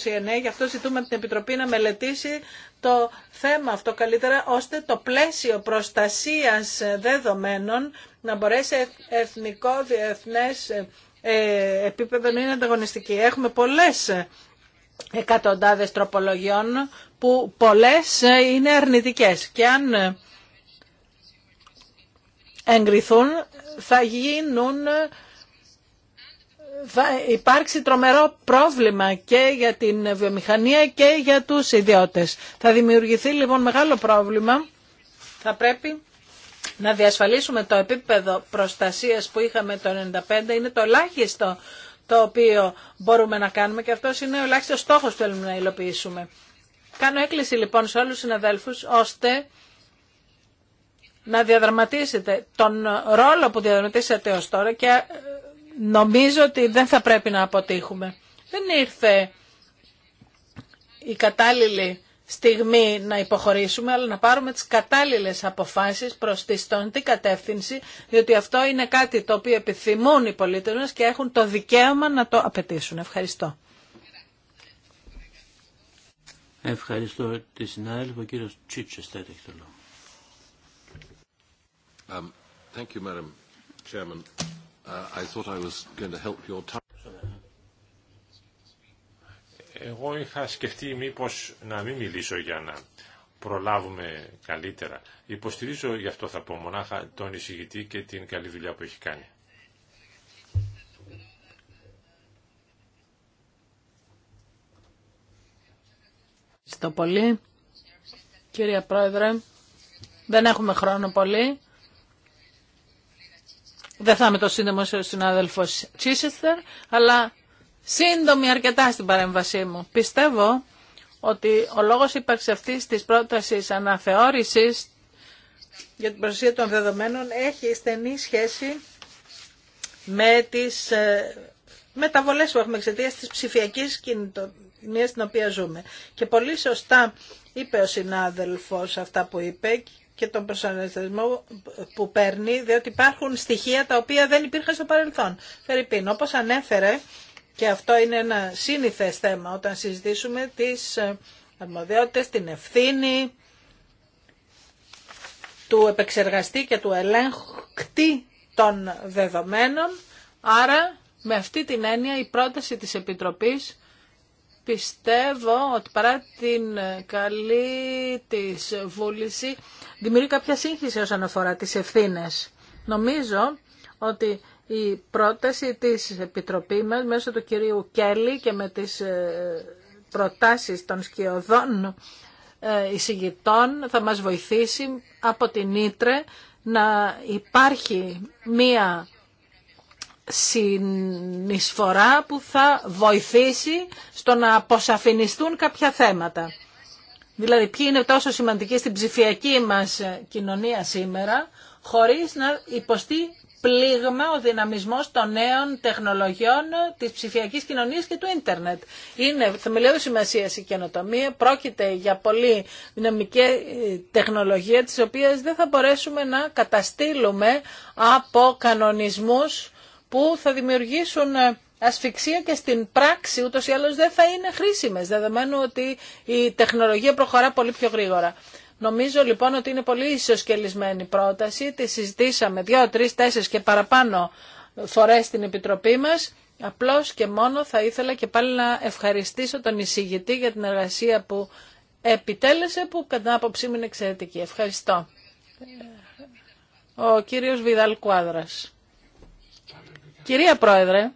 γι' αυτό ζητούμε την Επιτροπή να μελετήσει το θέμα αυτό καλύτερα, ώστε το πλαίσιο προστασίας δεδομένων να μπορέσει εθνικό, διεθνές ε, ε, επίπεδο είναι ανταγωνιστική. Έχουμε πολλές εκατοντάδες τροπολογιών που πολλές ε, είναι αρνητικές και αν εγκριθούν θα γίνουν ε, θα υπάρξει τρομερό πρόβλημα και για την βιομηχανία και για τους ιδιώτες. Θα δημιουργηθεί λοιπόν μεγάλο πρόβλημα. Θα πρέπει να διασφαλίσουμε το επίπεδο προστασίας που είχαμε το 1995 είναι το ελάχιστο το οποίο μπορούμε να κάνουμε και αυτός είναι ο ελάχιστος στόχος που θέλουμε να υλοποιήσουμε. Κάνω έκκληση λοιπόν σε όλους τους συναδέλφους ώστε να διαδραματίσετε τον ρόλο που διαδραματίσατε ως τώρα και ε, νομίζω ότι δεν θα πρέπει να αποτύχουμε. Δεν ήρθε η κατάλληλη στιγμή να υποχωρήσουμε, αλλά να πάρουμε τις κατάλληλες αποφάσεις προς τη στόντη κατεύθυνση, διότι αυτό είναι κάτι το οποίο επιθυμούν οι πολίτες μας και έχουν το δικαίωμα να το απαιτήσουν. Ευχαριστώ. Ευχαριστώ τη συνάδελφο, ο κύριος Τσίτσεστερ έχει το λόγο. Um, thank you, Madam Chairman. Uh, I thought I was going to help your εγώ είχα σκεφτεί μήπως να μην μιλήσω για να προλάβουμε καλύτερα. Υποστηρίζω, γι' αυτό θα πω μονάχα, τον εισηγητή και την καλή δουλειά που έχει κάνει. Ευχαριστώ πολύ. Κύριε Πρόεδρε, δεν έχουμε χρόνο πολύ. Δεν θα είμαι το σύντομο ο συνάδελφος Τσίσεστερ, αλλά σύντομη αρκετά στην παρέμβασή μου. Πιστεύω ότι ο λόγος ύπαρξης αυτής της πρότασης αναθεώρησης για την προστασία των δεδομένων έχει στενή σχέση με τις ε, μεταβολές που έχουμε εξαιτία της ψηφιακής κοινωνίας στην οποία ζούμε. Και πολύ σωστά είπε ο συνάδελφος αυτά που είπε και τον προσανατολισμό που παίρνει, διότι υπάρχουν στοιχεία τα οποία δεν υπήρχαν στο παρελθόν. Φερρυπίν, όπως ανέφερε, και αυτό είναι ένα σύνηθες θέμα όταν συζητήσουμε τις ε, αρμοδιότητες, την ευθύνη του επεξεργαστή και του ελέγχτη των δεδομένων. Άρα με αυτή την έννοια η πρόταση της Επιτροπής πιστεύω ότι παρά την ε, καλή της βούληση δημιουργεί κάποια σύγχυση όσον αφορά τις ευθύνες. Νομίζω ότι η πρόταση της Επιτροπής μας μέσω του κυρίου Κέλλη και με τις ε, προτάσεις των σκιωδών ε, εισηγητών θα μας βοηθήσει από την Ήτρε να υπάρχει μία συνεισφορά που θα βοηθήσει στο να αποσαφινιστούν κάποια θέματα. Δηλαδή, ποιοι είναι τόσο σημαντικοί στην ψηφιακή μας ε, κοινωνία σήμερα, χωρίς να υποστεί πλήγμα ο δυναμισμός των νέων τεχνολογιών της ψηφιακής κοινωνίας και του ίντερνετ. Είναι θεμελιώδη σημασία η καινοτομία, πρόκειται για πολύ δυναμική τεχνολογία της οποίες δεν θα μπορέσουμε να καταστήλουμε από κανονισμούς που θα δημιουργήσουν ασφυξία και στην πράξη ούτως ή άλλως δεν θα είναι χρήσιμες, δεδομένου ότι η τεχνολογία προχωρά πολύ πιο γρήγορα. Νομίζω λοιπόν ότι είναι πολύ ισοσκελισμένη πρόταση. Τη συζητήσαμε δύο, τρεις, τέσσερις και παραπάνω φορές στην Επιτροπή μας. Απλώς και μόνο θα ήθελα και πάλι να ευχαριστήσω τον εισηγητή για την εργασία που επιτέλεσε, που κατά άποψή μου είναι εξαιρετική. Ευχαριστώ. Ο κύριος Βιδάλ Κουάδρας. Κυρία Πρόεδρε,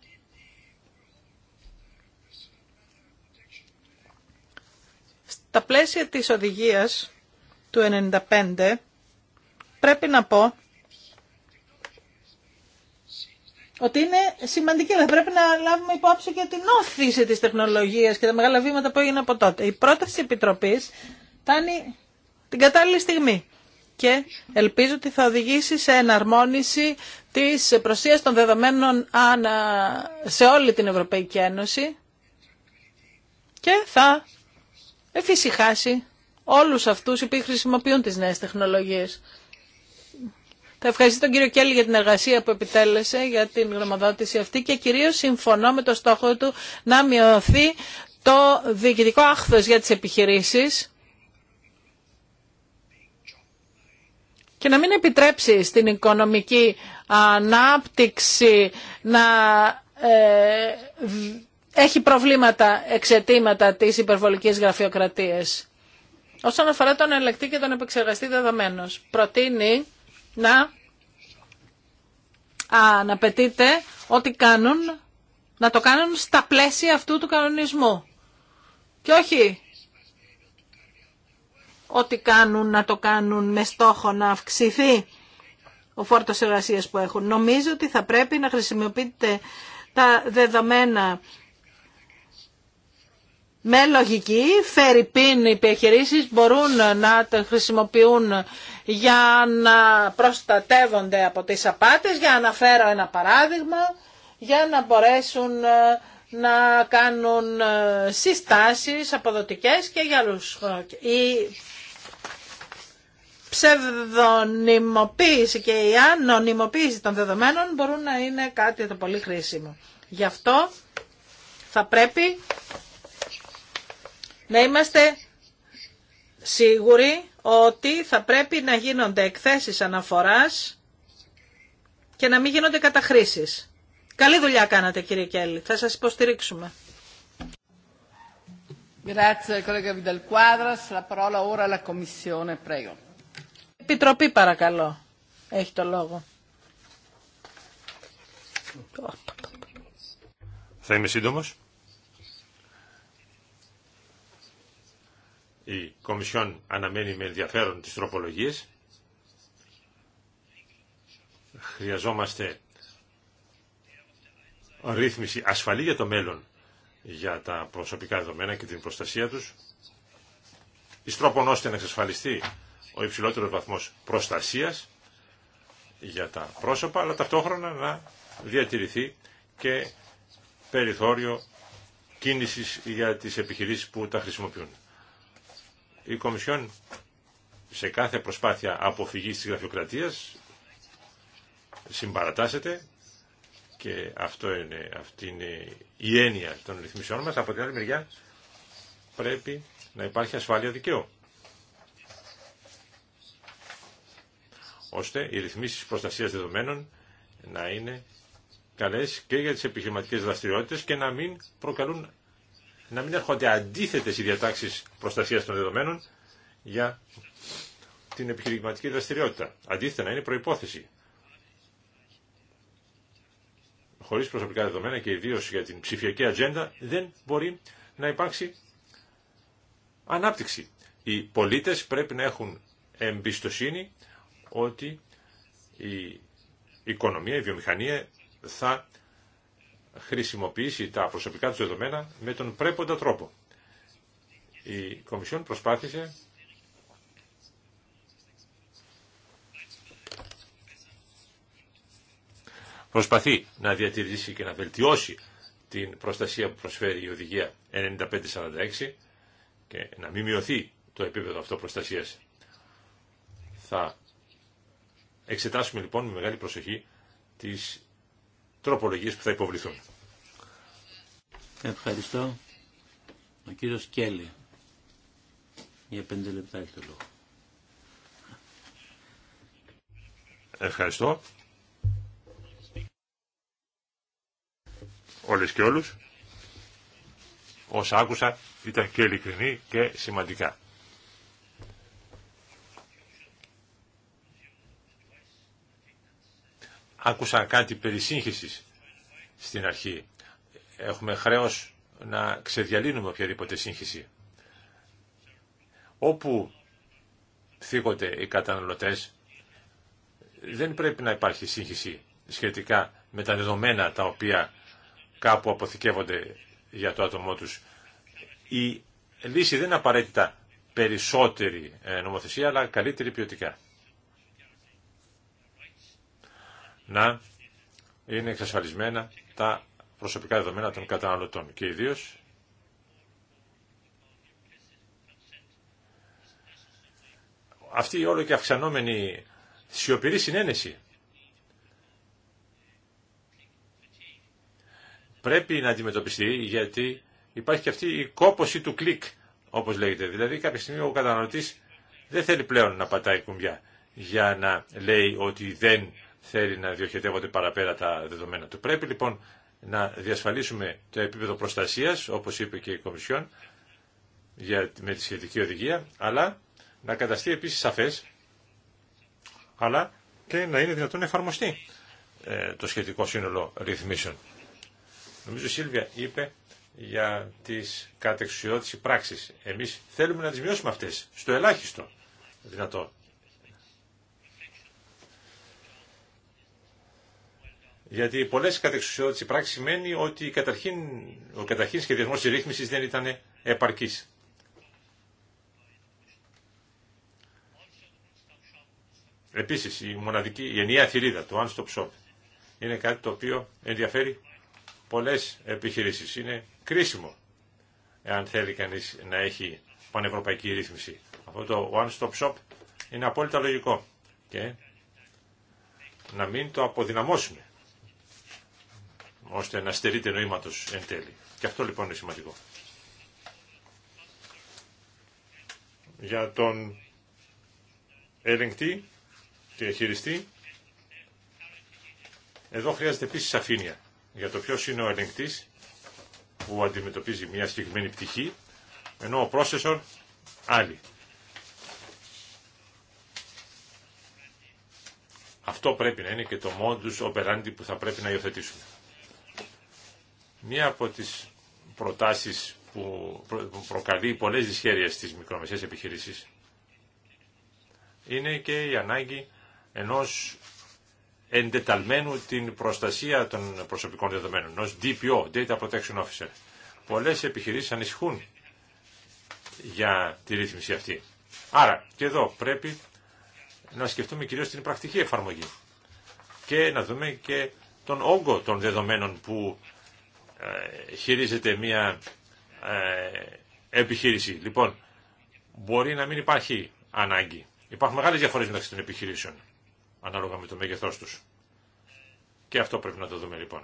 στα πλαίσια της οδηγίας του 95 πρέπει να πω ότι είναι σημαντική, Θα πρέπει να λάβουμε υπόψη και την όθηση της τεχνολογίας και τα μεγάλα βήματα που έγιναν από τότε. Η πρόταση της Επιτροπής φτάνει την κατάλληλη στιγμή και ελπίζω ότι θα οδηγήσει σε εναρμόνιση της προσίας των δεδομένων σε όλη την Ευρωπαϊκή Ένωση και θα εφησυχάσει όλους αυτούς οι οποίοι χρησιμοποιούν τις νέες τεχνολογίες. Θα ευχαριστήσω τον κύριο Κέλλη για την εργασία που επιτέλεσε για την γνωμοδότηση αυτή και κυρίως συμφωνώ με το στόχο του να μειωθεί το διοικητικό άχθος για τις επιχειρήσεις και να μην επιτρέψει στην οικονομική ανάπτυξη να ε, έχει προβλήματα εξαιτήματα της υπερβολικής γραφειοκρατίας όσον αφορά τον ελεκτή και τον επεξεργαστή δεδομένο, Προτείνει να αναπαιτείται ότι κάνουν, να το κάνουν στα πλαίσια αυτού του κανονισμού. Και όχι ότι κάνουν να το κάνουν με στόχο να αυξηθεί ο φόρτος εργασίας που έχουν. Νομίζω ότι θα πρέπει να χρησιμοποιείτε τα δεδομένα με λογική, φέρει οι επιχειρήσεις μπορούν να τα χρησιμοποιούν για να προστατεύονται από τις απάτες, για να φέρω ένα παράδειγμα, για να μπορέσουν ε, να κάνουν ε, συστάσεις αποδοτικές και για άλλους. Ε, η ψευδονιμοποίηση και η ανωνυμοποίηση των δεδομένων μπορούν να είναι κάτι το πολύ χρήσιμο. Γι' αυτό θα πρέπει να είμαστε σίγουροι ότι θα πρέπει να γίνονται εκθέσεις αναφοράς και να μην γίνονται καταχρήσεις. Καλή δουλειά κάνατε κύριε Κέλλη. Θα σας υποστηρίξουμε. Επιτροπή παρακαλώ. Έχει το λόγο. Θα είμαι σύντομος. η Κομισιόν αναμένει με ενδιαφέρον τις τροπολογίες. Χρειαζόμαστε ρύθμιση ασφαλή για το μέλλον για τα προσωπικά δεδομένα και την προστασία τους, εις τρόπον ώστε να εξασφαλιστεί ο υψηλότερος βαθμός προστασίας για τα πρόσωπα, αλλά ταυτόχρονα να διατηρηθεί και περιθώριο κίνησης για τις επιχειρήσεις που τα χρησιμοποιούν. Η Κομισιόν σε κάθε προσπάθεια αποφυγής της γραφειοκρατίας συμπαρατάσσεται και αυτό είναι, αυτή είναι η έννοια των ρυθμισιών μας. Από την άλλη μεριά πρέπει να υπάρχει ασφάλεια δικαίου. ώστε οι ρυθμίσεις προστασίας δεδομένων να είναι καλές και για τις επιχειρηματικές δραστηριότητες και να μην προκαλούν να μην έρχονται αντίθετες οι διατάξεις προστασίας των δεδομένων για την επιχειρηματική δραστηριότητα. Αντίθετα να είναι προϋπόθεση. Χωρίς προσωπικά δεδομένα και ιδίω για την ψηφιακή ατζέντα δεν μπορεί να υπάρξει ανάπτυξη. Οι πολίτες πρέπει να έχουν εμπιστοσύνη ότι η οικονομία, η βιομηχανία θα χρησιμοποιήσει τα προσωπικά του δεδομένα με τον πρέποντα τρόπο. Η Κομισιόν προσπάθησε προσπαθεί να διατηρήσει και να βελτιώσει την προστασία που προσφέρει η Οδηγία 9546 και να μην μειωθεί το επίπεδο αυτό προστασίας. Θα εξετάσουμε λοιπόν με μεγάλη προσοχή τις τροπολογίες που θα υποβληθούν. Ευχαριστώ. Ο κύριος Κέλλη. Για πέντε λεπτά έχει το λόγο. Ευχαριστώ. Όλες και όλους. Όσα άκουσα ήταν και ειλικρινή και σημαντικά. Άκουσα κάτι περί σύγχυσης στην αρχή. Έχουμε χρέος να ξεδιαλύνουμε οποιαδήποτε σύγχυση. Όπου θίγονται οι καταναλωτές, δεν πρέπει να υπάρχει σύγχυση σχετικά με τα δεδομένα τα οποία κάπου αποθηκεύονται για το άτομό τους. Η λύση δεν είναι απαραίτητα περισσότερη ε, νομοθεσία, αλλά καλύτερη ποιοτικά. να είναι εξασφαλισμένα τα προσωπικά δεδομένα των καταναλωτών και ιδίω. αυτή η όλο και αυξανόμενη σιωπηρή συνένεση πρέπει να αντιμετωπιστεί γιατί υπάρχει και αυτή η κόποση του κλικ όπως λέγεται. Δηλαδή κάποια στιγμή ο καταναλωτής δεν θέλει πλέον να πατάει κουμπιά για να λέει ότι δεν θέλει να διοχετεύονται παραπέρα τα δεδομένα του. Πρέπει λοιπόν να διασφαλίσουμε το επίπεδο προστασίας, όπως είπε και η Κομισιόν, για, με τη σχετική οδηγία, αλλά να καταστεί επίσης σαφές, αλλά και να είναι δυνατόν να εφαρμοστεί ε, το σχετικό σύνολο ρυθμίσεων. Νομίζω η Σίλβια είπε για τις κατεξουσιώτηση πράξεις. Εμείς θέλουμε να τις μειώσουμε αυτές, στο ελάχιστο δυνατό. Γιατί πολλές κατεξουσιώδει πράξει σημαίνει ότι καταρχήν, ο καταρχήν σχεδιασμό τη ρύθμιση δεν ήταν επαρκή. Επίση, η μοναδική, η ενιαία θηρίδα, το One Stop Shop, είναι κάτι το οποίο ενδιαφέρει πολλές επιχειρήσεις. Είναι κρίσιμο εάν θέλει κανείς να έχει πανευρωπαϊκή ρύθμιση. Αυτό το One Stop Shop είναι απόλυτα λογικό και να μην το αποδυναμώσουμε ώστε να στερείται νοήματος εν τέλει. Και αυτό λοιπόν είναι σημαντικό. Για τον ελεγκτή και χειριστή, εδώ χρειάζεται επίσης αφήνεια για το ποιο είναι ο ελεγκτής που αντιμετωπίζει μια συγκεκριμένη πτυχή, ενώ ο processor άλλη. Αυτό πρέπει να είναι και το modus operandi που θα πρέπει να υιοθετήσουμε. Μία από τις προτάσεις που προκαλεί πολλές δυσχέρειες στις μικρομεσαίες επιχειρήσεις είναι και η ανάγκη ενός εντεταλμένου την προστασία των προσωπικών δεδομένων, ενός DPO, Data Protection Officer. Πολλές επιχειρήσεις ανησυχούν για τη ρύθμιση αυτή. Άρα και εδώ πρέπει να σκεφτούμε κυρίως την πρακτική εφαρμογή και να δούμε και τον όγκο των δεδομένων που ε, χειρίζεται μια ε, επιχείρηση. Λοιπόν, μπορεί να μην υπάρχει ανάγκη. Υπάρχουν μεγάλες διαφορές μεταξύ των επιχειρήσεων, ανάλογα με το μέγεθός τους. Και αυτό πρέπει να το δούμε λοιπόν.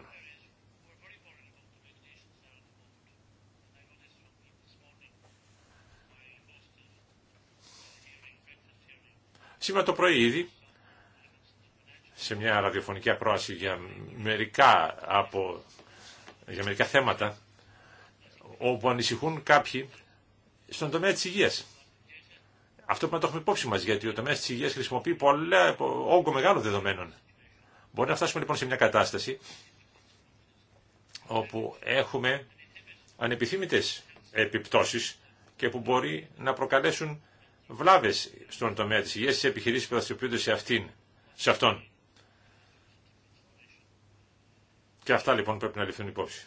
Σήμερα το πρωί ήδη, σε μια ραδιοφωνική ακρόαση για μερικά από για μερικά θέματα όπου ανησυχούν κάποιοι στον τομέα της υγείας. Αυτό πρέπει να το έχουμε υπόψη μας, γιατί ο τομέας της υγείας χρησιμοποιεί πολλά, όγκο μεγάλων δεδομένων. Μπορεί να φτάσουμε λοιπόν σε μια κατάσταση όπου έχουμε ανεπιθύμητες επιπτώσεις και που μπορεί να προκαλέσουν βλάβες στον τομέα της υγείας, στις επιχειρήσεις που δραστηριοποιούνται σε, αυτήν, σε αυτόν. Και αυτά λοιπόν πρέπει να ληφθούν υπόψη.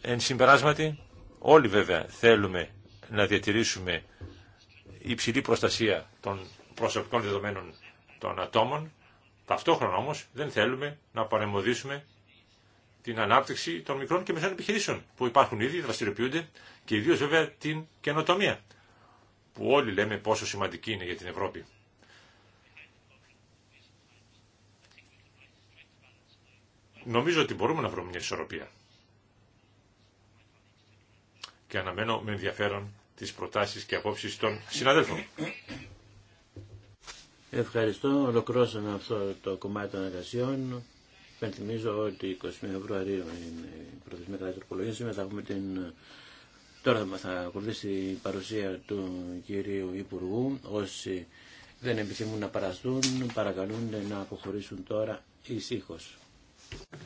Εν συμπεράσματι, όλοι βέβαια θέλουμε να διατηρήσουμε υψηλή προστασία των προσωπικών δεδομένων των ατόμων, ταυτόχρονα όμως δεν θέλουμε να παρεμποδίσουμε την ανάπτυξη των μικρών και μεσών επιχειρήσεων που υπάρχουν ήδη, δραστηριοποιούνται και ιδίω βέβαια την καινοτομία που όλοι λέμε πόσο σημαντική είναι για την Ευρώπη. Νομίζω ότι μπορούμε να βρούμε μια ισορροπία. Και αναμένω με ενδιαφέρον τις προτάσεις και απόψεις των συναδέλφων. Ευχαριστώ. Ολοκλώσαμε αυτό το κομμάτι των εργασιών. Πενθυμίζω ότι 21 Φεβρουαρίου είναι η προθεσμία κατά τροπολογία. έχουμε την... Τώρα θα ακολουθήσει η παρουσία του κυρίου Υπουργού. Όσοι δεν επιθυμούν να παραστούν, παρακαλούνται να αποχωρήσουν τώρα ησύχως. Υπότιτλοι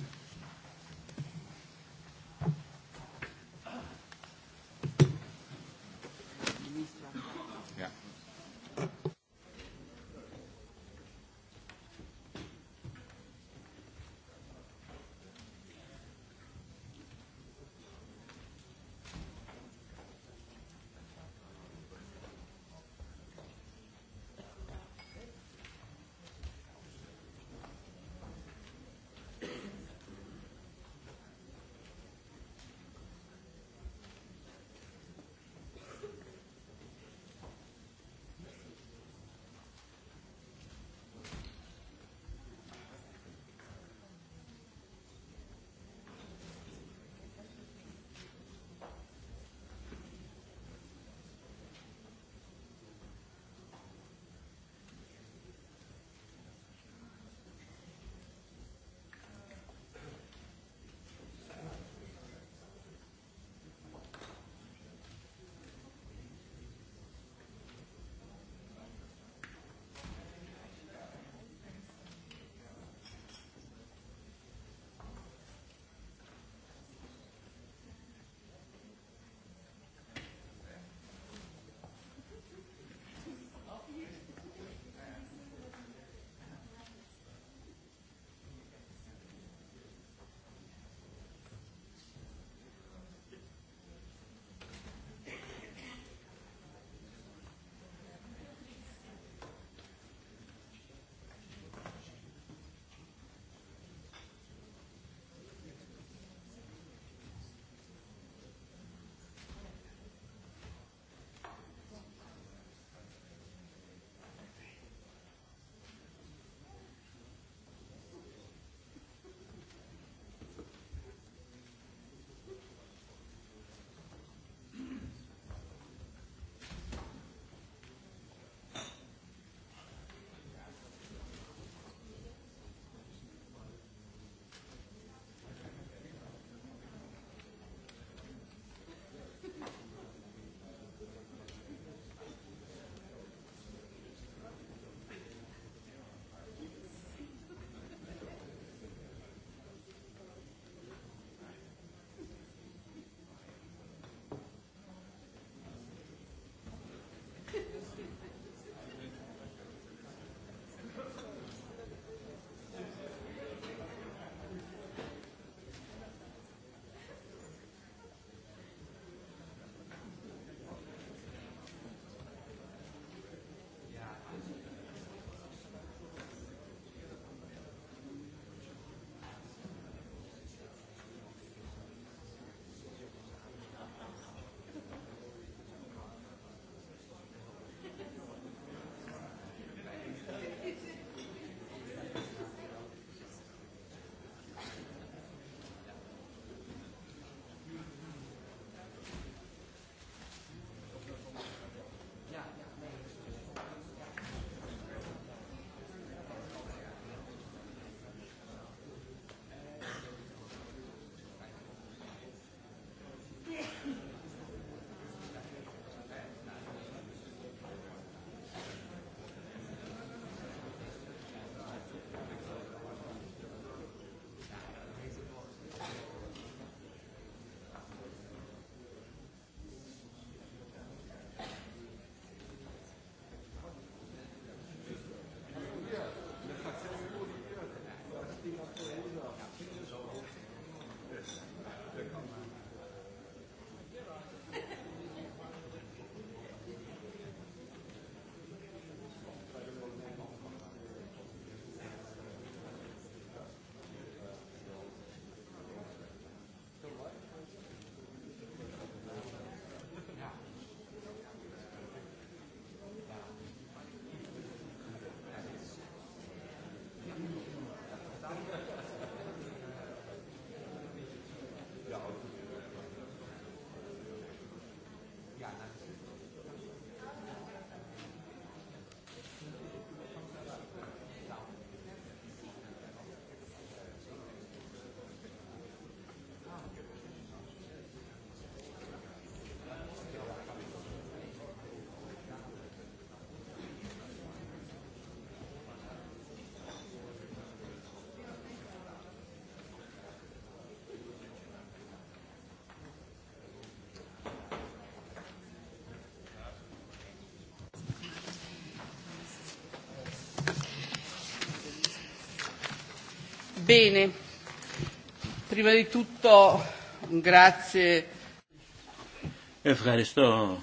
Ευχαριστώ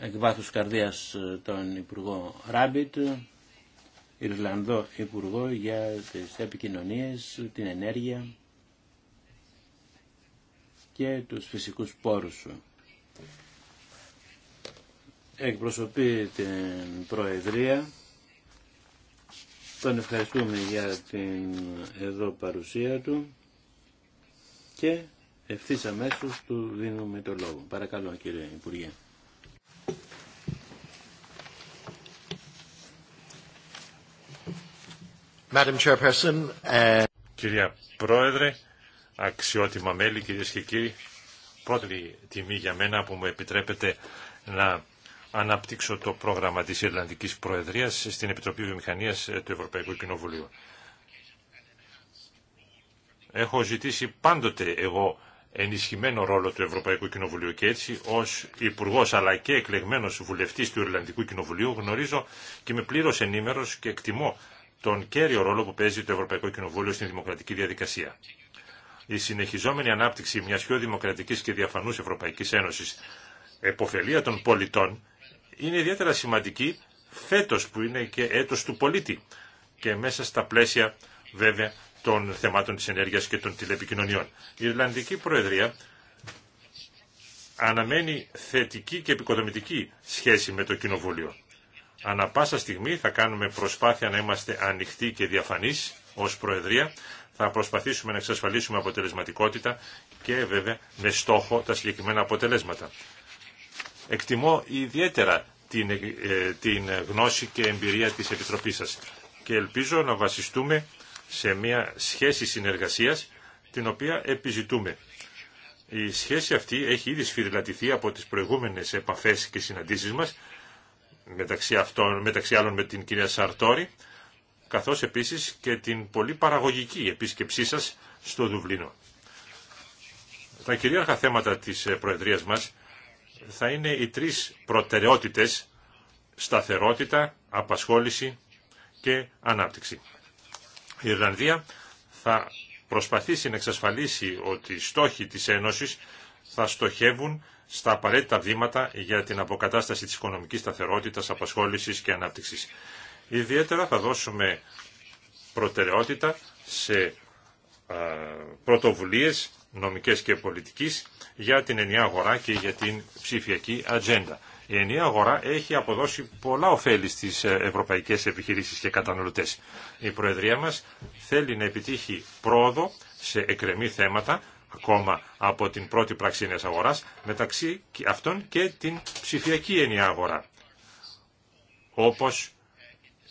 εκ βάθους καρδίας ε, τον Υπουργό Ράμπιτ, Ιρλανδό Υπουργό για τις επικοινωνίες, την ενέργεια και τους φυσικούς πόρους σου. Εκπροσωπεί την Προεδρία τον ευχαριστούμε για την εδώ παρουσία του και ευθύ αμέσω του δίνουμε το λόγο. Παρακαλώ κύριε Υπουργέ. Madam Chairperson, ε, Κυρία Πρόεδρε, αξιότιμα μέλη, κυρίες και κύριοι, πρώτη τιμή για μένα που μου επιτρέπετε να αναπτύξω το πρόγραμμα της Ιρλανδικής Προεδρίας στην Επιτροπή Βιομηχανίας ε, του Ευρωπαϊκού Κοινοβουλίου. Έχω ζητήσει πάντοτε εγώ ενισχυμένο ρόλο του Ευρωπαϊκού Κοινοβουλίου και έτσι ως υπουργό αλλά και εκλεγμένος βουλευτής του Ιρλανδικού Κοινοβουλίου γνωρίζω και είμαι πλήρως ενήμερος και εκτιμώ τον κέριο ρόλο που παίζει το Ευρωπαϊκό Κοινοβούλιο στην δημοκρατική διαδικασία. Η συνεχιζόμενη ανάπτυξη μιας πιο δημοκρατικής και διαφανούς Ευρωπαϊκής Ένωσης, εποφελία των πολιτών, είναι ιδιαίτερα σημαντική φέτος που είναι και έτος του πολίτη και μέσα στα πλαίσια βέβαια των θεμάτων της ενέργειας και των τηλεπικοινωνιών. Η Ιρλανδική Προεδρία αναμένει θετική και επικοδομητική σχέση με το Κοινοβούλιο. Ανά πάσα στιγμή θα κάνουμε προσπάθεια να είμαστε ανοιχτοί και διαφανείς ως Προεδρία. Θα προσπαθήσουμε να εξασφαλίσουμε αποτελεσματικότητα και βέβαια με στόχο τα συγκεκριμένα αποτελέσματα. Εκτιμώ ιδιαίτερα την, ε, την γνώση και εμπειρία της Επιτροπής σας και ελπίζω να βασιστούμε σε μια σχέση συνεργασίας την οποία επιζητούμε. Η σχέση αυτή έχει ήδη σφυριλατηθεί από τις προηγούμενες επαφές και συναντήσεις μας μεταξύ, αυτών, μεταξύ άλλων με την κυρία Σαρτόρη καθώς επίσης και την πολύ παραγωγική επίσκεψή σας στο Δουβλίνο. Τα κυρίαρχα θέματα της ε, Προεδρίας μας θα είναι οι τρεις προτεραιότητες σταθερότητα, απασχόληση και ανάπτυξη. Η Ιρλανδία θα προσπαθήσει να εξασφαλίσει ότι οι στόχοι της Ένωσης θα στοχεύουν στα απαραίτητα βήματα για την αποκατάσταση της οικονομικής σταθερότητας, απασχόλησης και ανάπτυξης. Ιδιαίτερα θα δώσουμε προτεραιότητα σε ε, πρωτοβουλίες νομικές και πολιτικής για την ενιαία αγορά και για την ψηφιακή ατζέντα. Η ενιαία αγορά έχει αποδώσει πολλά ωφέλη στις ε, ευρωπαϊκές επιχειρήσεις και καταναλωτές. Η Προεδρία μας θέλει να επιτύχει πρόοδο σε εκρεμή θέματα ακόμα από την πρώτη πράξη ενιαίας αγοράς μεταξύ αυτών και την ψηφιακή ενιαία αγορά όπως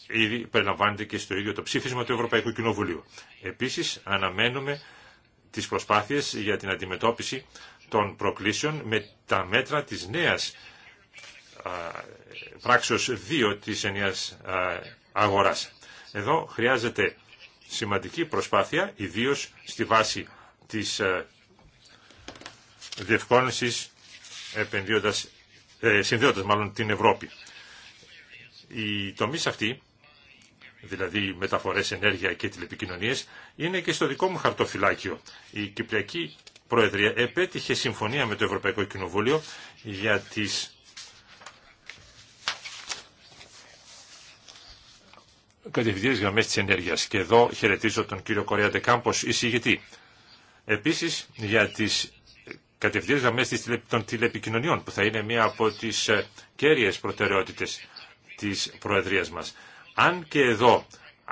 ήδη περιλαμβάνεται και στο ίδιο το ψήφισμα του Ευρωπαϊκού Κοινοβουλίου. Επίσης αναμένουμε τις προσπάθειες για την αντιμετώπιση των προκλήσεων με τα μέτρα της νέας πράξεω 2 της ενιαία αγοράς. Εδώ χρειάζεται σημαντική προσπάθεια, ιδίως στη βάση της διευκόλυνση επενδύοντας, ε, συνδέοντας μάλλον την Ευρώπη. Οι τομείς αυτοί δηλαδή μεταφορές ενέργεια και τηλεπικοινωνίες, είναι και στο δικό μου χαρτοφυλάκιο. Η Κυπριακή Προεδρία επέτυχε συμφωνία με το Ευρωπαϊκό Κοινοβούλιο για τις κατευθυντήρες γραμμές της ενέργειας. Και εδώ χαιρετίζω τον κύριο Κορέα Ντεκάμπος, εισηγητή. Επίσης, για τις κατευθείαν γραμμές των τηλεπικοινωνιών, που θα είναι μία από τις ε, κέρυες προτεραιότητες της Προεδρίας μας. Αν και εδώ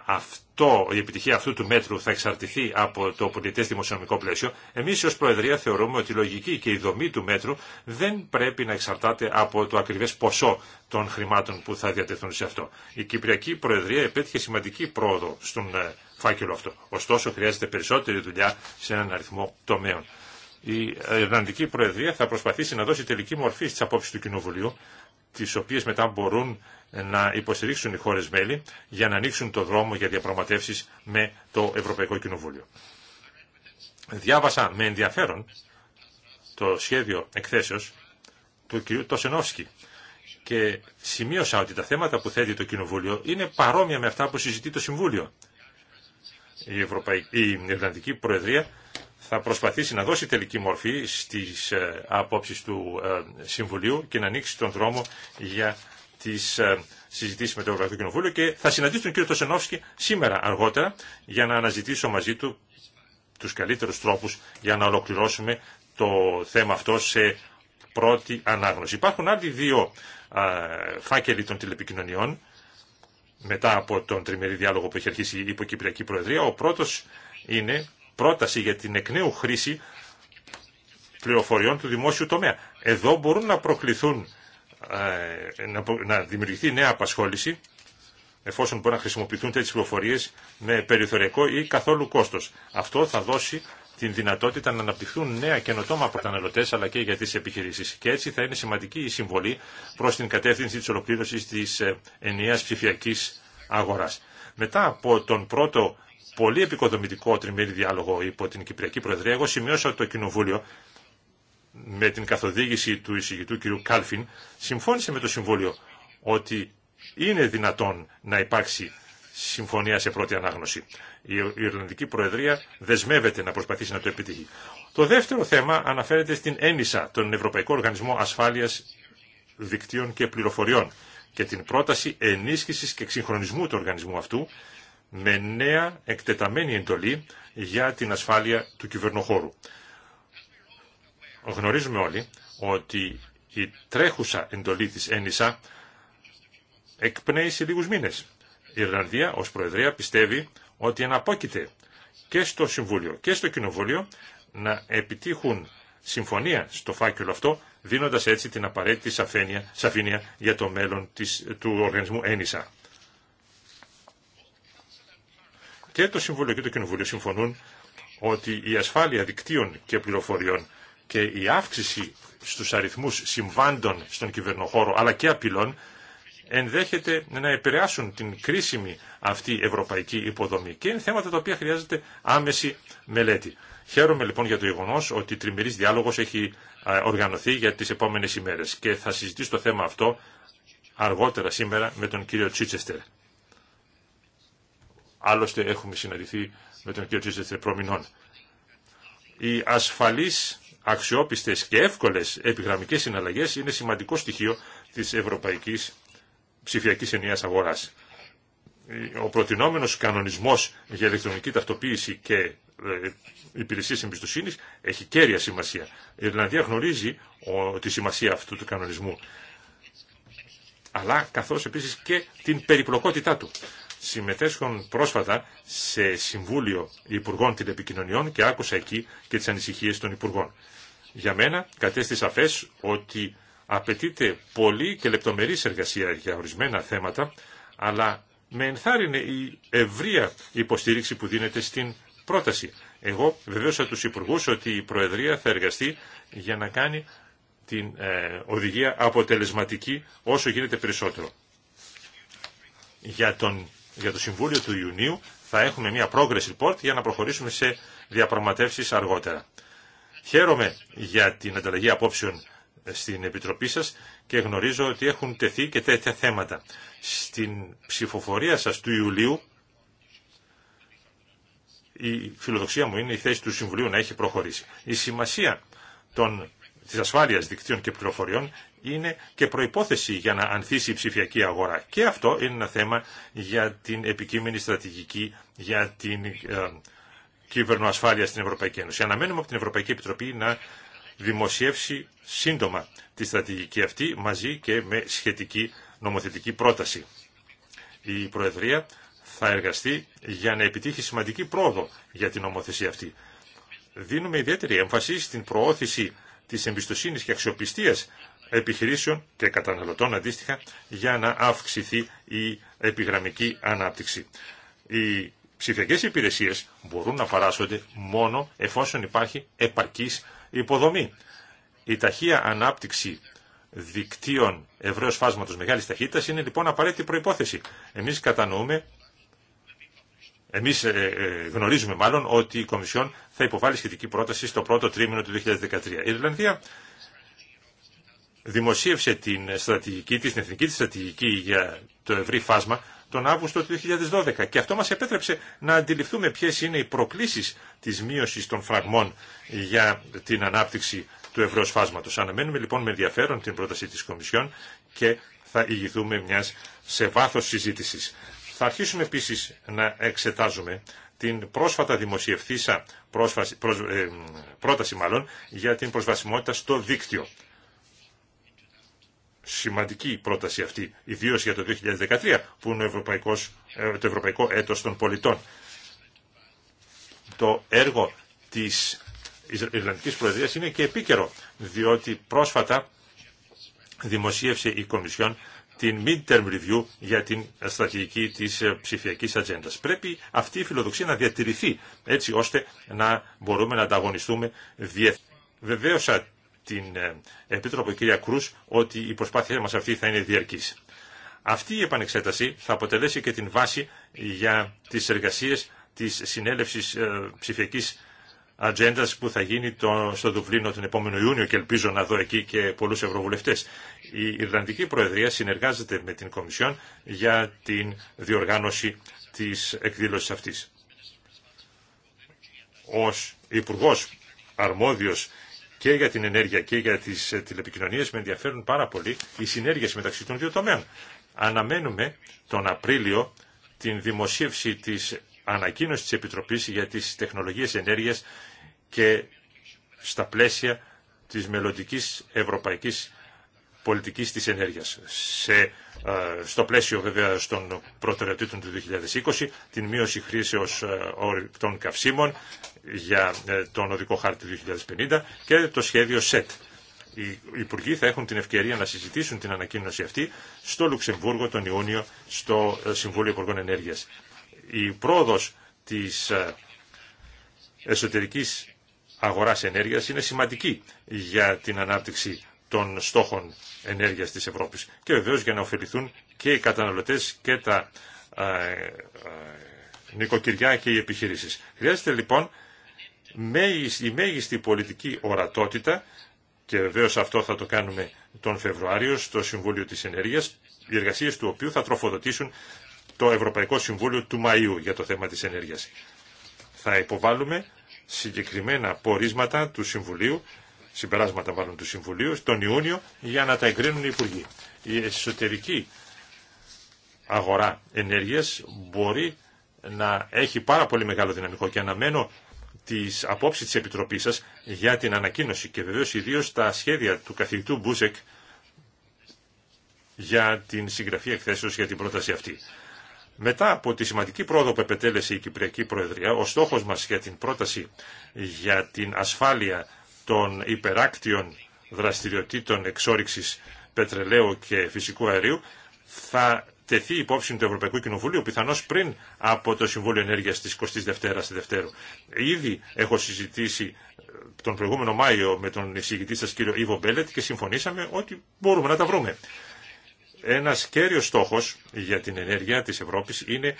αυτό, η επιτυχία αυτού του μέτρου θα εξαρτηθεί από το πολιτές δημοσιονομικό πλαίσιο, εμείς ως Προεδρία θεωρούμε ότι η λογική και η δομή του μέτρου δεν πρέπει να εξαρτάται από το ακριβές ποσό των χρημάτων που θα διατεθούν σε αυτό. Η Κυπριακή Προεδρία επέτυχε σημαντική πρόοδο στον ε, φάκελο αυτό. Ωστόσο χρειάζεται περισσότερη δουλειά σε έναν αριθμό τομέων. Η Ιρλανδική Προεδρία θα προσπαθήσει να δώσει τελική μορφή στις απόψεις του Κοινοβουλίου τις οποίες μετά μπορούν να υποστηρίξουν οι χώρες μέλη για να ανοίξουν το δρόμο για διαπραγματεύσεις με το Ευρωπαϊκό Κοινοβούλιο. Διάβασα με ενδιαφέρον το σχέδιο εκθέσεως του κ. Τοσενόφσκι και σημείωσα ότι τα θέματα που θέτει το Κοινοβούλιο είναι παρόμοια με αυτά που συζητεί το Συμβούλιο. Η, Ευρωπαϊκή, Προεδρία θα προσπαθήσει να δώσει τελική μορφή στις ε, απόψεις του ε, Συμβουλίου και να ανοίξει τον δρόμο για τις ε, συζητήσεις με το Ευρωπαϊκό Κοινοβούλιο και θα συναντήσει τον κύριο Τωσενόφσκι σήμερα αργότερα για να αναζητήσω μαζί του τους καλύτερους τρόπους για να ολοκληρώσουμε το θέμα αυτό σε πρώτη ανάγνωση. Υπάρχουν άλλοι δύο φάκελοι των τηλεπικοινωνιών μετά από τον τριμερή διάλογο που έχει αρχίσει η Υποκυπριακή Προεδρία. Ο πρώτος είναι πρόταση για την εκ νέου χρήση πληροφοριών του δημόσιου τομέα. Εδώ μπορούν να προκληθούν, ε, να δημιουργηθεί νέα απασχόληση, εφόσον μπορούν να χρησιμοποιηθούν τέτοιες πληροφορίες με περιθωριακό ή καθόλου κόστος. Αυτό θα δώσει την δυνατότητα να αναπτυχθούν νέα καινοτόμα από καταναλωτέ αλλά και για τι επιχειρήσει. Και έτσι θα είναι σημαντική η συμβολή προ την κατεύθυνση τη ολοκλήρωση τη ε, ενιαία ψηφιακή αγορά. Μετά από τον πρώτο πολύ επικοδομητικό τριμήρη διάλογο υπό την Κυπριακή Προεδρία. Εγώ σημειώσα ότι το Κοινοβούλιο με την καθοδήγηση του εισηγητού κ. Κάλφιν συμφώνησε με το Συμβούλιο ότι είναι δυνατόν να υπάρξει συμφωνία σε πρώτη ανάγνωση. Η Ιρλανδική Προεδρία δεσμεύεται να προσπαθήσει να το επιτύχει. Το δεύτερο θέμα αναφέρεται στην ένισα, τον Ευρωπαϊκό Οργανισμό Ασφάλειας Δικτύων και Πληροφοριών και την πρόταση ενίσχυσης και εξυγχρονισμού του οργανισμού αυτού με νέα εκτεταμένη εντολή για την ασφάλεια του κυβερνοχώρου. Γνωρίζουμε όλοι ότι η τρέχουσα εντολή της ένισα εκπνέει σε λίγους μήνες. Η Ιρλανδία ως Προεδρία πιστεύει ότι αναπόκειται και στο Συμβούλιο και στο Κοινοβούλιο να επιτύχουν συμφωνία στο φάκελο αυτό, δίνοντας έτσι την απαραίτητη σαφήνεια για το μέλλον της, του οργανισμού ένισα. και το Συμβούλιο και το Κοινοβούλιο συμφωνούν ότι η ασφάλεια δικτύων και πληροφοριών και η αύξηση στους αριθμούς συμβάντων στον κυβερνοχώρο αλλά και απειλών ενδέχεται να επηρεάσουν την κρίσιμη αυτή ευρωπαϊκή υποδομή και είναι θέματα τα οποία χρειάζεται άμεση μελέτη. Χαίρομαι λοιπόν για το γεγονό ότι τριμερής διάλογος έχει οργανωθεί για τις επόμενες ημέρες και θα συζητήσω το θέμα αυτό αργότερα σήμερα με τον κύριο Τσίτσεστερ. Άλλωστε έχουμε συναντηθεί με τον κύριο προμηνών. Οι ασφαλείς, αξιόπιστες και εύκολες επιγραμμικές συναλλαγές είναι σημαντικό στοιχείο της ευρωπαϊκής ψηφιακής ενιαίας αγοράς. Ο προτινόμενος κανονισμός για ηλεκτρονική ταυτοποίηση και ε, υπηρεσίε εμπιστοσύνη έχει κέρια σημασία. Η Ιρλανδία γνωρίζει τη σημασία αυτού του κανονισμού αλλά καθώς επίσης και την περιπλοκότητά του συμμετέσχουν πρόσφατα σε Συμβούλιο Υπουργών Τηλεπικοινωνιών και άκουσα εκεί και τις ανησυχίες των Υπουργών. Για μένα κατέστη σαφές ότι απαιτείται πολύ και λεπτομερή εργασία για ορισμένα θέματα, αλλά με ενθάρρυνε η ευρεία υποστήριξη που δίνεται στην πρόταση. Εγώ βεβαίωσα τους Υπουργούς ότι η Προεδρία θα εργαστεί για να κάνει την ε, οδηγία αποτελεσματική όσο γίνεται περισσότερο. Για τον για το Συμβούλιο του Ιουνίου θα έχουμε μια progress report για να προχωρήσουμε σε διαπραγματεύσεις αργότερα. Χαίρομαι για την ανταλλαγή απόψεων στην Επιτροπή σας και γνωρίζω ότι έχουν τεθεί και τέτοια θέματα. Στην ψηφοφορία σας του Ιουλίου η φιλοδοξία μου είναι η θέση του Συμβουλίου να έχει προχωρήσει. Η σημασία των, της ασφάλειας δικτύων και πληροφοριών είναι και προϋπόθεση για να ανθίσει η ψηφιακή αγορά. Και αυτό είναι ένα θέμα για την επικείμενη στρατηγική για την ε, κυβερνοασφάλεια στην Ευρωπαϊκή Ένωση. Αναμένουμε από την Ευρωπαϊκή Επιτροπή να δημοσιεύσει σύντομα τη στρατηγική αυτή μαζί και με σχετική νομοθετική πρόταση. Η Προεδρία θα εργαστεί για να επιτύχει σημαντική πρόοδο για την νομοθεσία αυτή. Δίνουμε ιδιαίτερη έμφαση στην προώθηση της εμπιστοσύνης και αξιοπιστίας επιχειρήσεων και καταναλωτών αντίστοιχα για να αυξηθεί η επιγραμμική ανάπτυξη. Οι ψηφιακές υπηρεσίες μπορούν να παράσσονται μόνο εφόσον υπάρχει επαρκής υποδομή. Η ταχεία ανάπτυξη δικτύων ευρέως φάσματος μεγάλης ταχύτητας είναι λοιπόν απαραίτητη προϋπόθεση. Εμείς κατανοούμε εμείς ε, ε, γνωρίζουμε μάλλον ότι η Κομισιόν θα υποβάλει σχετική πρόταση στο πρώτο τρίμηνο του 2013. Η Ιρλανδία δημοσίευσε την στρατηγική της, την εθνική της στρατηγική για το ευρύ φάσμα τον Αύγουστο του 2012 και αυτό μας επέτρεψε να αντιληφθούμε ποιες είναι οι προκλήσεις της μείωσης των φραγμών για την ανάπτυξη του ευρώ φάσματος. Αναμένουμε λοιπόν με ενδιαφέρον την πρόταση της Κομισιόν και θα ηγηθούμε μιας σε βάθος συζήτησης. Θα αρχίσουμε επίσης να εξετάζουμε την πρόσφατα δημοσιευθήσα πρόσφαση, ε, πρόταση μάλλον για την προσβασιμότητα στο δίκτυο σημαντική πρόταση αυτή, ιδίω για το 2013, που είναι ε, το ευρωπαϊκό έτος των πολιτών. Το έργο της Ιρλανδικής Προεδρίας είναι και επίκαιρο, διότι πρόσφατα δημοσίευσε η Κομισιόν την mid-term review για την στρατηγική της ε, ψηφιακής ατζέντα. Πρέπει αυτή η φιλοδοξία να διατηρηθεί, έτσι ώστε να μπορούμε να ανταγωνιστούμε διεθνώς την ε, Επίτροπο κυρία Κρούς ότι η προσπάθεια μας αυτή θα είναι διαρκής. Αυτή η επανεξέταση θα αποτελέσει και την βάση για τις εργασίες της συνέλευσης ε, ψηφιακής ατζέντα που θα γίνει το, στο Δουβλίνο τον επόμενο Ιούνιο και ελπίζω να δω εκεί και πολλού ευρωβουλευτέ. Η Ιρλανδική Προεδρία συνεργάζεται με την Κομισιόν για την διοργάνωση τη εκδήλωση αυτή. Ω Υπουργό Αρμόδιο και για την ενέργεια και για τις ε, τηλεπικοινωνίες με ενδιαφέρουν πάρα πολύ οι συνέργειες μεταξύ των δύο τομέων. Αναμένουμε τον Απρίλιο την δημοσίευση της ανακοίνωσης της Επιτροπής για τις τεχνολογίες ενέργειας και στα πλαίσια της μελλοντική ευρωπαϊκής πολιτικής της ενέργειας. Σε, ε, στο πλαίσιο βέβαια των προτεραιοτήτων του 2020, την μείωση χρήσεως ε, των καυσίμων για ε, τον οδικό χάρτη 2050 και το σχέδιο ΣΕΤ. Οι Υπουργοί θα έχουν την ευκαιρία να συζητήσουν την ανακοίνωση αυτή στο Λουξεμβούργο τον Ιούνιο στο Συμβούλιο Υπουργών Ενέργειας. Η πρόοδος της εσωτερικής αγοράς ενέργειας είναι σημαντική για την ανάπτυξη των στόχων ενέργειας της Ευρώπης. Και βεβαίως για να ωφεληθούν και οι καταναλωτές και τα ε, ε, νοικοκυριά και οι επιχειρήσεις. Χρειάζεται λοιπόν η μέγιστη πολιτική ορατότητα και βεβαίω αυτό θα το κάνουμε τον Φεβρουάριο στο Συμβούλιο της Ενέργειας, οι εργασίες του οποίου θα τροφοδοτήσουν το Ευρωπαϊκό Συμβούλιο του Μαΐου για το θέμα της ενέργειας. Θα υποβάλουμε συγκεκριμένα πορίσματα του Συμβουλίου συμπεράσματα βάλουν του Συμβουλίου στον Ιούνιο για να τα εγκρίνουν οι Υπουργοί. Η εσωτερική αγορά ενέργειας μπορεί να έχει πάρα πολύ μεγάλο δυναμικό και αναμένω τις απόψεις της Επιτροπής σας για την ανακοίνωση και βεβαίως ιδίως τα σχέδια του καθηγητού Μπούσεκ για την συγγραφή εκθέσεως για την πρόταση αυτή. Μετά από τη σημαντική πρόοδο που επετέλεσε η Κυπριακή Προεδρία, ο στόχος μας για την πρόταση για την ασφάλεια των υπεράκτιων δραστηριοτήτων εξόριξης πετρελαίου και φυσικού αερίου θα τεθεί υπόψη του Ευρωπαϊκού Κοινοβουλίου, πιθανώς πριν από το Συμβούλιο Ενέργειας της 22ης Δευτέρου. Ήδη έχω συζητήσει ε, τον προηγούμενο Μάιο με τον εισηγητή σας κύριο Ιβο Μπέλετ και συμφωνήσαμε ότι μπορούμε να τα βρούμε. Ένας κέριος στόχος για την ενέργεια της Ευρώπης είναι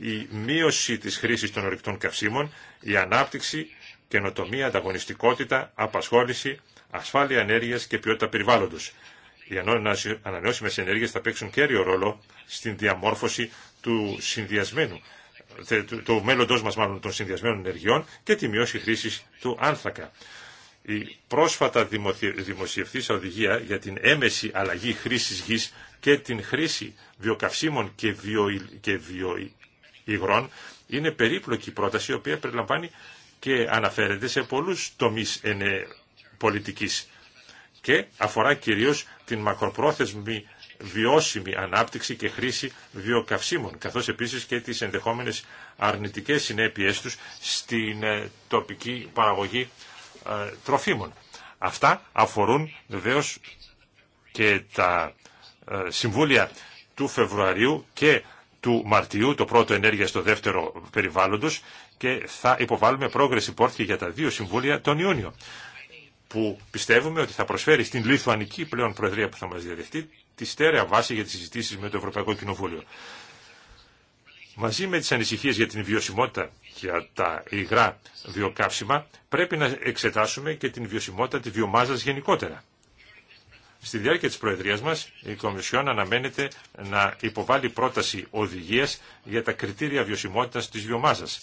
η μείωση της χρήσης των ορυκτών καυσίμων, η ανάπτυξη καινοτομία, ανταγωνιστικότητα, απασχόληση, ασφάλεια ενέργεια και ποιότητα περιβάλλοντο. Οι ανανεώσιμε ενέργειε θα παίξουν κέριο ρόλο στην διαμόρφωση του συνδυασμένου, του μέλλοντό μα μάλλον των συνδυασμένων ενεργειών και τη μειώση χρήση του άνθρακα. Η πρόσφατα δημοσιευθήσα οδηγία για την έμεση αλλαγή χρήση γη και την χρήση βιοκαυσίμων και, και βιοϊγρών είναι περίπλοκη πρόταση η οποία περιλαμβάνει και αναφέρεται σε πολλούς τομείς ε, πολιτικής και αφορά κυρίως την μακροπρόθεσμη βιώσιμη ανάπτυξη και χρήση βιοκαυσίμων, καθώς επίσης και τις ενδεχόμενες αρνητικές συνέπειές τους στην ε, τοπική παραγωγή ε, τροφίμων. Αυτά αφορούν βεβαίως και τα συμβούλια του Φεβρουαρίου και του Μαρτίου, το πρώτο ενέργεια στο δεύτερο περιβάλλοντος και θα υποβάλουμε progress πόρθια για τα δύο συμβούλια τον Ιούνιο που πιστεύουμε ότι θα προσφέρει στην Λιθουανική πλέον Προεδρία που θα μας διαδεχτεί τη στέρεα βάση για τις συζητήσεις με το Ευρωπαϊκό Κοινοβούλιο. Μαζί με τις ανησυχίες για την βιωσιμότητα για τα υγρά βιοκαύσιμα πρέπει να εξετάσουμε και την βιωσιμότητα της βιομάζας γενικότερα. Στη διάρκεια της Προεδρίας μας, η Κομισιόν αναμένεται να υποβάλει πρόταση οδηγίας για τα κριτήρια βιωσιμότητας της βιομάζας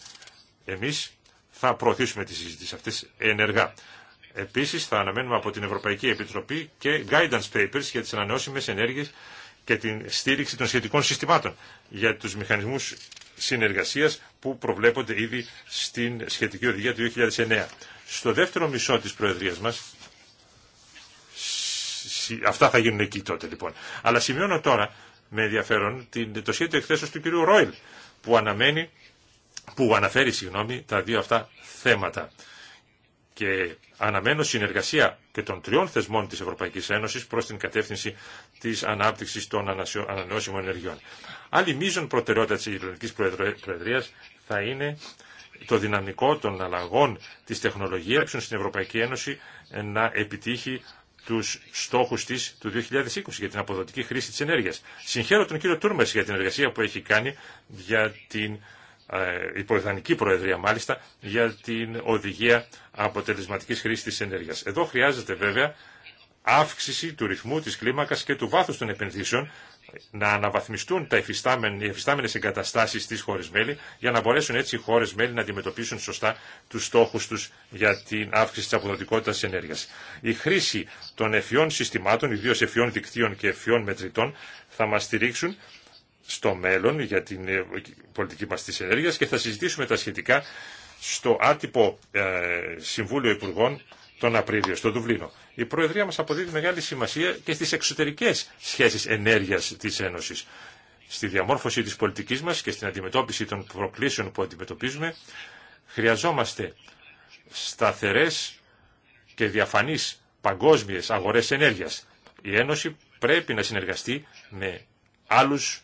εμείς θα προωθήσουμε τις συζητήσεις αυτές ενεργά. Επίσης θα αναμένουμε από την Ευρωπαϊκή Επιτροπή και guidance papers για τις ανανεώσιμες ενέργειες και την στήριξη των σχετικών συστημάτων για τους μηχανισμούς συνεργασίας που προβλέπονται ήδη στην σχετική οδηγία του 2009. Στο δεύτερο μισό της Προεδρίας μας, αυτά θα γίνουν εκεί τότε λοιπόν. Αλλά σημειώνω τώρα με ενδιαφέρον το σχέδιο εκθέσεως του κυρίου Ρόιλ που αναμένει που αναφέρει συγγνώμη, τα δύο αυτά θέματα. Και αναμένω συνεργασία και των τριών θεσμών της Ευρωπαϊκής Ένωσης προς την κατεύθυνση της ανάπτυξης των ανανεώσιμων ενεργειών. Άλλη μείζον προτεραιότητα της Ελληνικής Προεδρίας θα είναι το δυναμικό των αλλαγών της τεχνολογίας στην Ευρωπαϊκή Ένωση να επιτύχει τους στόχους της του 2020 για την αποδοτική χρήση της ενέργειας. Συγχαίρω τον κύριο Τούρμες για την εργασία που έχει κάνει για την ε, η υποεθανική προεδρία μάλιστα, για την οδηγία αποτελεσματικής χρήσης της ενέργειας. Εδώ χρειάζεται βέβαια αύξηση του ρυθμού της κλίμακας και του βάθους των επενδύσεων, να αναβαθμιστούν τα οι εφιστάμενες εγκαταστάσεις στις χώρες μέλη, για να μπορέσουν έτσι οι χώρες μέλη να αντιμετωπίσουν σωστά τους στόχους τους για την αύξηση της αποδοτικότητας της ενέργειας. Η χρήση των εφιών συστημάτων, ιδίως εφιών δικτύων και εφιών μετρητών, θα μας στηρίξουν στο μέλλον για την ε, πολιτική μας της ενέργειας και θα συζητήσουμε τα σχετικά στο άτυπο ε, Συμβούλιο Υπουργών τον Απρίλιο, στο Δουβλίνο. Η Προεδρία μας αποδίδει μεγάλη σημασία και στις εξωτερικές σχέσεις ενέργειας της Ένωσης. Στη διαμόρφωση της πολιτικής μας και στην αντιμετώπιση των προκλήσεων που αντιμετωπίζουμε χρειαζόμαστε σταθερές και διαφανείς παγκόσμιες αγορές ενέργειας. Η Ένωση πρέπει να συνεργαστεί με άλλους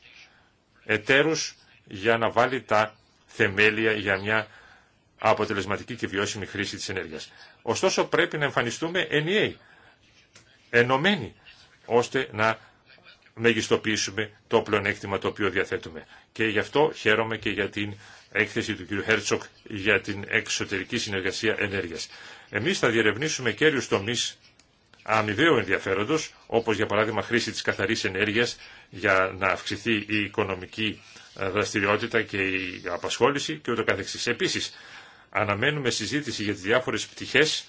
εταίρους για να βάλει τα θεμέλια για μια αποτελεσματική και βιώσιμη χρήση της ενέργειας. Ωστόσο πρέπει να εμφανιστούμε ενιαίοι, ενωμένοι, ώστε να μεγιστοποιήσουμε το πλεονέκτημα το οποίο διαθέτουμε. Και γι' αυτό χαίρομαι και για την έκθεση του κ. Χέρτσοκ για την εξωτερική συνεργασία ενέργειας. Εμείς θα διερευνήσουμε κέριους τομείς αμοιβαίου ενδιαφέροντος, όπως για παράδειγμα χρήση της καθαρής ενέργειας για να αυξηθεί η οικονομική ε, δραστηριότητα και η απασχόληση και ούτω Επίσης, αναμένουμε συζήτηση για τι διάφορες πτυχές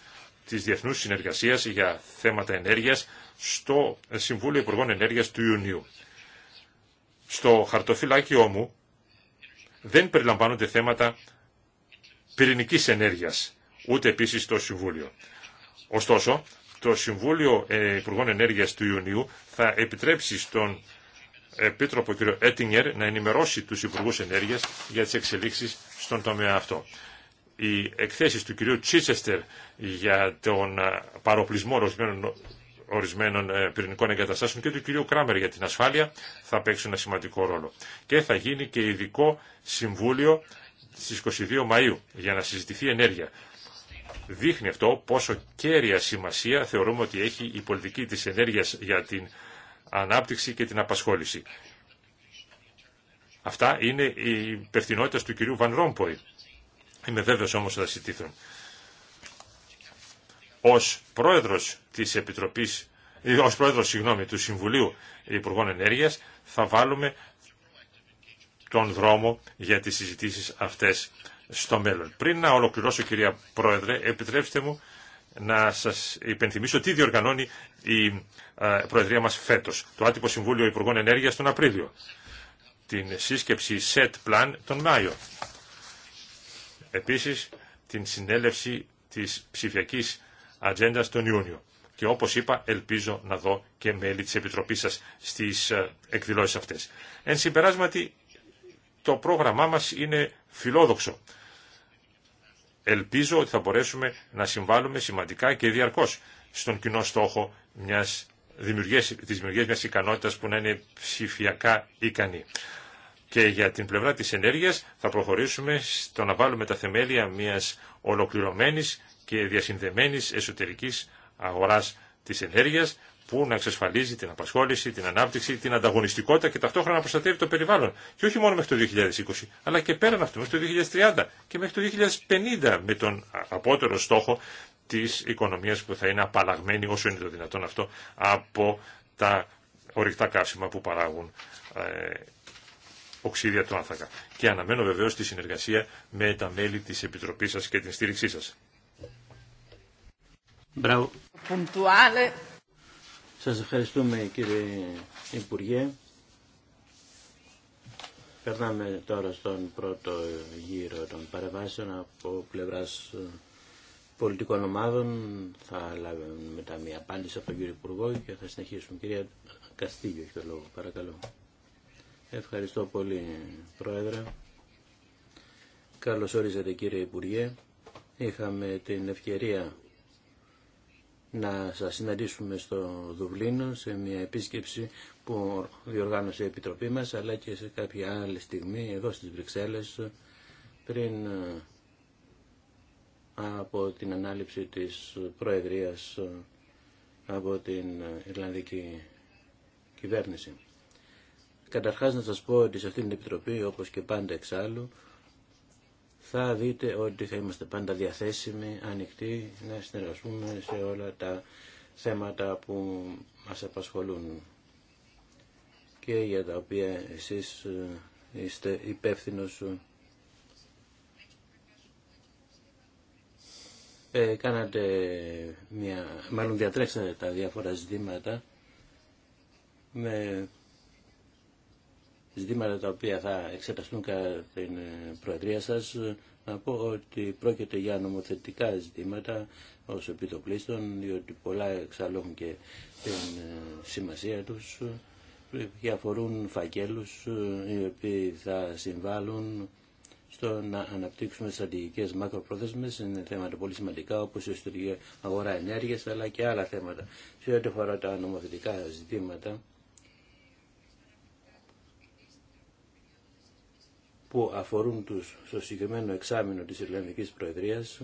της διεθνούς συνεργασίας για θέματα ενέργειας στο Συμβούλιο Υπουργών Ενέργεια του Ιουνίου. Στο χαρτοφυλάκιό μου δεν περιλαμβάνονται θέματα πυρηνική ενέργεια, ούτε επίση στο Συμβούλιο. Ωστόσο, το Συμβούλιο ε, Υπουργών Ενέργειας του Ιουνίου θα επιτρέψει στον Επίτροπο κ. Έτινγκερ να ενημερώσει τους Υπουργούς Ενέργειας για τις εξελίξεις στον τομέα αυτό. Οι εκθέσεις του κ. Τσίτσεστερ για τον ε, παροπλισμό ορισμένων, ορισμένων ε, πυρηνικών εγκαταστάσεων και του κ. Κράμερ για την ασφάλεια θα παίξουν ένα σημαντικό ρόλο. Και θα γίνει και ειδικό συμβούλιο στις 22 Μαΐου για να συζητηθεί ενέργεια δείχνει αυτό πόσο κέρια σημασία θεωρούμε ότι έχει η πολιτική της ενέργειας για την ανάπτυξη και την απασχόληση. Αυτά είναι η υπευθυνότητα του κυρίου Βαν Ρόμποϊ. Είμαι βέβαιος όμως ότι θα συντήθουν. Ως πρόεδρος της Επιτροπής, ε, ως πρόεδρος, συγγνώμη, του Συμβουλίου Υπουργών Ενέργειας θα βάλουμε τον δρόμο για τις συζητήσεις αυτές στο μέλλον. Πριν να ολοκληρώσω κυρία Πρόεδρε, επιτρέψτε μου να σας υπενθυμίσω τι διοργανώνει η ε, Προεδρία μας φέτος. Το Άτυπο Συμβούλιο Υπουργών Ενέργειας τον Απρίλιο. Την σύσκεψη SET Plan τον Μάιο. Επίσης την συνέλευση της ψηφιακής ατζέντα τον Ιούνιο. Και όπως είπα, ελπίζω να δω και μέλη της Επιτροπής σας στις ε, εκδηλώσεις αυτές. Εν συμπεράσματι, το πρόγραμμά μας είναι φιλόδοξο. Ελπίζω ότι θα μπορέσουμε να συμβάλλουμε σημαντικά και διαρκώς στον κοινό στόχο μιας δημιουργίας, της δημιουργίας μιας ικανότητας που να είναι ψηφιακά ικανή. Και για την πλευρά της ενέργειας θα προχωρήσουμε στο να βάλουμε τα θεμέλια μιας ολοκληρωμένης και διασυνδεμένης εσωτερικής αγοράς της ενέργειας που να εξασφαλίζει την απασχόληση, την ανάπτυξη, την ανταγωνιστικότητα και ταυτόχρονα να προστατεύει το περιβάλλον. Και όχι μόνο μέχρι το 2020, αλλά και πέραν αυτό, μέχρι το 2030 και μέχρι το 2050 με τον απότερο στόχο της οικονομίας που θα είναι απαλλαγμένη όσο είναι το δυνατόν αυτό από τα ορυκτά καύσιμα που παράγουν ε, οξύδια του άνθρακα. Και αναμένω βεβαίως τη συνεργασία με τα μέλη της Επιτροπής σας και την στήριξή σας. Μπράβο. Σας ευχαριστούμε κύριε Υπουργέ. Περνάμε τώρα στον πρώτο γύρο των παρεμβάσεων από πλευράς πολιτικών ομάδων. Θα λάβουμε μετά μια απάντηση από τον κύριο Υπουργό και θα συνεχίσουμε. Κυρία Καστίγιο έχει το λόγο, παρακαλώ. Ευχαριστώ πολύ Πρόεδρε. Καλώς όριζατε κύριε Υπουργέ. Είχαμε την ευκαιρία να σας συναντήσουμε στο Δουβλίνο σε μια επίσκεψη που διοργάνωσε η Επιτροπή μας αλλά και σε κάποια άλλη στιγμή εδώ στις Βρυξέλλες πριν ε, από την ανάληψη της Προεδρίας ε, από την Ιρλανδική κυβέρνηση. Καταρχάς να σας πω ότι σε αυτήν την Επιτροπή όπως και πάντα εξάλλου θα δείτε ότι θα είμαστε πάντα διαθέσιμοι, ανοιχτοί, να συνεργαστούμε σε όλα τα θέματα που μας απασχολούν και για τα οποία εσείς ε, είστε υπεύθυνος ε, κάνατε μια, μάλλον διατρέξατε τα διάφορα ζητήματα με ζητήματα τα οποία θα εξεταστούν κατά την ε, Προεδρία σας, ε, να πω ότι πρόκειται για νομοθετικά ζητήματα ως επιτοπλίστων, διότι πολλά έχουν και την ε, σημασία τους και αφορούν φακέλους οι οποίοι θα συμβάλλουν στο να αναπτύξουμε στρατηγικές μακροπρόθεσμες είναι θέματα πολύ σημαντικά όπως η ιστορική αγορά ενέργειας αλλά και άλλα θέματα. Σε ό,τι αφορά τα νομοθετικά ζητήματα που αφορούν τους στο συγκεκριμένο εξάμεινο της Ιρλανδικής Προεδρίας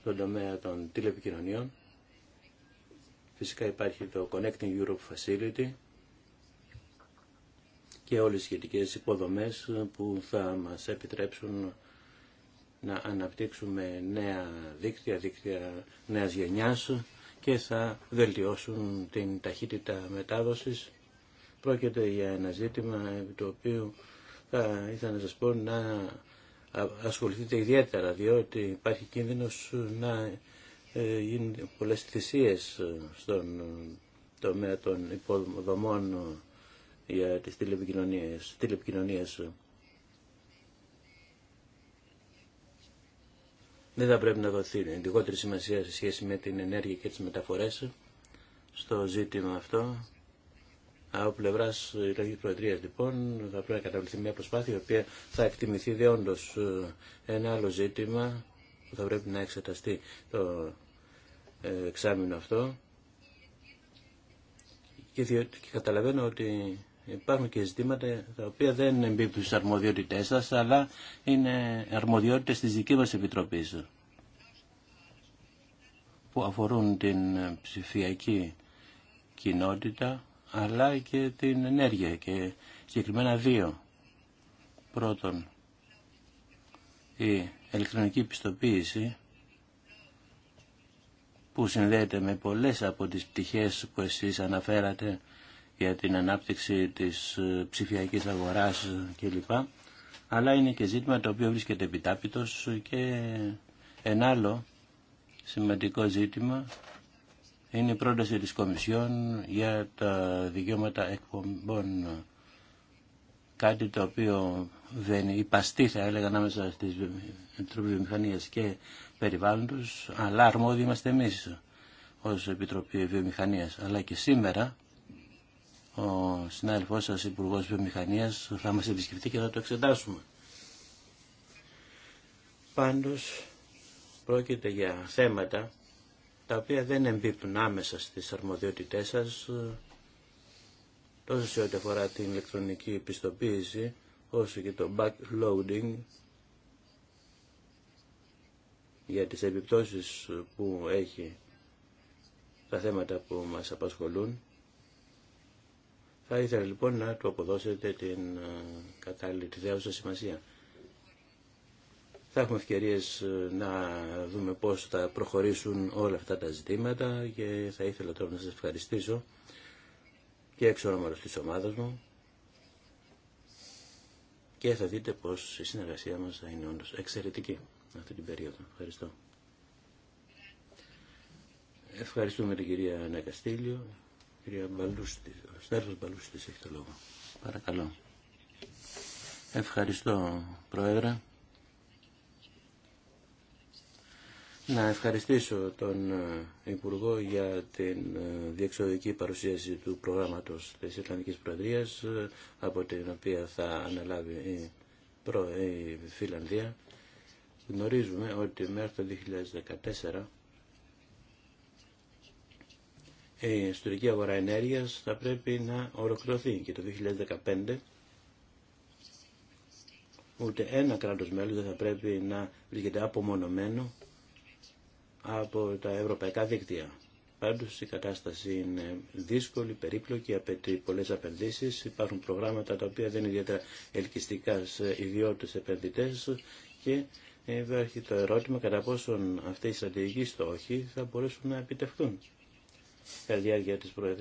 στον τομέα των τηλεπικοινωνιών. Φυσικά υπάρχει το Connecting Europe Facility και όλες οι σχετικές υποδομές που θα μας επιτρέψουν να αναπτύξουμε νέα δίκτυα, δίκτυα νέας γενιάς και θα βελτιώσουν την ταχύτητα μετάδοσης Πρόκειται για ένα ζήτημα το οποίο θα ήθελα να σας πω να ασχοληθείτε ιδιαίτερα διότι υπάρχει κίνδυνος να ε, γίνουν πολλές θυσίες ε, στον ε, τομέα των υποδομών για τις τηλεπικοινωνίες. τηλεπικοινωνίες. Δεν θα πρέπει να δοθεί λιγότερη σημασία σε σχέση με την ενέργεια και τις μεταφορές στο ζήτημα αυτό από πλευρά Ιταλική Προεδρία, λοιπόν, θα πρέπει να καταβληθεί μια προσπάθεια η οποία θα εκτιμηθεί διόντω. Ε, ένα άλλο ζήτημα που θα πρέπει να εξεταστεί το ε, εξάμεινο αυτό. Και, καταλαβαίνω ότι υπάρχουν και ζητήματα τα οποία δεν εμπίπτουν στι αρμοδιότητέ σα, αλλά είναι αρμοδιότητε τη δική μα Επιτροπή που αφορούν την ψηφιακή κοινότητα αλλά και την ενέργεια και συγκεκριμένα δύο. Πρώτον, η ηλεκτρονική πιστοποίηση που συνδέεται με πολλές από τις πτυχές που εσείς αναφέρατε για την ανάπτυξη της ε, ψηφιακής αγοράς κλπ. Αλλά είναι και ζήτημα το οποίο βρίσκεται επιτάπητος και ένα άλλο σημαντικό ζήτημα είναι η πρόταση της Κομισιόν για τα δικαιώματα εκπομπών. Κάτι το οποίο δεν υπαστεί θα έλεγα ανάμεσα στις Επιτροπές Βιομηχανίας και Περιβάλλοντος, αλλά αρμόδιοι είμαστε εμείς ως Επιτροπή Βιομηχανίας. Αλλά και σήμερα ο συνάδελφός σας Υπουργός Βιομηχανίας θα μας επισκεφτεί και θα το εξετάσουμε. Πάντως πρόκειται για θέματα τα οποία δεν εμπίπτουν άμεσα στις αρμοδιότητές σας τόσο σε ό,τι αφορά την ηλεκτρονική επιστοποίηση όσο και το backloading για τις επιπτώσεις που έχει τα θέματα που μας απασχολούν. Θα ήθελα λοιπόν να του αποδώσετε την ε, κατάλληλη τη δέουσα σημασία. Θα έχουμε ευκαιρίες ε, να δούμε πώς θα προχωρήσουν όλα αυτά τα ζητήματα και θα ήθελα τώρα να σας ευχαριστήσω και έξω όνομα της ομάδας μου και θα δείτε πως η συνεργασία μας θα είναι όντως εξαιρετική αυτή την περίοδο. Ευχαριστώ. Ευχαριστούμε την κυρία Νέα Καστήλιο. Κυρία Μπαλούστη, ο Στέρφος Μπαλούστης έχει το λόγο. Παρακαλώ. Ευχαριστώ, Πρόεδρε. Να ευχαριστήσω τον ε, Υπουργό για την ε, διεξοδική παρουσίαση του προγράμματος της Ιρλανδικής Προεδρίας ε, από την οποία θα αναλάβει η, Προ... Φιλανδία. Γνωρίζουμε ότι μέχρι το 2014 η ιστορική αγορά ενέργειας θα πρέπει να ολοκληρωθεί και το 2015 ούτε ένα κράτος μέλος δεν θα πρέπει να βρίσκεται απομονωμένο από τα ευρωπαϊκά δίκτυα. Πάντως η κατάσταση είναι δύσκολη, περίπλοκη, απαιτεί πολλέ επενδύσεις. Υπάρχουν προγράμματα τα οποία δεν είναι ιδιαίτερα ελκυστικά σε ιδιώτε επενδυτέ και ε, υπάρχει το ερώτημα κατά πόσον αυτέ οι στρατηγικοί στόχοι θα μπορέσουν να επιτευχθούν. Κατά τη διάρκεια της σα, κατά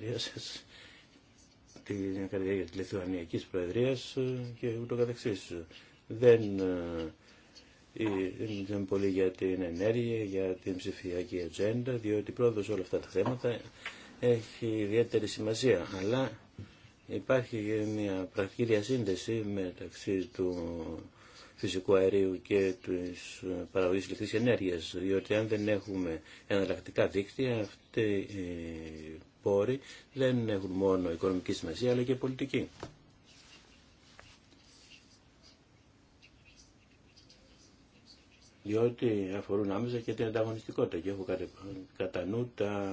τη διάρκεια τη Λιθουανιακή Προεδρία ε, και ούτω Δεν ε, δεν πολύ για την ενέργεια, για την ψηφιακή ατζέντα, διότι η όλα αυτά τα θέματα έχει ιδιαίτερη σημασία. Αλλά υπάρχει μια πρακτική διασύνδεση μεταξύ του φυσικού αερίου και της παραγωγής ηλεκτρικής ενέργειας, διότι αν δεν έχουμε εναλλακτικά δίκτυα, αυτοί οι πόροι δεν έχουν μόνο οικονομική σημασία, αλλά και πολιτική. διότι αφορούν άμεσα και την ανταγωνιστικότητα και έχω κατά νου τα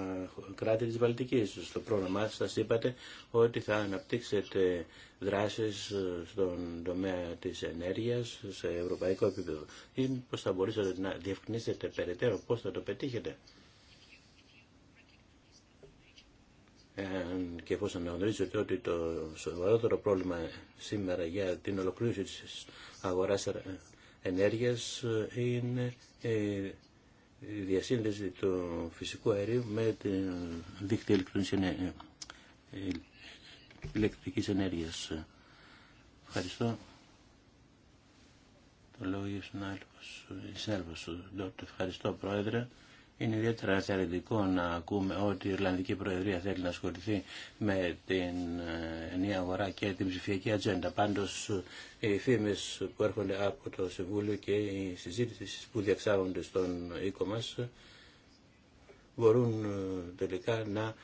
κράτη της Βαλτικής. Στο πρόγραμμά σας είπατε ότι θα αναπτύξετε δράσεις στον τομέα της ενέργειας σε ευρωπαϊκό επίπεδο. Ή πώς θα μπορούσατε να διευκρινίσετε περαιτέρω πώς θα το πετύχετε. και εφόσον αναγνωρίζετε ότι το σοβαρότερο πρόβλημα σήμερα για την ολοκλήρωση της αγοράς ενέργειας ε, είναι ε, η διασύνδεση του φυσικού αερίου με τη δίκτυα ε, ηλεκτρικής ενέργειας. Ευχαριστώ. Το λόγιο Ευχαριστώ Πρόεδρε. Είναι ιδιαίτερα θεαρετικό να ακούμε ότι η Ιρλανδική Προεδρία θέλει να ασχοληθεί με την ε, νέα αγορά και την ψηφιακή ατζέντα. Πάντω οι φήμε που έρχονται από το Συμβούλιο και οι συζήτηση που διαξάγονται στον οίκο μα, μπορούν ε, τελικά να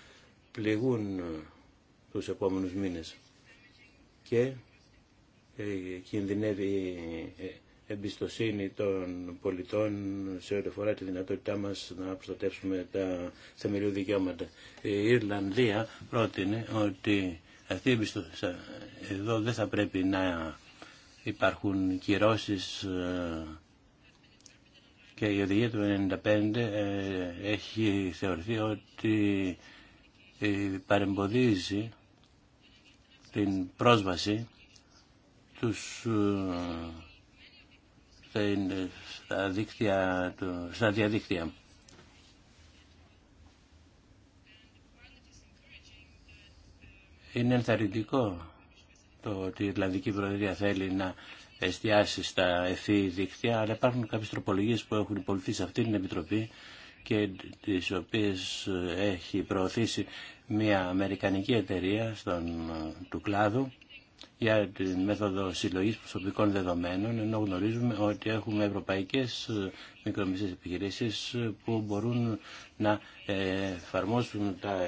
πληγούν ε, τους επόμενους μήνε. Και κινδυνεύει εμπιστοσύνη των πολιτών σε ό,τι αφορά τη δυνατότητά μας να προστατεύσουμε τα θεμελιώδη δικαιώματα. Η Ιρλανδία πρότεινε ότι αυτή η εμπιστοσύνη εδώ δεν θα πρέπει να υπάρχουν κυρώσεις ε, και η οδηγία του 1995 ε, έχει θεωρηθεί ότι ε, παρεμποδίζει την πρόσβαση τους στα, δίκτυα, στα διαδίκτυα. Είναι ενθαρρυντικό το ότι η Ιρλανδική Προεδρία θέλει να εστιάσει στα ευθύ δίκτυα, αλλά υπάρχουν κάποιες τροπολογίες που έχουν υπολοιθεί σε αυτή την Επιτροπή και τις οποίες έχει προωθήσει μια Αμερικανική εταιρεία στον, του κλάδου για τη μέθοδο συλλογή προσωπικών δεδομένων, ενώ γνωρίζουμε ότι έχουμε ευρωπαϊκές ε, μικρομεσαίες επιχειρήσεις ε, που μπορούν να ε, εφαρμόσουν τα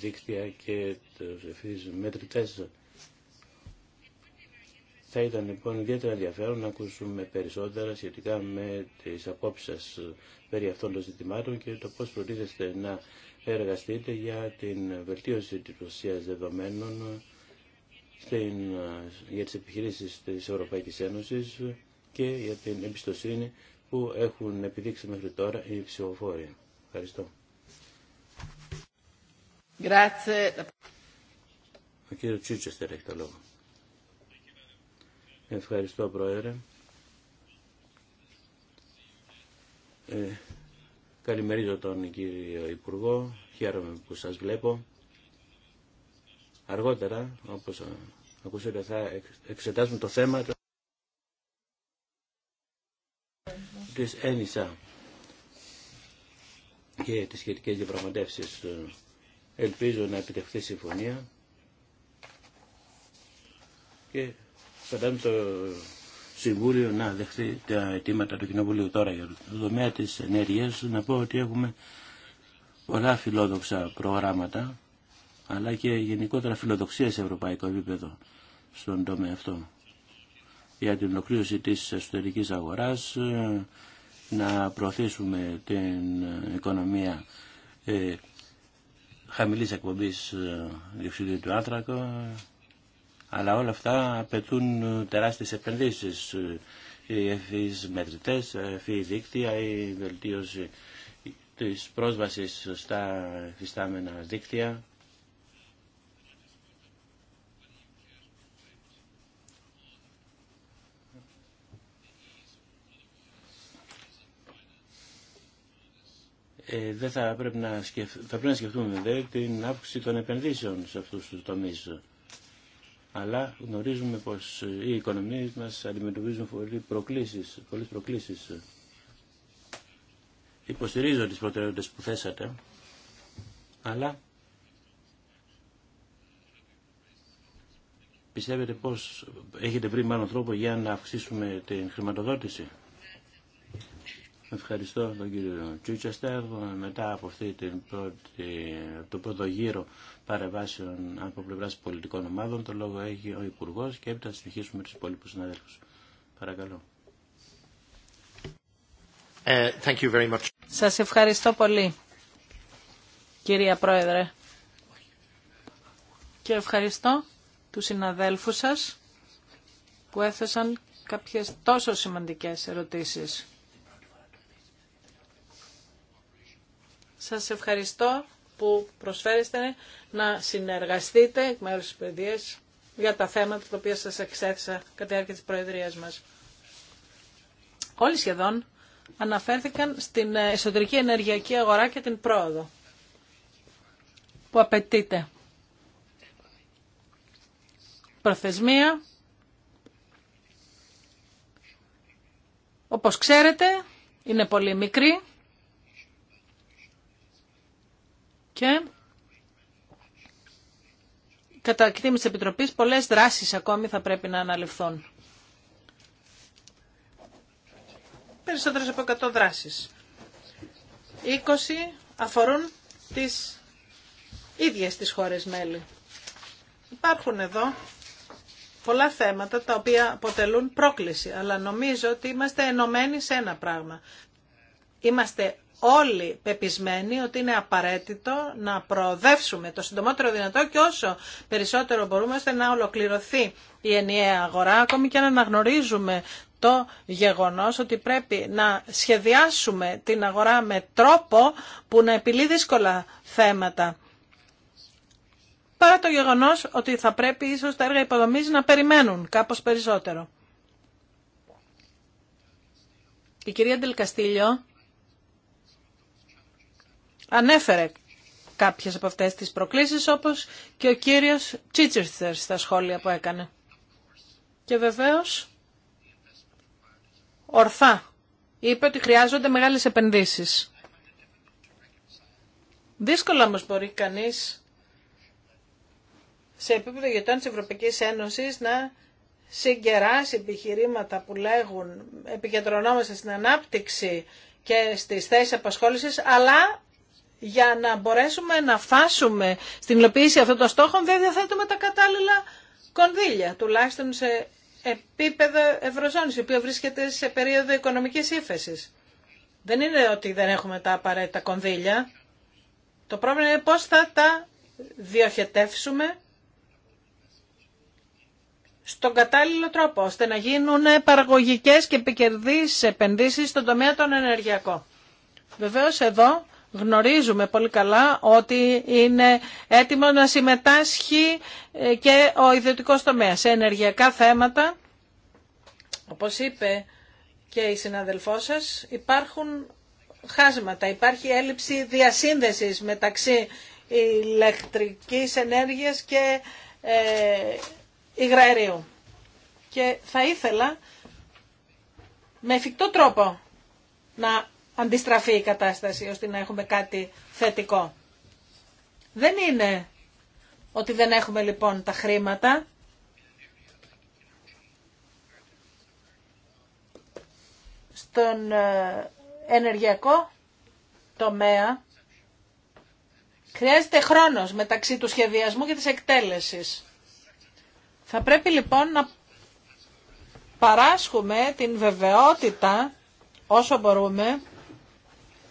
δίκτυα και τους ευθύ μετρητέ. Θα ήταν λοιπόν ιδιαίτερα ενδιαφέρον να ακούσουμε περισσότερα σχετικά με τις απόψεις σα περί αυτών των ζητημάτων και το πώ προτίθεστε να εργαστείτε για την βελτίωση τη προστασία δεδομένων για τις επιχειρήσεις της Ευρωπαϊκής Ένωσης και για την εμπιστοσύνη που έχουν επιδείξει μέχρι τώρα οι ψηφοφόροι. Ευχαριστώ. Ο κύριος Τσίτσεστερ έχει το λόγο. Ευχαριστώ, Πρόεδρε. Ε, καλημερίζω τον κύριο Υπουργό. Χαίρομαι που σας βλέπω. Αργότερα, όπως ακούσατε, θα εξετάσουμε το θέμα της ένισα και τις σχετικές διαπραγματεύσεις. Ελπίζω να επιτευχθεί συμφωνία και φαντάζομαι το Συμβούλιο να δεχθεί τα αιτήματα του Κοινοβουλίου τώρα για το δομέα της ενέργειας. Να πω ότι έχουμε πολλά φιλόδοξα προγράμματα αλλά και γενικότερα φιλοδοξία σε ευρωπαϊκό επίπεδο στον τομέα αυτό για την ολοκλήρωση της εσωτερικής αγοράς, ε, να προωθήσουμε την οικονομία ε, χαμηλής εκπομπής ε, του άνθρακα, αλλά όλα αυτά απαιτούν τεράστιες επενδύσεις, ε, οι ευθύς μετρητές, ευθύη δίκτυα, η βελτίωση της πρόσβασης στα φυστάμενα δίκτυα, Ε, δεν θα πρέπει, να πρέπει να σκεφτούμε δε, την αύξηση των επενδύσεων σε αυτούς τους τομείς. Αλλά γνωρίζουμε πως οι οικονομίες μας αντιμετωπίζουν πολλές προκλήσεις. Πολλές προκλήσεις. Υποστηρίζω τις προτεραιότητες που θέσατε, αλλά πιστεύετε πως έχετε βρει μάλλον τρόπο για να αυξήσουμε την χρηματοδότηση. Ευχαριστώ τον κύριο Τσίτσεστερ. Μετά από αυτή την το πρώτο γύρο παρεμβάσεων από πλευρά πολιτικών ομάδων, το λόγο έχει ο Υπουργό και έπειτα συνεχίσουμε του υπόλοιπου συναδέλφους. Παρακαλώ. Uh, thank ευχαριστώ πολύ, κυρία Πρόεδρε. Και ευχαριστώ τους συναδέλφους σας που έθεσαν κάποιες τόσο σημαντικές ερωτήσεις. Σας ευχαριστώ που προσφέρεστε να συνεργαστείτε εκ μέρους της παιδείας για τα θέματα τα οποία σας εξέθεσα κατά τη διάρκεια της Προεδρίας μας. Όλοι σχεδόν αναφέρθηκαν στην εσωτερική ενεργειακή αγορά και την πρόοδο που απαιτείται. Προθεσμία. Όπως ξέρετε, είναι πολύ μικρή. Και κατά εκτίμηση της Επιτροπής πολλές δράσεις ακόμη θα πρέπει να αναλυφθούν. Περισσότερες από 100 δράσεις. 20 αφορούν τις ίδιες τις χώρες μέλη. Υπάρχουν εδώ πολλά θέματα τα οποία αποτελούν πρόκληση, αλλά νομίζω ότι είμαστε ενωμένοι σε ένα πράγμα. Είμαστε όλοι πεπισμένοι ότι είναι απαραίτητο να προοδεύσουμε το συντομότερο δυνατό και όσο περισσότερο μπορούμε ώστε να ολοκληρωθεί η ενιαία αγορά, ακόμη και να αναγνωρίζουμε το γεγονός ότι πρέπει να σχεδιάσουμε την αγορά με τρόπο που να επιλύει δύσκολα θέματα. Παρά το γεγονός ότι θα πρέπει ίσως τα έργα υποδομής να περιμένουν κάπως περισσότερο. Η κυρία Ντελκαστήλιο ανέφερε κάποιες από αυτές τις προκλήσεις όπως και ο κύριος Τσίτσιστερ στα σχόλια που έκανε. Και βεβαίως ορθά είπε ότι χρειάζονται μεγάλες επενδύσεις. Δύσκολα όμως μπορεί κανείς σε επίπεδο γετών της Ευρωπαϊκής Ένωσης να συγκεράσει επιχειρήματα που λέγουν επικεντρωνόμαστε στην ανάπτυξη και στις θέσεις απασχόλησης, αλλά για να μπορέσουμε να φάσουμε στην υλοποίηση αυτών των στόχων δεν διαθέτουμε τα κατάλληλα κονδύλια, τουλάχιστον σε επίπεδο ευρωζώνης, η οποία βρίσκεται σε περίοδο οικονομικής ύφεσης. Δεν είναι ότι δεν έχουμε τα απαραίτητα κονδύλια. Το πρόβλημα είναι πώς θα τα διοχετεύσουμε στον κατάλληλο τρόπο, ώστε να γίνουν παραγωγικές και επικερδείς επενδύσεις στον τομέα των ενεργειακών. Βεβαίως εδώ Γνωρίζουμε πολύ καλά ότι είναι έτοιμο να συμμετάσχει ε, και ο ιδιωτικός τομέας σε ενεργειακά θέματα. Όπως είπε και η συναδελφό σας, υπάρχουν χάσματα, υπάρχει έλλειψη διασύνδεσης μεταξύ ηλεκτρικής ενέργειας και ε, υγραερίου. Και θα ήθελα με εφικτό τρόπο να αντιστραφεί η κατάσταση ώστε να έχουμε κάτι θετικό. Δεν είναι ότι δεν έχουμε λοιπόν τα χρήματα. Στον ε, ενεργειακό τομέα χρειάζεται χρόνος μεταξύ του σχεδιασμού και της εκτέλεσης. Θα πρέπει λοιπόν να παράσχουμε την βεβαιότητα όσο μπορούμε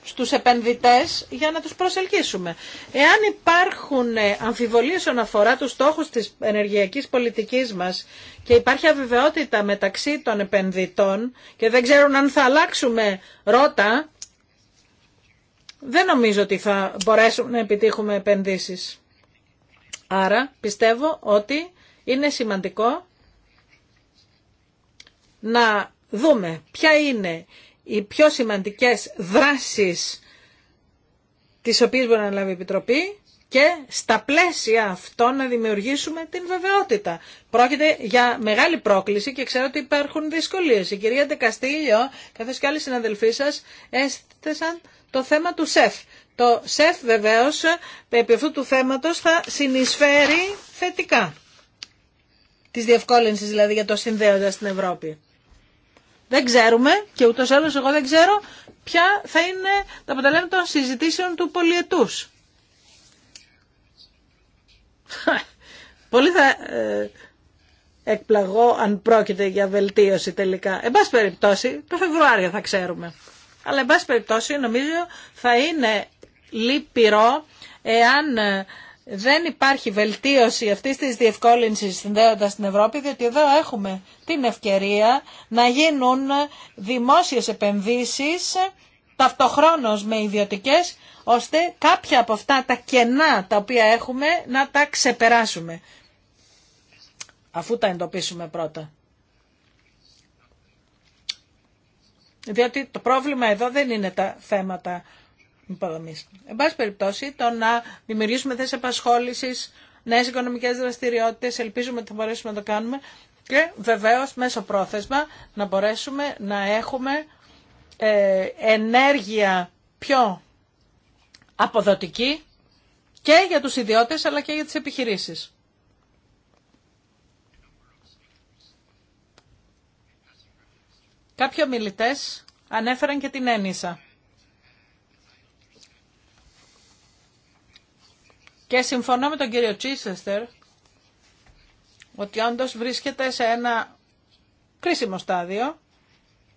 στους επενδυτές για να τους προσελκύσουμε. Εάν υπάρχουν ε, αμφιβολίες όσον αφορά τους στόχους της ενεργειακής πολιτικής μας και υπάρχει αβεβαιότητα μεταξύ των επενδυτών και δεν ξέρουν αν θα αλλάξουμε ρότα, δεν νομίζω ότι θα μπορέσουμε να επιτύχουμε επενδύσεις. Άρα πιστεύω ότι είναι σημαντικό να δούμε ποια είναι οι πιο σημαντικές δράσεις τις οποίες μπορεί να λάβει η Επιτροπή και στα πλαίσια αυτών να δημιουργήσουμε την βεβαιότητα. Πρόκειται για μεγάλη πρόκληση και ξέρω ότι υπάρχουν δυσκολίες. Η κυρία Ντεκαστήλιο, καθώς και άλλοι συναδελφοί σας, έστεσαν το θέμα του ΣΕΦ. Το ΣΕΦ βεβαίως, επί αυτού του θέματος, θα συνεισφέρει θετικά τις διευκόλυνσεις δηλαδή για το συνδέοντα στην Ευρώπη δεν ξέρουμε και ούτως άλλως εγώ δεν ξέρω ποια θα είναι τα αποτελέσματα των συζητήσεων του πολιετούς. Πολύ θα ε, εκπλαγώ αν πρόκειται για βελτίωση τελικά. Εν πάση περιπτώσει, το Φεβρουάριο θα ξέρουμε. Αλλά εν πάση περιπτώσει νομίζω θα είναι λυπηρό εάν ε, δεν υπάρχει βελτίωση αυτή τη διευκόλυνση συνδέοντα την Ευρώπη, διότι εδώ έχουμε την ευκαιρία να γίνουν δημόσιε επενδύσει ταυτοχρόνως με ιδιωτικές, ώστε κάποια από αυτά τα κενά τα οποία έχουμε να τα ξεπεράσουμε. Αφού τα εντοπίσουμε πρώτα. Διότι το πρόβλημα εδώ δεν είναι τα θέματα Εν πάση περιπτώσει, το να δημιουργήσουμε θέσει απασχόλησης, νέε οικονομικέ δραστηριότητες, ελπίζουμε ότι θα μπορέσουμε να το κάνουμε και βεβαίω μέσω πρόθεσμα να μπορέσουμε να έχουμε ε, ενέργεια πιο αποδοτική και για τους ιδιώτες αλλά και για τις επιχειρήσεις. Κάποιοι ομιλητές ανέφεραν και την ένισα. Και συμφωνώ με τον κύριο Τσίσεστερ ότι όντω βρίσκεται σε ένα κρίσιμο στάδιο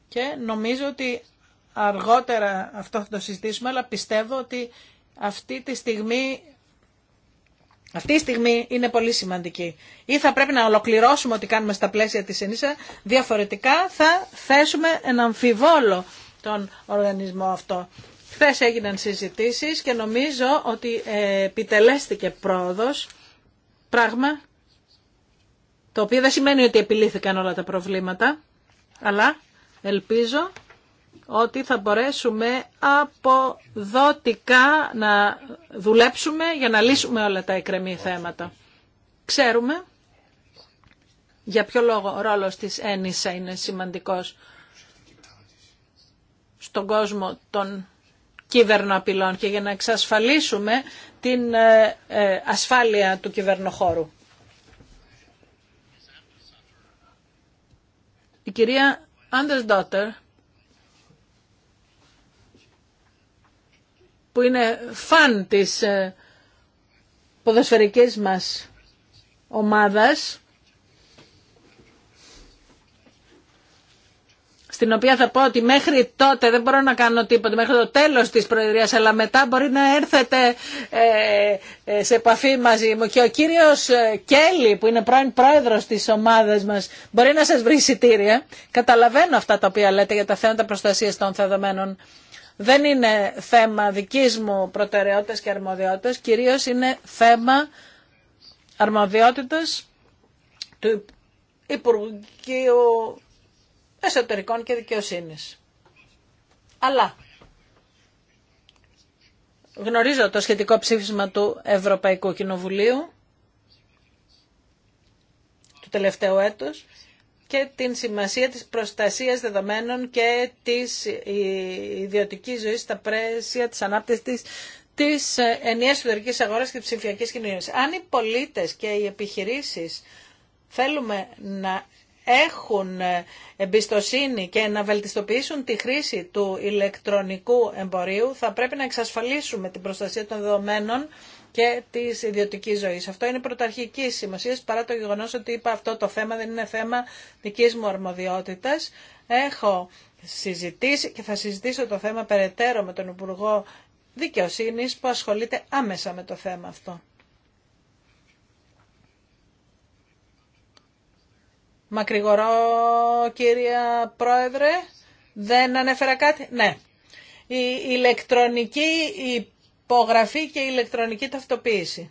και νομίζω ότι αργότερα αυτό θα το συζητήσουμε, αλλά πιστεύω ότι αυτή τη στιγμή αυτή η στιγμή είναι πολύ σημαντική. Ή θα πρέπει να ολοκληρώσουμε ό,τι κάνουμε στα πλαίσια της ΕΝΙΣΑ, διαφορετικά θα θέσουμε ένα αμφιβόλο τον οργανισμό αυτό. Χθε έγιναν συζητήσεις και νομίζω ότι επιτελέστηκε πρόοδος, πράγμα το οποίο δεν σημαίνει ότι επιλύθηκαν όλα τα προβλήματα, αλλά ελπίζω ότι θα μπορέσουμε αποδοτικά να δουλέψουμε για να λύσουμε όλα τα εκκρεμή θέματα. Ξέρουμε για ποιο λόγο ο ρόλος της ένισα είναι σημαντικός στον κόσμο των κυβερνοαπειλών και για να εξασφαλίσουμε την ε, ε, ασφάλεια του κυβερνοχώρου. Η κυρία Anders Ντότερ, που είναι φαν της ε, ποδοσφαιρικής μας ομάδας, στην οποία θα πω ότι μέχρι τότε δεν μπορώ να κάνω τίποτα, μέχρι το τέλος της Προεδρίας, αλλά μετά μπορεί να έρθετε ε, ε, σε επαφή μαζί μου. Και ο κύριος ε, Κέλλη, που είναι πρώην πρόεδρος της ομάδας μας, μπορεί να σας βρει εισιτήρια. Καταλαβαίνω αυτά τα οποία λέτε για τα θέματα προστασίας των δεδομένων. Δεν είναι θέμα δικής μου προτεραιότητας και αρμοδιότητας, κυρίως είναι θέμα αρμοδιότητας του Υπουργείου εσωτερικών και δικαιοσύνης. Αλλά γνωρίζω το σχετικό ψήφισμα του Ευρωπαϊκού Κοινοβουλίου του τελευταίου έτους και την σημασία της προστασίας δεδομένων και της ιδιωτικής ζωής στα πρέσια της ανάπτυξης της, της ε, ενιαίας εσωτερικής αγοράς και της ψηφιακής κοινωνίας. Αν οι πολίτες και οι επιχειρήσεις θέλουμε να έχουν εμπιστοσύνη και να βελτιστοποιήσουν τη χρήση του ηλεκτρονικού εμπορίου, θα πρέπει να εξασφαλίσουμε την προστασία των δεδομένων και τη ιδιωτική ζωή. Αυτό είναι πρωταρχική σημασία παρά το γεγονό ότι είπα αυτό το θέμα δεν είναι θέμα δική μου αρμοδιότητα. Έχω συζητήσει και θα συζητήσω το θέμα περαιτέρω με τον Υπουργό Δικαιοσύνη που ασχολείται άμεσα με το θέμα αυτό. Μακρηγορώ, κυρία Πρόεδρε. Δεν ανέφερα κάτι. Ναι. Η ηλεκτρονική υπογραφή και η ηλεκτρονική ταυτοποίηση.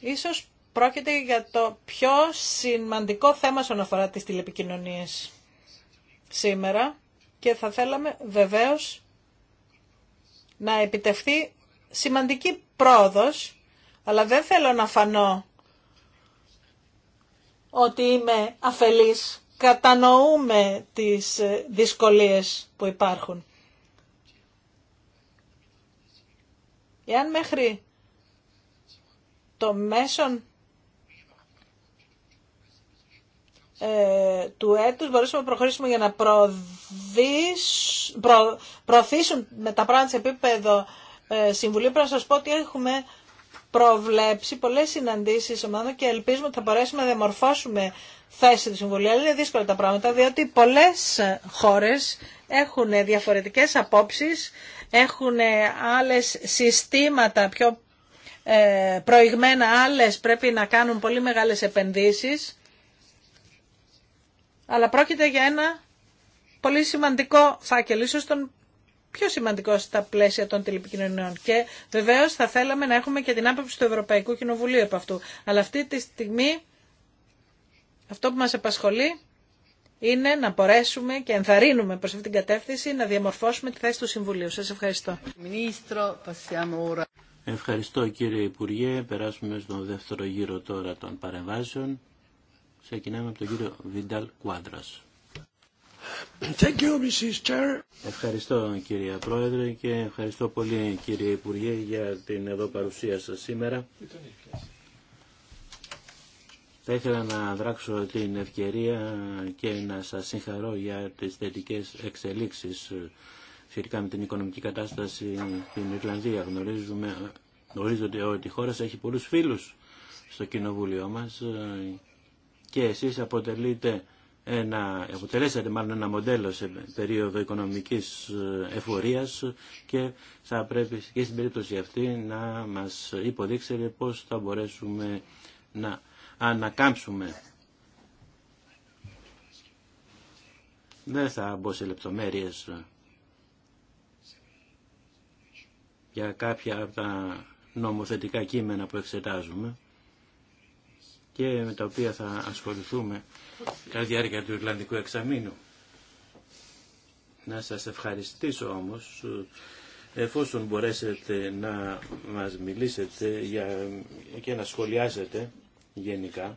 Ίσως πρόκειται για το πιο σημαντικό θέμα στον αφορά τις τηλεπικοινωνίες σήμερα και θα θέλαμε βεβαίως να επιτευχθεί σημαντική πρόοδος, αλλά δεν θέλω να φανώ ότι είμαι αφελής. Κατανοούμε τις ε, δυσκολίες που υπάρχουν. Εάν μέχρι το μέσον ε, του έτους μπορούσαμε να προχωρήσουμε για να προωθήσουν με τα πράγματα σε επίπεδο ε, Συμβουλίου. Πρέπει να σας πω ότι έχουμε προβλέψει πολλές συναντήσεις ομάδων και ελπίζουμε ότι θα μπορέσουμε να διαμορφώσουμε θέση του Συμβουλίου. Αλλά είναι δύσκολα τα πράγματα, διότι πολλές χώρες έχουν διαφορετικές απόψεις, έχουν άλλες συστήματα πιο ε, προηγμένα, άλλες πρέπει να κάνουν πολύ μεγάλες επενδύσεις. Αλλά πρόκειται για ένα πολύ σημαντικό φάκελο, τον πιο σημαντικό στα πλαίσια των τηλεπικοινωνιών. Και βεβαίω θα θέλαμε να έχουμε και την άποψη του Ευρωπαϊκού Κοινοβουλίου από αυτού. Αλλά αυτή τη στιγμή αυτό που μας απασχολεί είναι να μπορέσουμε και ενθαρρύνουμε προς αυτή την κατεύθυνση να διαμορφώσουμε τη θέση του Συμβουλίου. Σα ευχαριστώ. Ευχαριστώ κύριε Υπουργέ. Περάσουμε στον δεύτερο γύρο τώρα των παρεμβάσεων. Ξεκινάμε από τον κύριο Βιντάλ Κουάντρας. Ευχαριστώ κύριε Πρόεδρε και ευχαριστώ πολύ κύριε Υπουργέ για την εδώ παρουσία σας σήμερα. Θα ήθελα να δράξω την ευκαιρία και να σας συγχαρώ για τις θετικές εξελίξεις σχετικά με την οικονομική κατάσταση στην Ιρλανδία. Γνωρίζουμε, γνωρίζονται ότι η χώρα έχει πολλούς φίλους στο κοινοβούλιο μας και εσείς αποτελείτε ένα, αποτελέσατε μάλλον ένα μοντέλο σε περίοδο οικονομικής ε, εφορίας και θα πρέπει και στην περίπτωση αυτή να μας υποδείξετε πώς θα μπορέσουμε να ανακάμψουμε. Δεν θα μπω σε λεπτομέρειες για κάποια από τα νομοθετικά κείμενα που εξετάζουμε και με τα οποία θα ασχοληθούμε κατά τη διάρκεια του Ιρλανδικού εξαμήνου. Να σας ευχαριστήσω όμως εφόσον μπορέσετε να μας μιλήσετε για, και να σχολιάσετε γενικά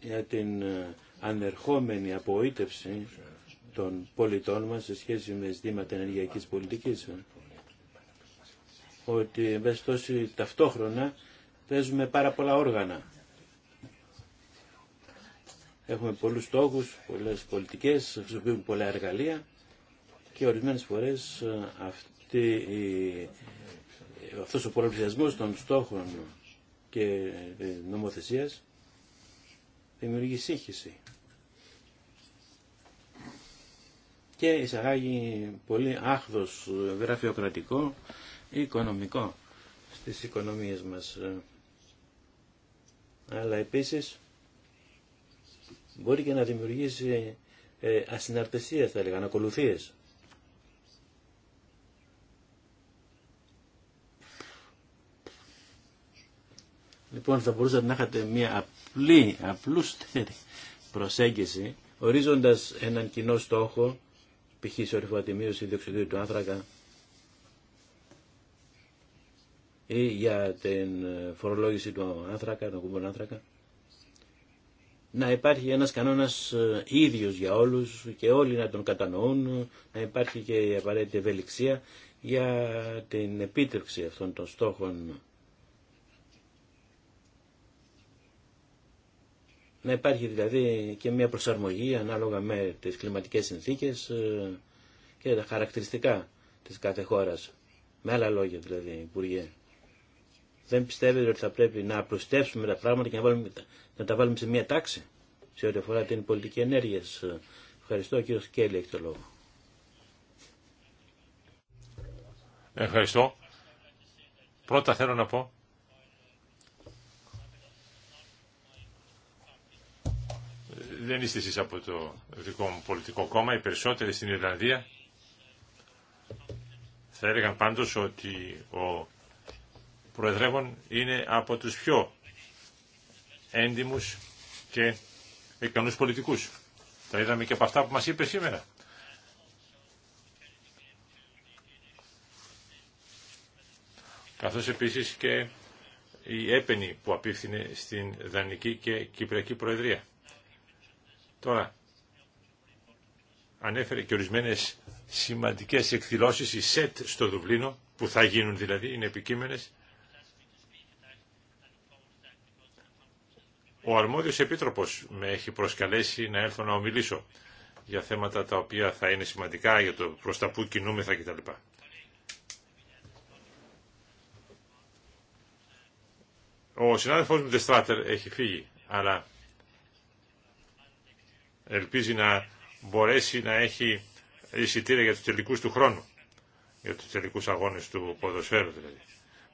για την ε, ανερχόμενη απογοήτευση των πολιτών μας σε σχέση με ζητήματα ενεργειακής πολιτικής ε. ότι εν ταυτόχρονα Παίζουμε πάρα πολλά όργανα. Έχουμε πολλούς στόχους, πολλές πολιτικές, χρησιμοποιούμε πολλά εργαλεία και ορισμένες φορές ε, αυτή αυτός ο πολλαπλησιασμός των στόχων και ε, νομοθεσίας δημιουργεί σύγχυση. Και εισαγάγει πολύ άχδος γραφειοκρατικό ή οικονομικό στις οικονομίες μας αλλά επίσης μπορεί και να δημιουργήσει ε, ασυναρτησία, θα έλεγα, ανακολουθίες. Λοιπόν, θα μπορούσατε να έχετε μια απλή, απλούστερη προσέγγιση, ορίζοντας έναν κοινό στόχο, π.χ. σε μείωση διοξιδίου του άνθρακα, ή για την φορολόγηση του άνθρακα, των κούμπων άνθρακα. Να υπάρχει ένας κανόνας ε, ίδιος για όλους και όλοι να τον κατανοούν, να υπάρχει και η απαραίτητη ευελιξία για την επίτευξη αυτών των στόχων. Να υπάρχει δηλαδή και μια προσαρμογή ανάλογα με τις κλιματικές συνθήκες ε, και τα χαρακτηριστικά της κάθε χώρας. Με άλλα λόγια δηλαδή, Υπουργέ δεν πιστεύετε ότι θα πρέπει να προστέψουμε τα πράγματα και να, βάλουμε, να τα βάλουμε σε μία τάξη σε ό,τι αφορά την πολιτική ενέργεια. Ευχαριστώ. Ο κύριος Κέλλη έχει το λόγο. Ευχαριστώ. Πρώτα θέλω να πω δεν είστε εσείς από το δικό μου πολιτικό κόμμα, οι περισσότεροι στην Ιρλανδία θα έλεγαν πάντως ότι ο προεδρεύων είναι από τους πιο έντιμους και ικανούς πολιτικούς. Τα είδαμε και από αυτά που μας είπε σήμερα. Καθώς επίσης και η έπαινη που απίφθινε στην Δανική και Κυπριακή Προεδρία. Τώρα, ανέφερε και ορισμένες σημαντικές εκδηλώσεις, η ΣΕΤ στο Δουβλίνο, που θα γίνουν δηλαδή, είναι επικείμενες, Ο αρμόδιος επίτροπος με έχει προσκαλέσει να έρθω να ομιλήσω για θέματα τα οποία θα είναι σημαντικά για το προς τα που κινούμεθα κτλ. Ο συνάδελφός μου Δεστράτερ έχει φύγει, αλλά ελπίζει να μπορέσει να έχει εισιτήρια για τους τελικούς του χρόνου, για τους τελικούς αγώνες του ποδοσφαίρου δηλαδή.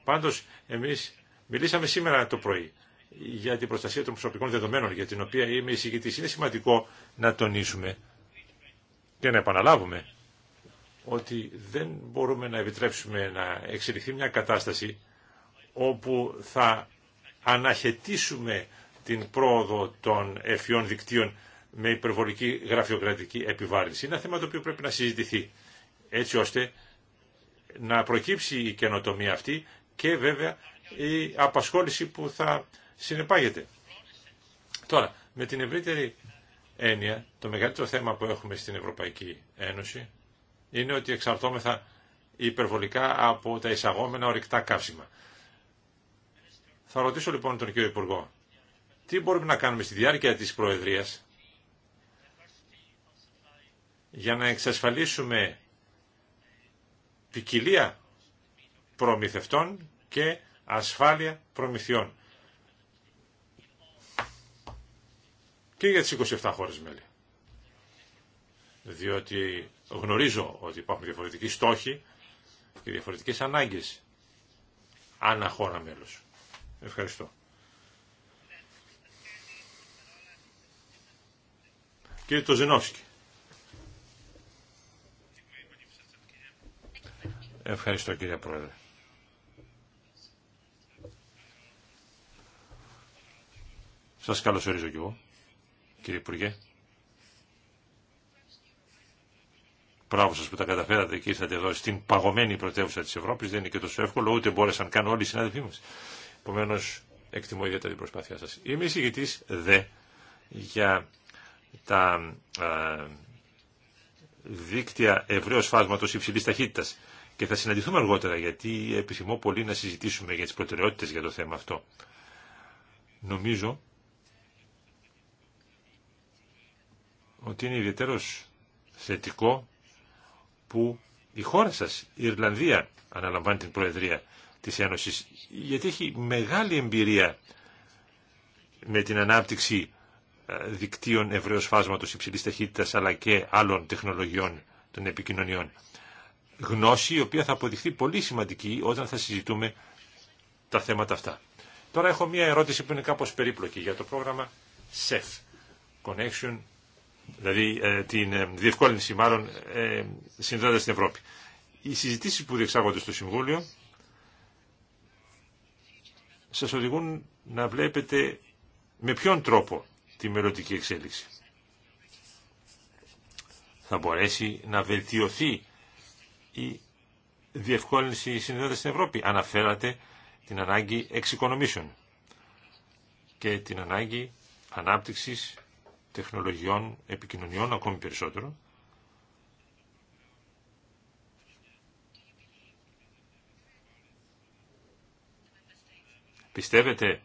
Πάντως, εμείς μιλήσαμε σήμερα το πρωί για την προστασία των προσωπικών δεδομένων, για την οποία είμαι εισηγητής. Είναι σημαντικό να τονίσουμε και να επαναλάβουμε ότι δεν μπορούμε να επιτρέψουμε να εξελιχθεί μια κατάσταση όπου θα αναχαιτήσουμε την πρόοδο των ευφυών δικτύων με υπερβολική γραφειοκρατική επιβάρυνση. Είναι ένα θέμα το οποίο πρέπει να συζητηθεί έτσι ώστε να προκύψει η καινοτομία αυτή και βέβαια η απασχόληση που θα συνεπάγεται. Τώρα, με την ευρύτερη έννοια, το μεγαλύτερο θέμα που έχουμε στην Ευρωπαϊκή Ένωση είναι ότι εξαρτώμεθα υπερβολικά από τα εισαγόμενα ορυκτά καύσιμα. Θα ρωτήσω λοιπόν τον κύριο Υπουργό, τι μπορούμε να κάνουμε στη διάρκεια της Προεδρίας για να εξασφαλίσουμε ποικιλία προμηθευτών και ασφάλεια προμηθειών. και για τις 27 χώρες μέλη. Διότι γνωρίζω ότι υπάρχουν διαφορετικοί στόχοι και διαφορετικές ανάγκες ανά χώρα μέλος. Ευχαριστώ. Κύριε Τοζενόφσκι. Ευχαριστώ κύριε Πρόεδρε. Σας καλωσορίζω κι εγώ κύριε Υπουργέ. Μπράβο σα που τα καταφέρατε και ήρθατε εδώ στην παγωμένη πρωτεύουσα τη Ευρώπη. Δεν είναι και τόσο εύκολο, ούτε μπόρεσαν καν όλοι οι συνάδελφοί μα. Επομένω, εκτιμώ ιδιαίτερα την προσπάθειά σα. Είμαι εισηγητή δε για τα α, ε, δίκτυα ευρέω φάσματο υψηλή ταχύτητα. Και θα συναντηθούμε αργότερα, γιατί επιθυμώ πολύ να συζητήσουμε για τι προτεραιότητε για το θέμα αυτό. Νομίζω ότι είναι ιδιαίτερο θετικό που η χώρα σας, η Ιρλανδία, αναλαμβάνει την Προεδρία της Ένωσης, γιατί έχει μεγάλη εμπειρία με την ανάπτυξη ε, δικτύων ευρέως φάσματος υψηλής ταχύτητας, αλλά και άλλων τεχνολογιών των επικοινωνιών. Γνώση η οποία θα αποδειχθεί πολύ σημαντική όταν θα συζητούμε τα θέματα αυτά. Τώρα έχω μια ερώτηση που είναι κάπως περίπλοκη για το πρόγραμμα SEF, Connection δηλαδή ε, την ε, διευκόλυνση μάλλον ε, συνδέοντας την Ευρώπη. Οι συζητήσεις που διεξάγονται στο Συμβούλιο σας οδηγούν να βλέπετε με ποιον τρόπο τη μελλοντική εξέλιξη. Θα μπορέσει να βελτιωθεί η διευκόλυνση συνδέοντας στην Ευρώπη. Αναφέρατε την ανάγκη εξοικονομήσεων και την ανάγκη ανάπτυξης τεχνολογιών επικοινωνιών ακόμη περισσότερο. Πιστεύετε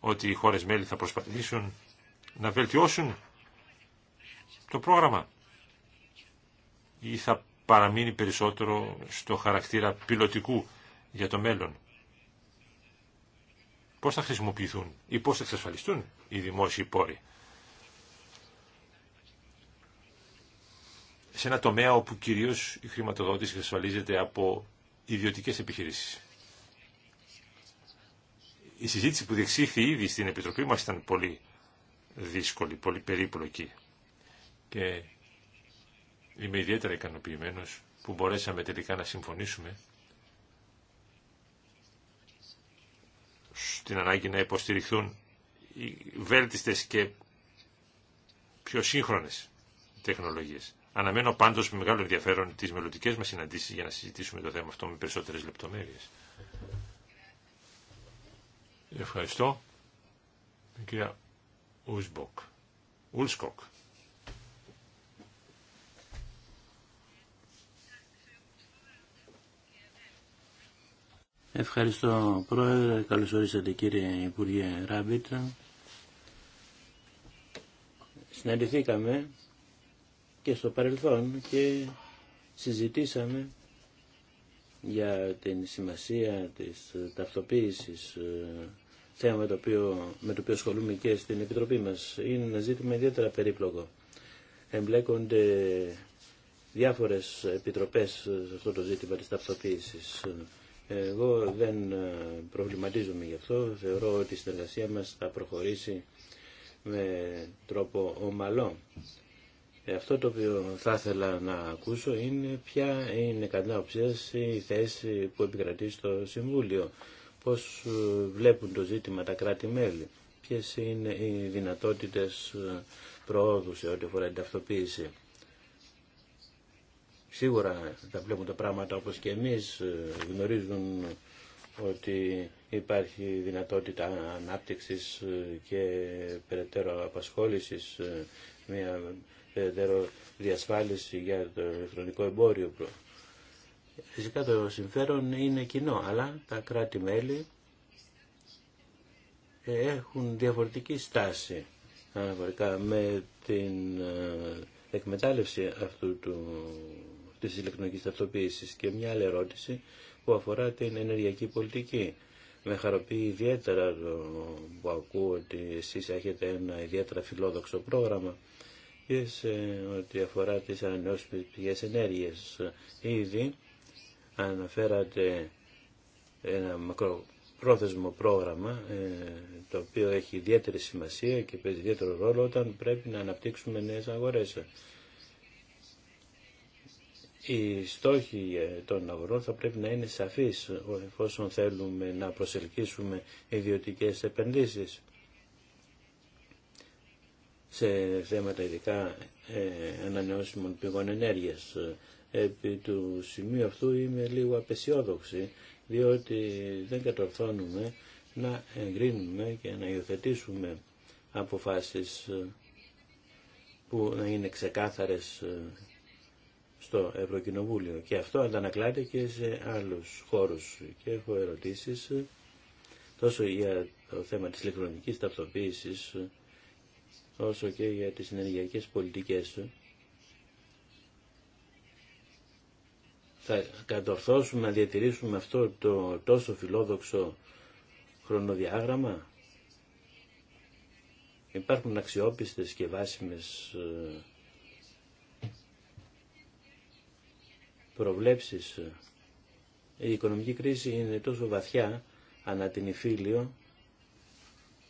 ότι οι χώρες μέλη θα προσπαθήσουν να βελτιώσουν το πρόγραμμα ή θα παραμείνει περισσότερο στο χαρακτήρα πιλωτικού για το μέλλον. Πώς θα χρησιμοποιηθούν ή πώς θα εξασφαλιστούν οι δημόσιοι πόροι. σε ένα τομέα όπου κυρίως η χρηματοδότηση εξασφαλίζεται από ιδιωτικές επιχειρήσεις. Η συζήτηση που διεξήχθη ήδη στην Επιτροπή μας ήταν πολύ δύσκολη, πολύ περίπλοκη και είμαι ιδιαίτερα ικανοποιημένο που μπορέσαμε τελικά να συμφωνήσουμε στην ανάγκη να υποστηριχθούν οι βέλτιστες και πιο σύγχρονες τεχνολογίες. Αναμένω πάντως με μεγάλο ενδιαφέρον τις μελλοντικέ μας συναντήσεις για να συζητήσουμε το θέμα αυτό με περισσότερες λεπτομέρειες. Ευχαριστώ. κυρία Ουσμποκ. Ουλσκοκ. Ευχαριστώ Πρόεδρε, καλώς ορίσατε κύριε Υπουργέ Ράμπιτ. Συναντηθήκαμε και στο παρελθόν και συζητήσαμε για την σημασία της ταυτοποίησης ε, θέμα με το οποίο, με το οποίο ασχολούμαι και στην Επιτροπή μας. Είναι ένα ζήτημα ιδιαίτερα περίπλοκο. Εμπλέκονται διάφορες επιτροπές σε αυτό το ζήτημα της ταυτοποίησης. Εγώ δεν ε, προβληματίζομαι γι' αυτό. Θεωρώ ότι η συνεργασία μας θα προχωρήσει με τρόπο ομαλό. Αυτό το οποίο θα ήθελα να ακούσω είναι ποια είναι κατά η θέση που επικρατεί στο Συμβούλιο. Πώς ε, βλέπουν το ζήτημα τα κράτη-μέλη. Ποιες είναι οι δυνατότητες ε, προόδου σε ό,τι αφορά την ταυτοποίηση. Σίγουρα τα βλέπουν τα πράγματα όπως και εμείς ε, γνωρίζουν ότι υπάρχει δυνατότητα ανάπτυξης και περαιτέρω απασχόλησης μια περαιτέρω διασφάλιση για το ηλεκτρονικό εμπόριο. Φυσικά το συμφέρον είναι κοινό, αλλά τα κράτη-μέλη έχουν διαφορετική στάση με την ε, εκμετάλλευση αυτού του, της ηλεκτρονικής ταυτοποίησης. Και μια άλλη ερώτηση που αφορά την ενεργειακή πολιτική. Με χαροποιεί ιδιαίτερα που ακούω ότι εσείς έχετε ένα ιδιαίτερα φιλόδοξο πρόγραμμα και σε ό,τι αφορά τις ανανεώσιμες πηγές ενέργειας. Ήδη αναφέρατε ένα μακροπρόθεσμο πρόγραμμα ε, το οποίο έχει ιδιαίτερη σημασία και παίζει ιδιαίτερο ρόλο όταν πρέπει να αναπτύξουμε νέες αγορές. Οι στόχοι των αγορών θα πρέπει να είναι σαφείς εφόσον θέλουμε να προσελκύσουμε ιδιωτικές επενδύσεις σε θέματα ειδικά ε, ανανεώσιμων πηγών ενέργειας. Επί του σημείου αυτού είμαι λίγο απεσιόδοξη, διότι δεν κατορθώνουμε να εγκρίνουμε και να υιοθετήσουμε αποφάσεις ε, που να είναι ξεκάθαρες ε, στο Ευρωκοινοβούλιο. Και αυτό αντανακλάται και σε άλλους χώρους. Και έχω ερωτήσεις τόσο για το θέμα της ηλεκτρονικής ταυτοποίησης όσο και για τις ενεργειακές πολιτικές του. Θα κατορθώσουμε να διατηρήσουμε αυτό το τόσο φιλόδοξο χρονοδιάγραμμα. Υπάρχουν αξιόπιστες και βάσιμες ε, προβλέψεις. Η οικονομική κρίση είναι τόσο βαθιά ανά την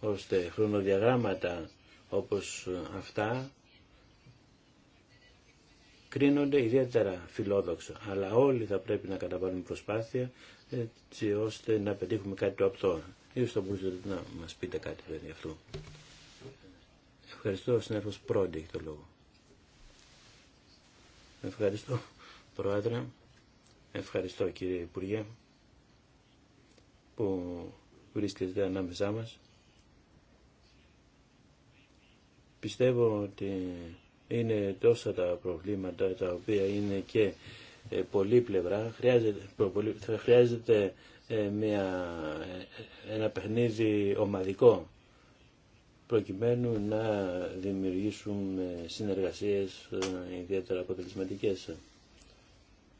ώστε χρονοδιαγράμματα όπως ε, αυτά κρίνονται ιδιαίτερα φιλόδοξο. Αλλά όλοι θα πρέπει να καταβάλουμε προσπάθεια έτσι ώστε να πετύχουμε κάτι το απτό. Ίσως θα να μας πείτε κάτι περί αυτό. Ευχαριστώ, ο πρώτη έχει το λόγο. Ευχαριστώ, Πρόεδρε. Ευχαριστώ, κύριε Υπουργέ, που βρίσκεστε ανάμεσά μας. Πιστεύω ότι είναι τόσα τα προβλήματα τα οποία είναι και ε, πολύπλευρα. πλευρά χρειάζεται ε, μια, ε, ένα παιχνίδι ομαδικό προκειμένου να δημιουργήσουν συνεργασίες ιδιαίτερα αποτελεσματικές.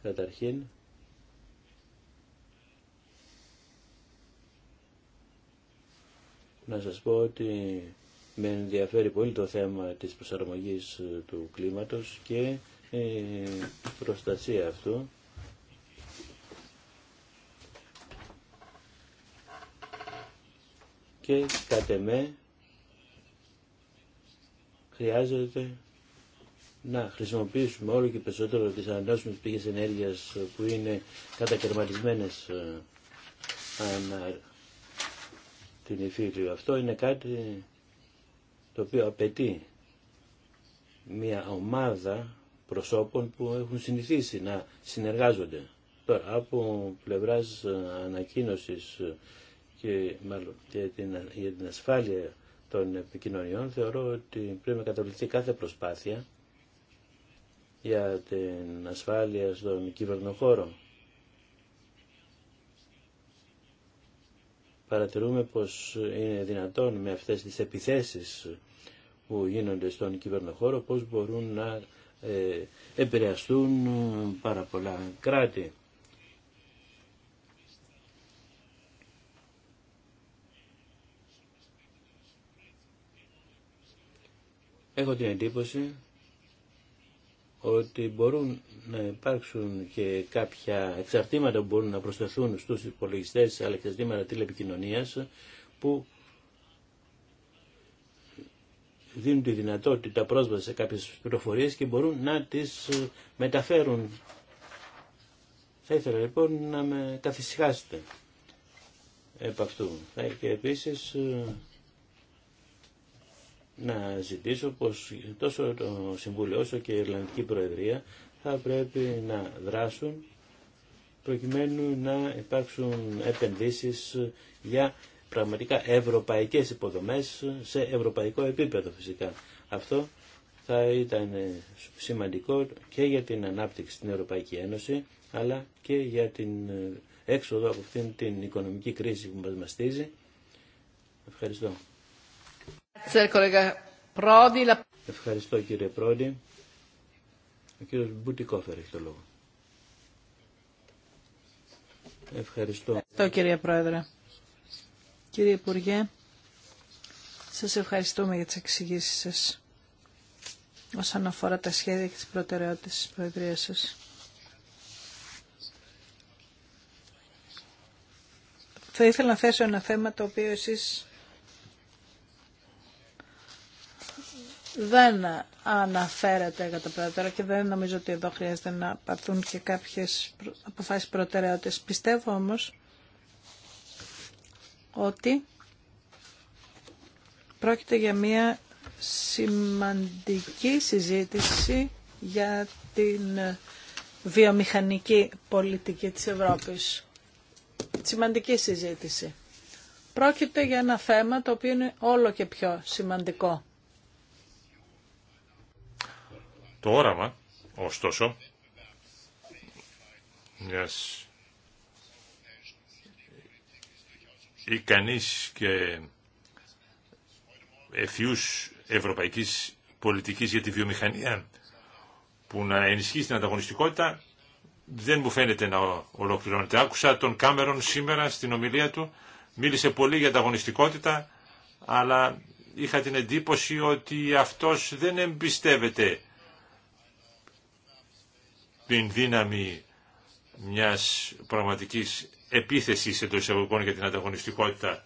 Καταρχήν, να σας πω ότι με ενδιαφέρει πολύ το θέμα της προσαρμογής ε, του κλίματος και ε, η προστασία αυτού. Και κατ' εμέ χρειάζεται να χρησιμοποιήσουμε όλο και περισσότερο τις ανανεώσιμες πηγές ενέργειας που είναι κατακαιρματισμένες ε, αν την υφήλιο. Αυτό είναι κάτι το οποίο απαιτεί μια ομάδα προσώπων που έχουν συνηθίσει να συνεργάζονται. Τώρα, από πλευράς ε, ανακοίνωσης ε, και, την, για την ασφάλεια των επικοινωνιών, θεωρώ ότι πρέπει να καταβληθεί κάθε προσπάθεια για την ασφάλεια στον κυβερνοχώρο. παρατηρούμε πως είναι δυνατόν με αυτές τις επιθέσεις που γίνονται στον κυβερνοχώρο πως μπορούν να ε, επηρεαστούν πάρα πολλά κράτη. Έχω την εντύπωση ότι μπορούν να υπάρξουν και κάποια εξαρτήματα που μπορούν να προσθεθούν στους υπολογιστές αλλά και τηλεπικοινωνίας που δίνουν τη δυνατότητα πρόσβαση σε κάποιες πληροφορίες και μπορούν να τις ε, μεταφέρουν. Θα ήθελα λοιπόν να με καθησυχάσετε επ' αυτού. Ε, και επίσης ε, να ζητήσω πως τόσο το Συμβούλιο όσο και η Ιρλανδική Προεδρία θα πρέπει να δράσουν προκειμένου να υπάρξουν επενδύσεις για πραγματικά ευρωπαϊκές υποδομές σε ευρωπαϊκό επίπεδο φυσικά. Αυτό θα ήταν σημαντικό και για την ανάπτυξη στην Ευρωπαϊκή Ένωση αλλά και για την έξοδο από αυτήν την οικονομική κρίση που μας μαστίζει. Ευχαριστώ. Ευχαριστώ κύριε Πρόντι. Ο κύριος Μπουτικόφερ έχει το λόγο. Ευχαριστώ. Ευχαριστώ κύριε Πρόεδρε. Κύριε Υπουργέ, Σα ευχαριστούμε για τι εξηγήσεις σας όσον αφορά τα σχέδια και τι προτεραιότητε τη Προεδρίας σας. Θα ήθελα να θέσω ένα θέμα το οποίο εσείς δεν αναφέρεται κατά προτερά και δεν νομίζω ότι εδώ χρειάζεται να πάρθουν και κάποιες αποφάσεις προτεραιότητες. Πιστεύω όμως ότι πρόκειται για μια σημαντική συζήτηση για την βιομηχανική πολιτική της Ευρώπης. Σημαντική συζήτηση. Πρόκειται για ένα θέμα το οποίο είναι όλο και πιο σημαντικό. Το όραμα, ωστόσο, μιας ικανής και ευθύους ευρωπαϊκής πολιτικής για τη βιομηχανία που να ενισχύσει την ανταγωνιστικότητα δεν μου φαίνεται να ολοκληρώνεται. Άκουσα τον Κάμερον σήμερα στην ομιλία του, μίλησε πολύ για ανταγωνιστικότητα, αλλά είχα την εντύπωση ότι αυτός δεν εμπιστεύεται την δύναμη μιας πραγματικής επίθεσης εντό εισαγωγικών για την ανταγωνιστικότητα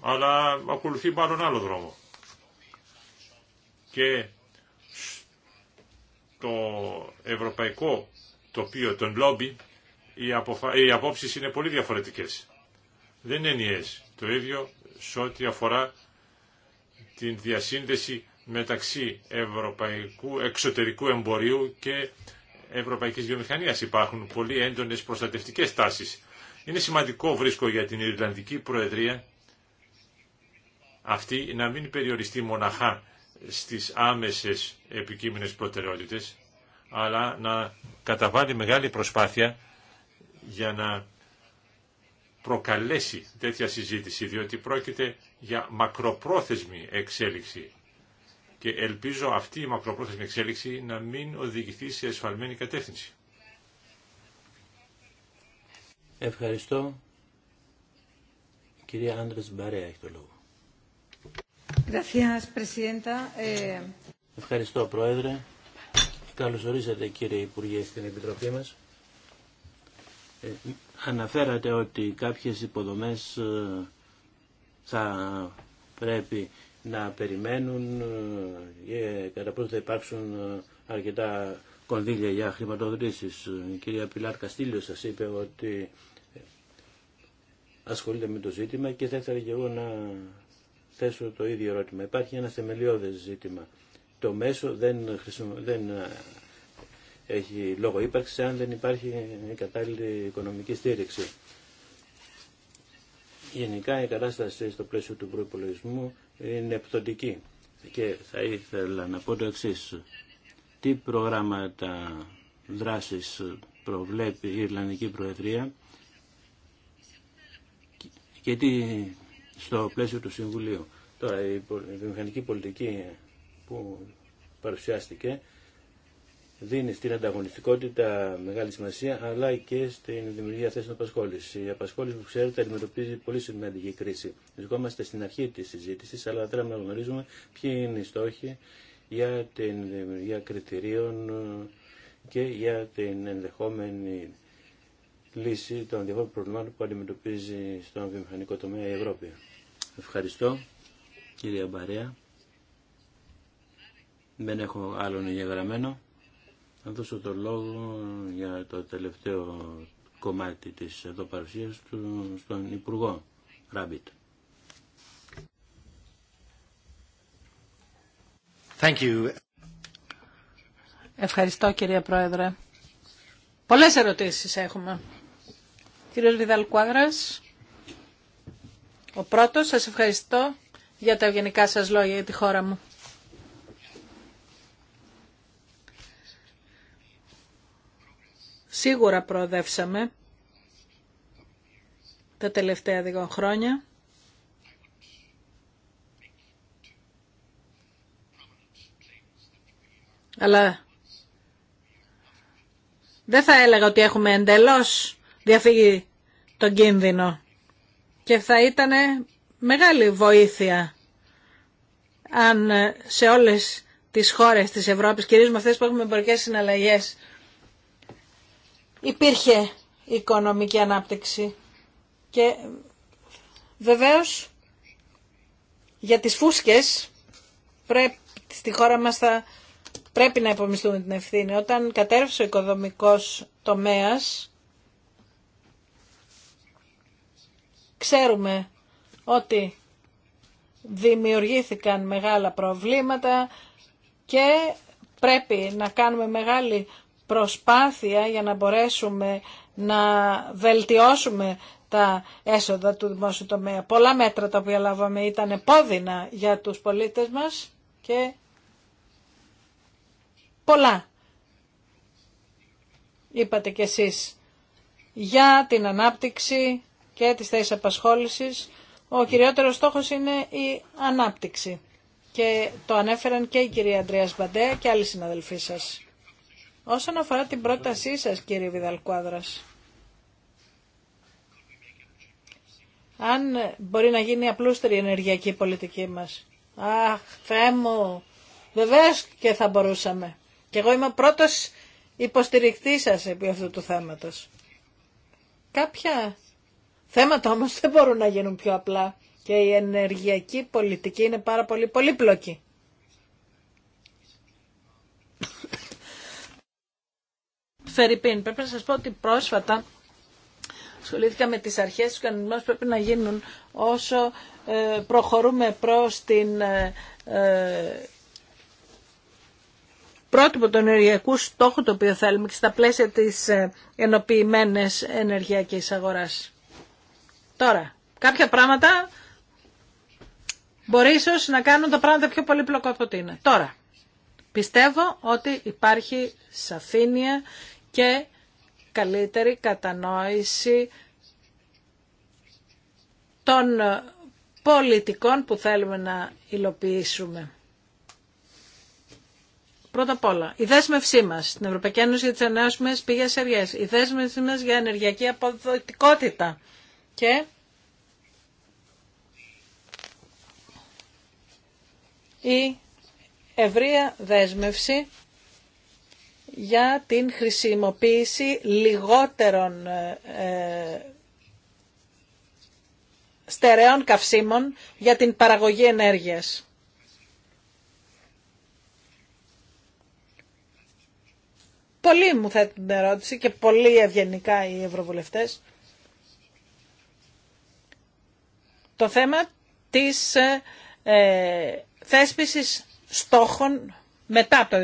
αλλά ακολουθεί μάλλον άλλο δρόμο. Και το ευρωπαϊκό τοπίο των λόμπι οι, αποφα... οι απόψεις είναι πολύ διαφορετικές. Δεν είναι ενιαίες. Το ίδιο σε ό,τι αφορά την διασύνδεση μεταξύ ευρωπαϊκού εξωτερικού εμπορίου και ευρωπαϊκής βιομηχανίας. Υπάρχουν πολύ έντονες προστατευτικές τάσεις. Είναι σημαντικό, βρίσκω, για την Ιρλανδική Προεδρία αυτή να μην περιοριστεί μοναχά στις άμεσες επικείμενες προτεραιότητες, αλλά να καταβάλει μεγάλη προσπάθεια για να προκαλέσει τέτοια συζήτηση, διότι πρόκειται για μακροπρόθεσμη εξέλιξη. Και ελπίζω αυτή η μακροπρόθεσμη εξέλιξη να μην οδηγηθεί σε εσφαλμένη κατεύθυνση. Ευχαριστώ. Κυρία Άντρες Μπαρέα έχει το λόγο. Ε, Ευχαριστώ Πρόεδρε. Καλώς ορίσατε κύριε Υπουργέ στην Επιτροπή μας. Ε, αναφέρατε ότι κάποιες υποδομές ε, θα πρέπει να περιμένουν και ε, κατά πόσο θα υπάρξουν αρκετά κονδύλια για χρηματοδοτήσεις. Η κυρία Πιλάρ Καστήλιο σας είπε ότι ασχολείται με το ζήτημα και θα ήθελα και εγώ να θέσω το ίδιο ερώτημα. Υπάρχει ένα θεμελιώδες ζήτημα. Το μέσο δεν, χρησιμο... δεν έχει λόγο ύπαρξη αν δεν υπάρχει κατάλληλη οικονομική στήριξη. Γενικά η κατάσταση στο πλαίσιο του προϋπολογισμού είναι πτωτική και θα ήθελα να πω το εξή. Τι προγράμματα δράσης προβλέπει η Ιρλανδική Προεδρία και τι στο πλαίσιο του Συμβουλίου. Τώρα η βιομηχανική πολιτική που παρουσιάστηκε δίνει στην ανταγωνιστικότητα μεγάλη σημασία, αλλά και στην δημιουργία θέσεων απασχόληση. Η απασχόληση που ξέρετε αντιμετωπίζει πολύ σημαντική κρίση. Βρισκόμαστε στην αρχή τη συζήτηση, αλλά θέλαμε να γνωρίζουμε ποιοι είναι οι στόχοι για την δημιουργία κριτηρίων και για την ενδεχόμενη λύση των διαφόρων προβλημάτων που αντιμετωπίζει στον βιομηχανικό τομέα η Ευρώπη. Ευχαριστώ, κύριε Μπαρέα. Δεν έχω άλλον εγγεγραμμένο. Να δώσω το λόγο για το τελευταίο κομμάτι της εδώ παρουσίας του στον Υπουργό Ράμπιτ. Ευχαριστώ κυρία Πρόεδρε. Πολλές ερωτήσεις έχουμε. Κύριος Βιδάλ ο πρώτος, σας ευχαριστώ για τα ευγενικά σας λόγια για τη χώρα μου. σίγουρα προοδεύσαμε τα τελευταία δύο χρόνια. Αλλά δεν θα έλεγα ότι έχουμε εντελώς διαφύγει τον κίνδυνο και θα ήταν μεγάλη βοήθεια αν σε όλες τις χώρες της Ευρώπης, κυρίως με αυτές που έχουμε εμπορικές συναλλαγές υπήρχε οικονομική ανάπτυξη. Και βεβαίως για τις φούσκες πρέπει, στη χώρα μας θα πρέπει να υπομισθούμε την ευθύνη. Όταν κατέρευσε ο οικοδομικός τομέας, ξέρουμε ότι δημιουργήθηκαν μεγάλα προβλήματα και πρέπει να κάνουμε μεγάλη προσπάθεια για να μπορέσουμε να βελτιώσουμε τα έσοδα του δημόσιου τομέα. Πολλά μέτρα τα οποία λάβαμε ήταν επώδυνα για τους πολίτες μας και πολλά είπατε κι εσείς για την ανάπτυξη και τις θέσεις απασχόλησης. Ο κυριότερος στόχος είναι η ανάπτυξη και το ανέφεραν και η κυρία Αντρέας Μπαντέα και άλλοι συναδελφοί σας. Όσον αφορά την πρότασή σας, κύριε Βιδαλκουάδρας, αν μπορεί να γίνει απλούστερη η ενεργειακή πολιτική μας. Αχ, Θεέ μου, βεβαίως και θα μπορούσαμε. Και εγώ είμαι πρώτος υποστηρικτής σας επί αυτού του θέματος. Κάποια θέματα όμως δεν μπορούν να γίνουν πιο απλά και η ενεργειακή πολιτική είναι πάρα πολύ πολύπλοκη. Φερρυπίν, πρέπει να σας πω ότι πρόσφατα ασχολήθηκα με τις αρχές του κανονισμού που πρέπει να γίνουν όσο ε, προχωρούμε προς την ε, ε, πρότυπο των ενεργειακού στόχου το οποίο θέλουμε και στα πλαίσια της ενοποιημένης ενεργειακής αγοράς. Τώρα, κάποια πράγματα μπορεί ίσω να κάνουν τα πράγματα πιο πολύπλοκο από ότι είναι. Τώρα, πιστεύω ότι υπάρχει σαφήνεια και καλύτερη κατανόηση των πολιτικών που θέλουμε να υλοποιήσουμε. Πρώτα απ' όλα, η δέσμευσή μα στην Ευρωπαϊκή Ένωση για τι Ανανεώσιμε Πηγέ Ενέργεια, η δέσμευσή μα για ενεργειακή αποδοτικότητα και η ευρεία δέσμευση για την χρησιμοποίηση λιγότερων ε, ε, στερεών καυσίμων για την παραγωγή ενέργειας. Πολλοί μου θέτουν την ερώτηση και πολύ ευγενικά οι ευρωβουλευτές. Το θέμα της ε, ε θέσπισης στόχων μετά το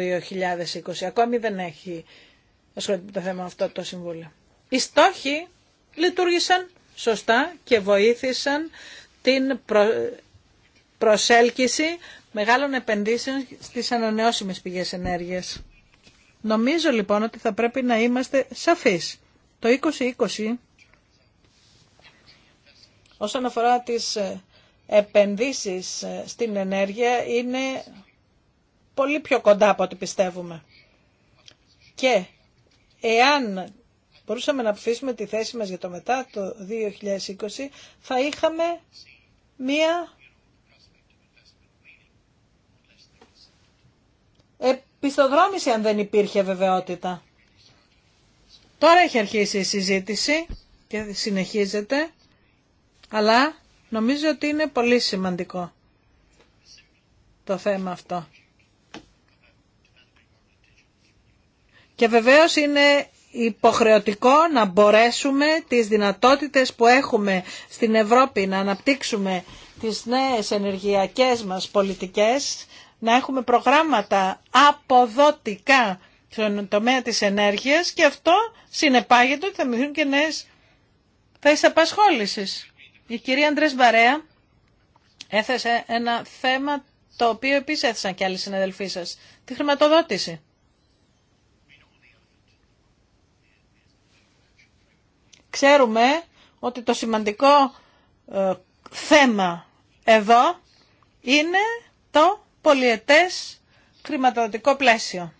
2020. Ακόμη δεν έχει ασχοληθεί το θέμα αυτό το Συμβούλιο. Οι στόχοι λειτουργήσαν σωστά και βοήθησαν την προσέλκυση μεγάλων επενδύσεων στις ανανεώσιμες πηγές ενέργειας. Νομίζω λοιπόν ότι θα πρέπει να είμαστε σαφείς. Το 2020 όσον αφορά τις ε, επενδύσεις ε, στην ενέργεια είναι πολύ πιο κοντά από ό,τι πιστεύουμε. Και εάν μπορούσαμε να αφήσουμε τη θέση μας για το μετά, το 2020, θα είχαμε μία επιστοδρόμηση αν δεν υπήρχε βεβαιότητα. Τώρα έχει αρχίσει η συζήτηση και συνεχίζεται, αλλά νομίζω ότι είναι πολύ σημαντικό το θέμα αυτό. Και βεβαίως είναι υποχρεωτικό να μπορέσουμε τις δυνατότητες που έχουμε στην Ευρώπη να αναπτύξουμε τις νέες ενεργειακές μας πολιτικές, να έχουμε προγράμματα αποδοτικά στον τομέα της ενέργειας και αυτό συνεπάγεται ότι θα μειωθούν και νέες θέσεις απασχόλησης. Η κυρία Αντρέ Μπαρέα έθεσε ένα θέμα το οποίο επίσης έθεσαν και άλλοι συναδελφοί σας, τη χρηματοδότηση. Ξέρουμε ότι το σημαντικό ε, θέμα εδώ είναι το πολιετές χρηματοδοτικό πλαίσιο.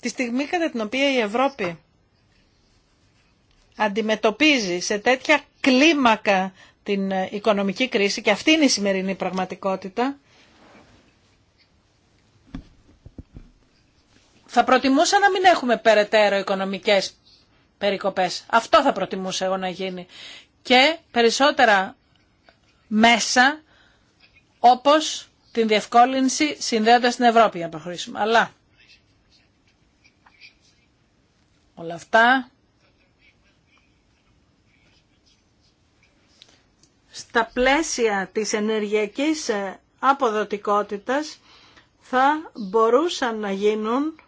Τη στιγμή κατά την οποία η Ευρώπη αντιμετωπίζει σε τέτοια κλίμακα την ε, οικονομική κρίση και αυτή είναι η σημερινή πραγματικότητα, Θα προτιμούσα να μην έχουμε περαιτέρω οικονομικές περικοπές. Αυτό θα προτιμούσα εγώ να γίνει. Και περισσότερα μέσα όπως την διευκόλυνση συνδέοντας την Ευρώπη για να προχωρήσουμε. Αλλά όλα αυτά στα πλαίσια της ενεργειακής αποδοτικότητας θα μπορούσαν να γίνουν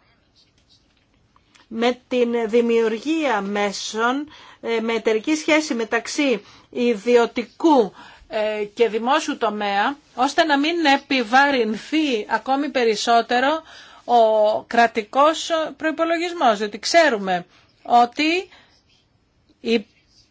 με την δημιουργία μέσων, ε, με εταιρική σχέση μεταξύ ιδιωτικού ε, και δημόσιου τομέα, ώστε να μην επιβαρυνθεί ακόμη περισσότερο ο κρατικός προϋπολογισμός, διότι ξέρουμε ότι η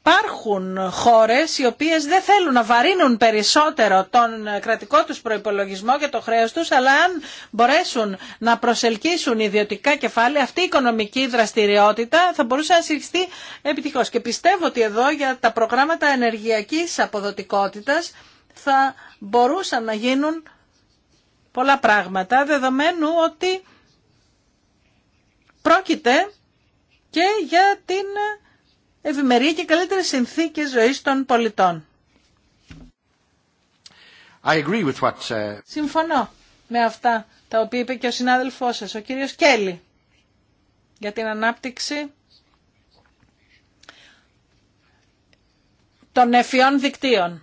υπάρχουν χώρες οι οποίες δεν θέλουν να βαρύνουν περισσότερο τον κρατικό τους προϋπολογισμό και το χρέος τους, αλλά αν μπορέσουν να προσελκύσουν ιδιωτικά κεφάλαια, αυτή η οικονομική δραστηριότητα θα μπορούσε να συγχυστεί επιτυχώς. Και πιστεύω ότι εδώ για τα προγράμματα ενεργειακής αποδοτικότητας θα μπορούσαν να γίνουν πολλά πράγματα, δεδομένου ότι πρόκειται και για την ευημερία και καλύτερες συνθήκες ζωή των πολιτών. Uh, Συμφωνώ με αυτά τα οποία είπε και ο συνάδελφός σας, ο κύριος Κέλλη, για την ανάπτυξη των εφιών δικτύων.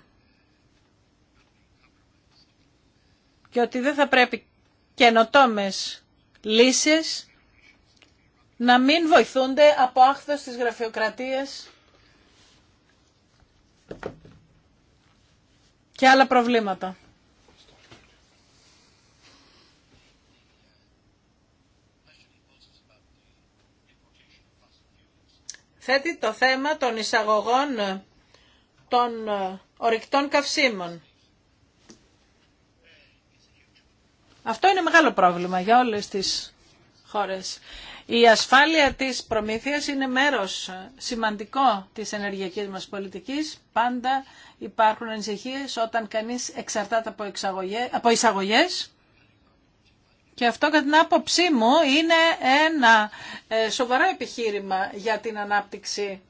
Και ότι δεν θα πρέπει καινοτόμες λύσεις να μην βοηθούνται από άχθος της γραφειοκρατίας και άλλα προβλήματα. Θέτει το θέμα των εισαγωγών των ε, ορυκτών καυσίμων. Αυτό είναι μεγάλο πρόβλημα για όλες τις χώρες. Η ασφάλεια της προμήθειας είναι μέρος σημαντικό της ενεργειακής μας πολιτικής. Πάντα υπάρχουν ανησυχίες όταν κανείς εξαρτάται από, εξαγωγέ, εισαγωγές. Και αυτό κατά την άποψή μου είναι ένα ε, σοβαρό επιχείρημα για την ανάπτυξη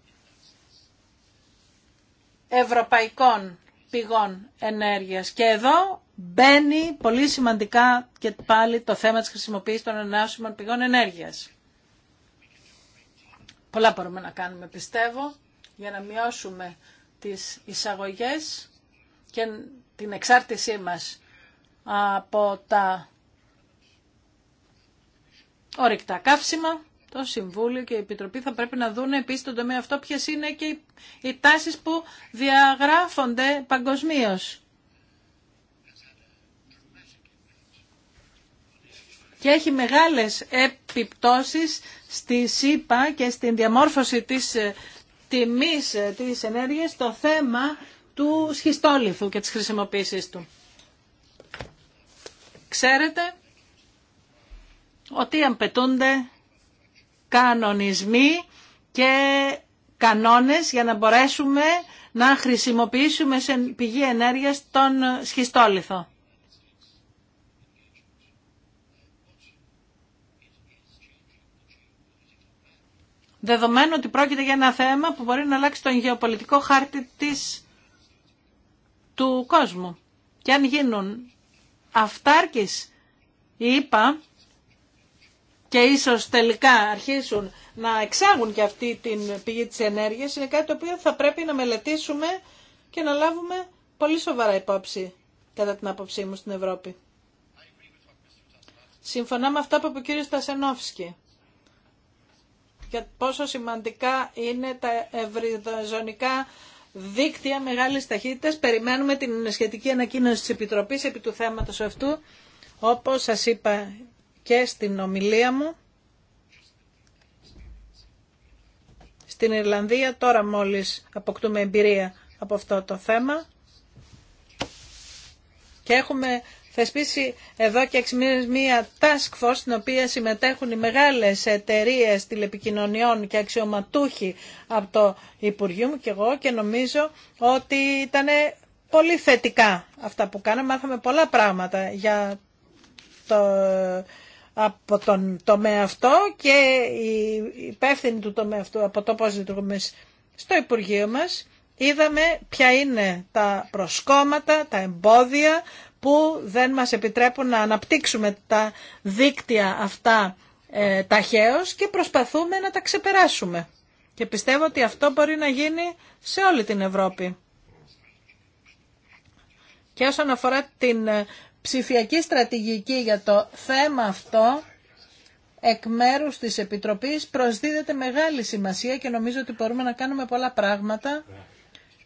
ευρωπαϊκών πηγών ενέργειας. Και εδώ μπαίνει πολύ σημαντικά και πάλι το θέμα της χρησιμοποίησης των πηγών ενέργειας πολλά μπορούμε να κάνουμε πιστεύω για να μειώσουμε τις εισαγωγές και την εξάρτησή μας από τα ορυκτά καύσιμα. Το Συμβούλιο και η Επιτροπή θα πρέπει να δουν επίσης τον τομέα αυτό ποιες είναι και οι τάσεις που διαγράφονται παγκοσμίως. και έχει μεγάλες επιπτώσεις στη ΣΥΠΑ και στην διαμόρφωση της ε, τιμής ε, της ενέργειας το θέμα του σχιστόλιθου και της χρησιμοποίησης του. Ξέρετε ότι απαιτούνται κανονισμοί και κανόνες για να μπορέσουμε να χρησιμοποιήσουμε σε πηγή ενέργειας τον σχιστόλιθο. δεδομένου ότι πρόκειται για ένα θέμα που μπορεί να αλλάξει τον γεωπολιτικό χάρτη της, του κόσμου. Και αν γίνουν αυτάρκης, είπα, και ίσως τελικά αρχίσουν να εξάγουν και αυτή την πηγή της ενέργειας, είναι κάτι το οποίο θα πρέπει να μελετήσουμε και να λάβουμε πολύ σοβαρά υπόψη, κατά την άποψή μου, στην Ευρώπη. Συμφωνώ με αυτά που είπε ο κ. Τασενόφσκι για πόσο σημαντικά είναι τα ευρυδοζωνικά δίκτυα μεγάλης ταχύτητας. Περιμένουμε την σχετική ανακοίνωση της Επιτροπής επί του θέματος αυτού. Όπως σας είπα και στην ομιλία μου, στην Ιρλανδία τώρα μόλις αποκτούμε εμπειρία από αυτό το θέμα και έχουμε θεσπίσει εδώ και έξι μήνες μία task force στην οποία συμμετέχουν οι μεγάλες εταιρείε τηλεπικοινωνιών και αξιωματούχοι από το Υπουργείο μου και εγώ και νομίζω ότι ήταν πολύ θετικά αυτά που κάναμε. Μάθαμε πολλά πράγματα για το, από τον τομέα αυτό και η υπεύθυνη του τομέα αυτού από το πώς λειτουργούμε στο Υπουργείο μας. Είδαμε ποια είναι τα προσκόμματα, τα εμπόδια, που δεν μας επιτρέπουν να αναπτύξουμε τα δίκτυα αυτά ε, ταχαίως και προσπαθούμε να τα ξεπεράσουμε. Και πιστεύω ότι αυτό μπορεί να γίνει σε όλη την Ευρώπη. Και όσον αφορά την ε, ψηφιακή στρατηγική για το θέμα αυτό, εκ μέρου της Επιτροπής προσδίδεται μεγάλη σημασία και νομίζω ότι μπορούμε να κάνουμε πολλά πράγματα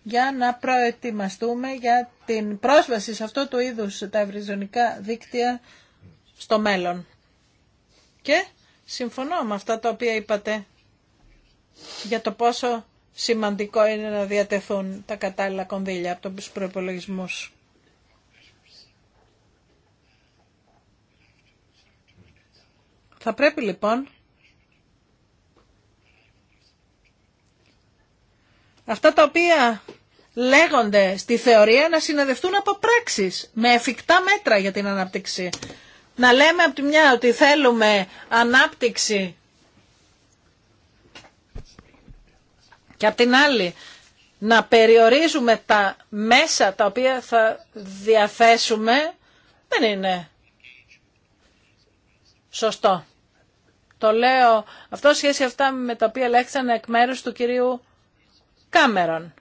για να προετοιμαστούμε για την πρόσβαση σε αυτό το είδους τα ευρυζωνικά δίκτυα στο μέλλον. Και συμφωνώ με αυτά τα οποία είπατε για το πόσο σημαντικό είναι να διατεθούν τα κατάλληλα κονδύλια από τους προπολογισμού. Θα πρέπει λοιπόν αυτά τα οποία λέγονται στη θεωρία να συνοδευτούν από πράξεις με εφικτά μέτρα για την ανάπτυξη. Να λέμε από τη μια ότι θέλουμε ανάπτυξη και από την άλλη να περιορίζουμε τα μέσα τα οποία θα διαθέσουμε δεν είναι σωστό. Το λέω αυτό σχέση αυτά με τα οποία λέξανε εκ μέρους του κυρίου Κάμερον.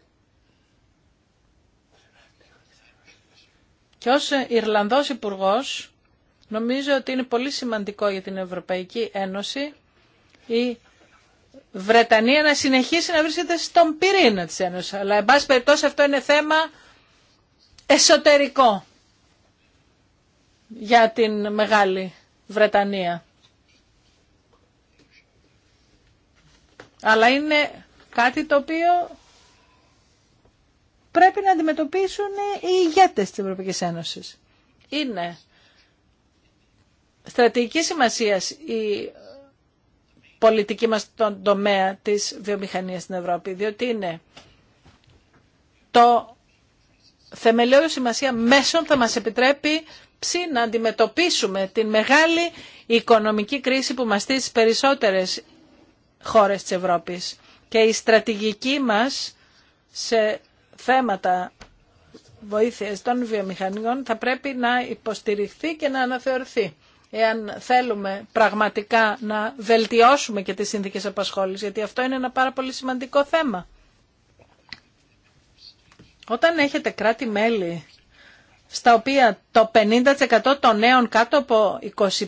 Και ως Ιρλανδός υπουργό, νομίζω ότι είναι πολύ σημαντικό για την Ευρωπαϊκή Ένωση η Βρετανία να συνεχίσει να βρίσκεται στον πυρήνα της Ένωσης. Αλλά εν πάση περιπτώσει αυτό είναι θέμα εσωτερικό για την Μεγάλη Βρετανία. Αλλά είναι κάτι το οποίο πρέπει να αντιμετωπίσουν οι ηγέτες της Ευρωπαϊκής Ένωσης. Είναι στρατηγική σημασία η πολιτική μας στον τομέα της βιομηχανίας στην Ευρώπη, διότι είναι το θεμελιώδη σημασία μέσων θα μας επιτρέπει ψη να αντιμετωπίσουμε την μεγάλη οικονομική κρίση που μας στις περισσότερες χώρες της Ευρώπης. Και η στρατηγική μας σε θέματα βοήθειας των βιομηχανιών θα πρέπει να υποστηριχθεί και να αναθεωρηθεί. Εάν θέλουμε πραγματικά να βελτιώσουμε και τις συνθήκες απασχόλησης, γιατί αυτό είναι ένα πάρα πολύ σημαντικό θέμα. Όταν έχετε κράτη-μέλη στα οποία το 50% των νέων κάτω από 25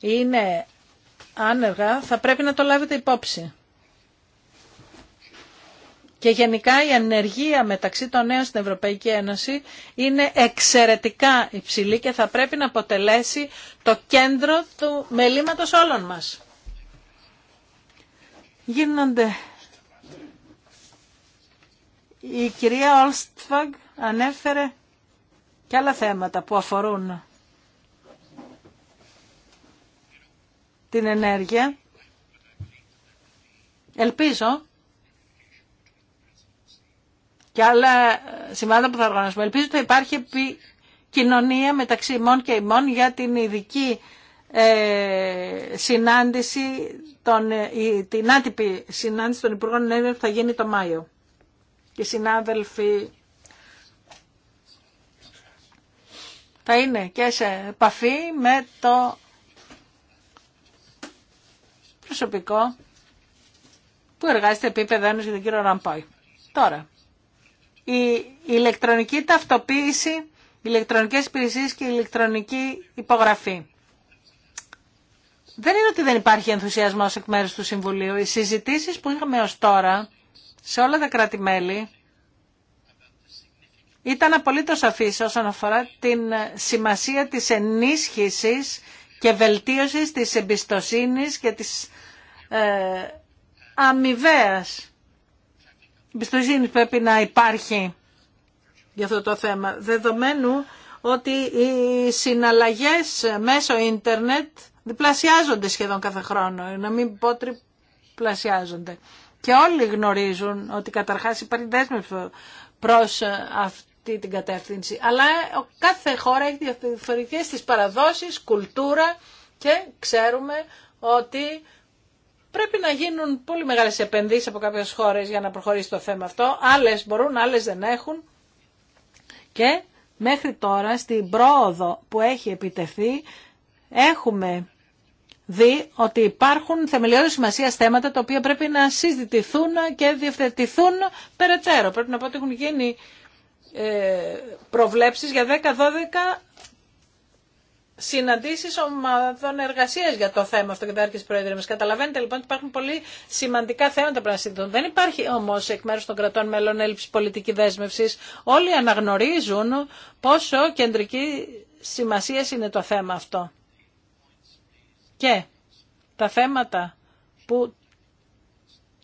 είναι άνεργα, θα πρέπει να το λάβετε υπόψη. Και γενικά η ανεργία μεταξύ των νέων στην Ευρωπαϊκή Ένωση είναι εξαιρετικά υψηλή και θα πρέπει να αποτελέσει το κέντρο του μελήματος όλων μας. Γίνονται. Η κυρία Ολστφαγ ανέφερε και άλλα θέματα που αφορούν την ενέργεια. Ελπίζω και άλλα συμβάντα που θα οργανώσουμε. Ελπίζω ότι θα υπάρχει κοινωνία μεταξύ ημών και ημών για την ειδική ε, συνάντηση, των, ε, την άτυπη συνάντηση των Υπουργών Ενέργειας που θα γίνει το Μάιο. Και οι συνάδελφοι θα είναι και σε επαφή με το προσωπικό που εργάζεται επίπεδο ένωση για τον κύριο Ραμπόη. Τώρα, η ηλεκτρονική ταυτοποίηση, ηλεκτρονικές υπηρεσίες και η ηλεκτρονική υπογραφή. Δεν είναι ότι δεν υπάρχει ενθουσιασμός εκ μέρους του Συμβουλίου. Οι συζητήσεις που είχαμε ως τώρα σε όλα τα κρατη ήταν απολύτως σαφής όσον αφορά την σημασία της ενίσχυσης και βελτίωσης της εμπιστοσύνης και της ε, εμπιστοσύνη πρέπει να υπάρχει για αυτό το θέμα. Δεδομένου ότι οι συναλλαγές μέσω ίντερνετ διπλασιάζονται σχεδόν κάθε χρόνο, να μην πω τριπλασιάζονται. Και όλοι γνωρίζουν ότι καταρχάς υπάρχει δέσμευση προς αυτή την κατεύθυνση. Αλλά κάθε χώρα έχει διαφορετικές τις παραδόσεις, κουλτούρα και ξέρουμε ότι πρέπει να γίνουν πολύ μεγάλες επενδύσεις από κάποιε χώρες για να προχωρήσει το θέμα αυτό. Άλλε μπορούν, άλλε δεν έχουν. Και μέχρι τώρα στην πρόοδο που έχει επιτεθεί έχουμε δει ότι υπάρχουν θεμελιώδη σημασία θέματα τα οποία πρέπει να συζητηθούν και διευθετηθούν περαιτέρω. Πρέπει να πω ότι έχουν γίνει ε, προβλέψεις για 10-12 συναντήσεις ομάδων εργασίας για το θέμα αυτό και τα άρχισε πρόεδρε μα. Καταλαβαίνετε λοιπόν ότι υπάρχουν πολύ σημαντικά θέματα που να συζητούν. Δεν υπάρχει όμω εκ μέρου των κρατών μέλων έλλειψη πολιτική δέσμευση. Όλοι αναγνωρίζουν πόσο κεντρική σημασία είναι το θέμα αυτό. Και τα θέματα που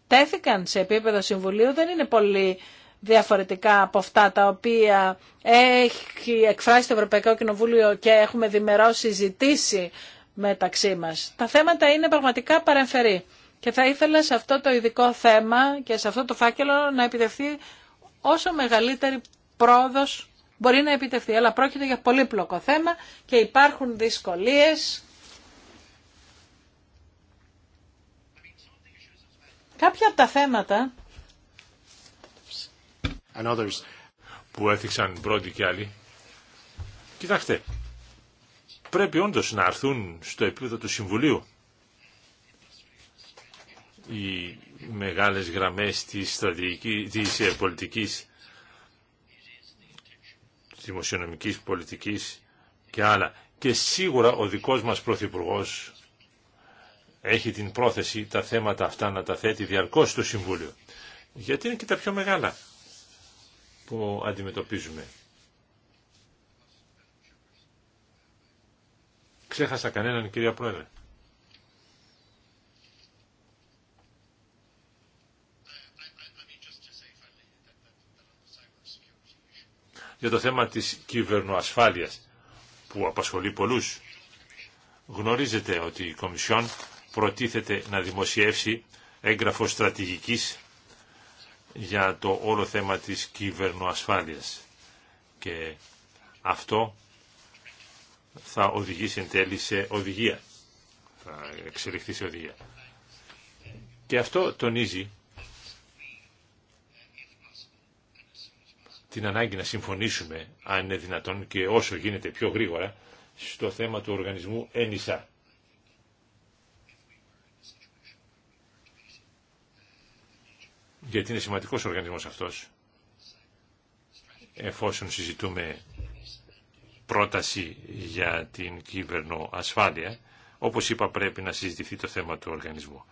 τέθηκαν σε επίπεδο Συμβουλίου δεν είναι πολύ διαφορετικά από αυτά τα οποία έχει εκφράσει το Ευρωπαϊκό Κοινοβούλιο και έχουμε δημερώσει συζητήσει μεταξύ μας. Τα θέματα είναι πραγματικά παρεμφερή και θα ήθελα σε αυτό το ειδικό θέμα και σε αυτό το φάκελο να επιτευχθεί όσο μεγαλύτερη πρόοδος μπορεί να επιτευχθεί. Αλλά πρόκειται για πολύπλοκο θέμα και υπάρχουν δυσκολίες. Κάποια από τα θέματα που έθιξαν πρώτοι και άλλοι. Κοιτάξτε, πρέπει όντως να αρθούν στο επίπεδο του Συμβουλίου οι μεγάλες γραμμές της, της ε, πολιτικής, της δημοσιονομικής πολιτικής και άλλα. Και σίγουρα ο δικός μας Πρωθυπουργό έχει την πρόθεση τα θέματα αυτά να τα θέτει διαρκώς στο Συμβούλιο. Γιατί είναι και τα πιο μεγάλα που αντιμετωπίζουμε. Ξέχασα κανέναν, κυρία Πρόεδρε. Για το θέμα της κυβερνοασφάλειας που απασχολεί πολλούς. Γνωρίζετε ότι η Κομισιόν προτίθεται να δημοσιεύσει έγγραφο στρατηγικής για το όλο θέμα της κυβερνοασφάλειας. Και αυτό θα οδηγήσει εν τέλει σε οδηγία. Θα εξελιχθεί σε οδηγία. Και αυτό τονίζει την ανάγκη να συμφωνήσουμε, αν είναι δυνατόν και όσο γίνεται πιο γρήγορα, στο θέμα του οργανισμού ένισα. γιατί είναι σημαντικός οργανισμός αυτός, εφόσον συζητούμε πρόταση για την κυβερνοασφάλεια, όπως είπα πρέπει να συζητηθεί το θέμα του οργανισμού.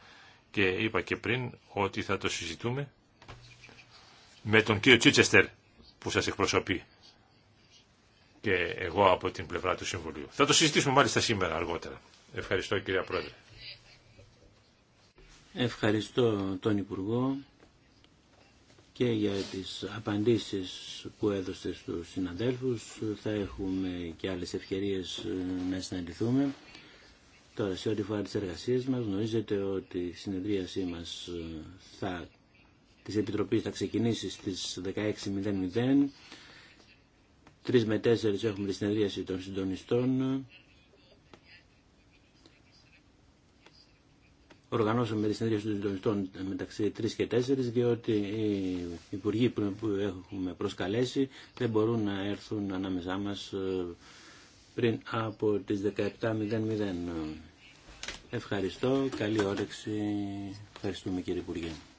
Και είπα και πριν ότι θα το συζητούμε με τον κύριο Τσίτσεστερ που σας εκπροσωπεί και εγώ από την πλευρά του Συμβουλίου. Θα το συζητήσουμε μάλιστα σήμερα αργότερα. Ευχαριστώ κυρία Πρόεδρε. Ευχαριστώ τον Υπουργό για τις απαντήσεις που έδωσε στους συναδέλφους. Θα έχουμε και άλλες ευκαιρίες ε, να συναντηθούμε. Τώρα, σε ό,τι φορά τις εργασίες μας, γνωρίζετε ότι η συνεδρίασή μας ε, θα, της Επιτροπής θα ξεκινήσει στις 16.00. 3 με 4 έχουμε τη συνεδρίαση των συντονιστών οργανώσαμε τη συνέντευξη των συντονιστών μεταξύ 3 και 4, διότι οι υπουργοί που έχουμε προσκαλέσει δεν μπορούν να έρθουν ανάμεσά μας ε, πριν από τις 17.00. Ευχαριστώ, καλή όρεξη. Ευχαριστούμε κύριε Υπουργέ.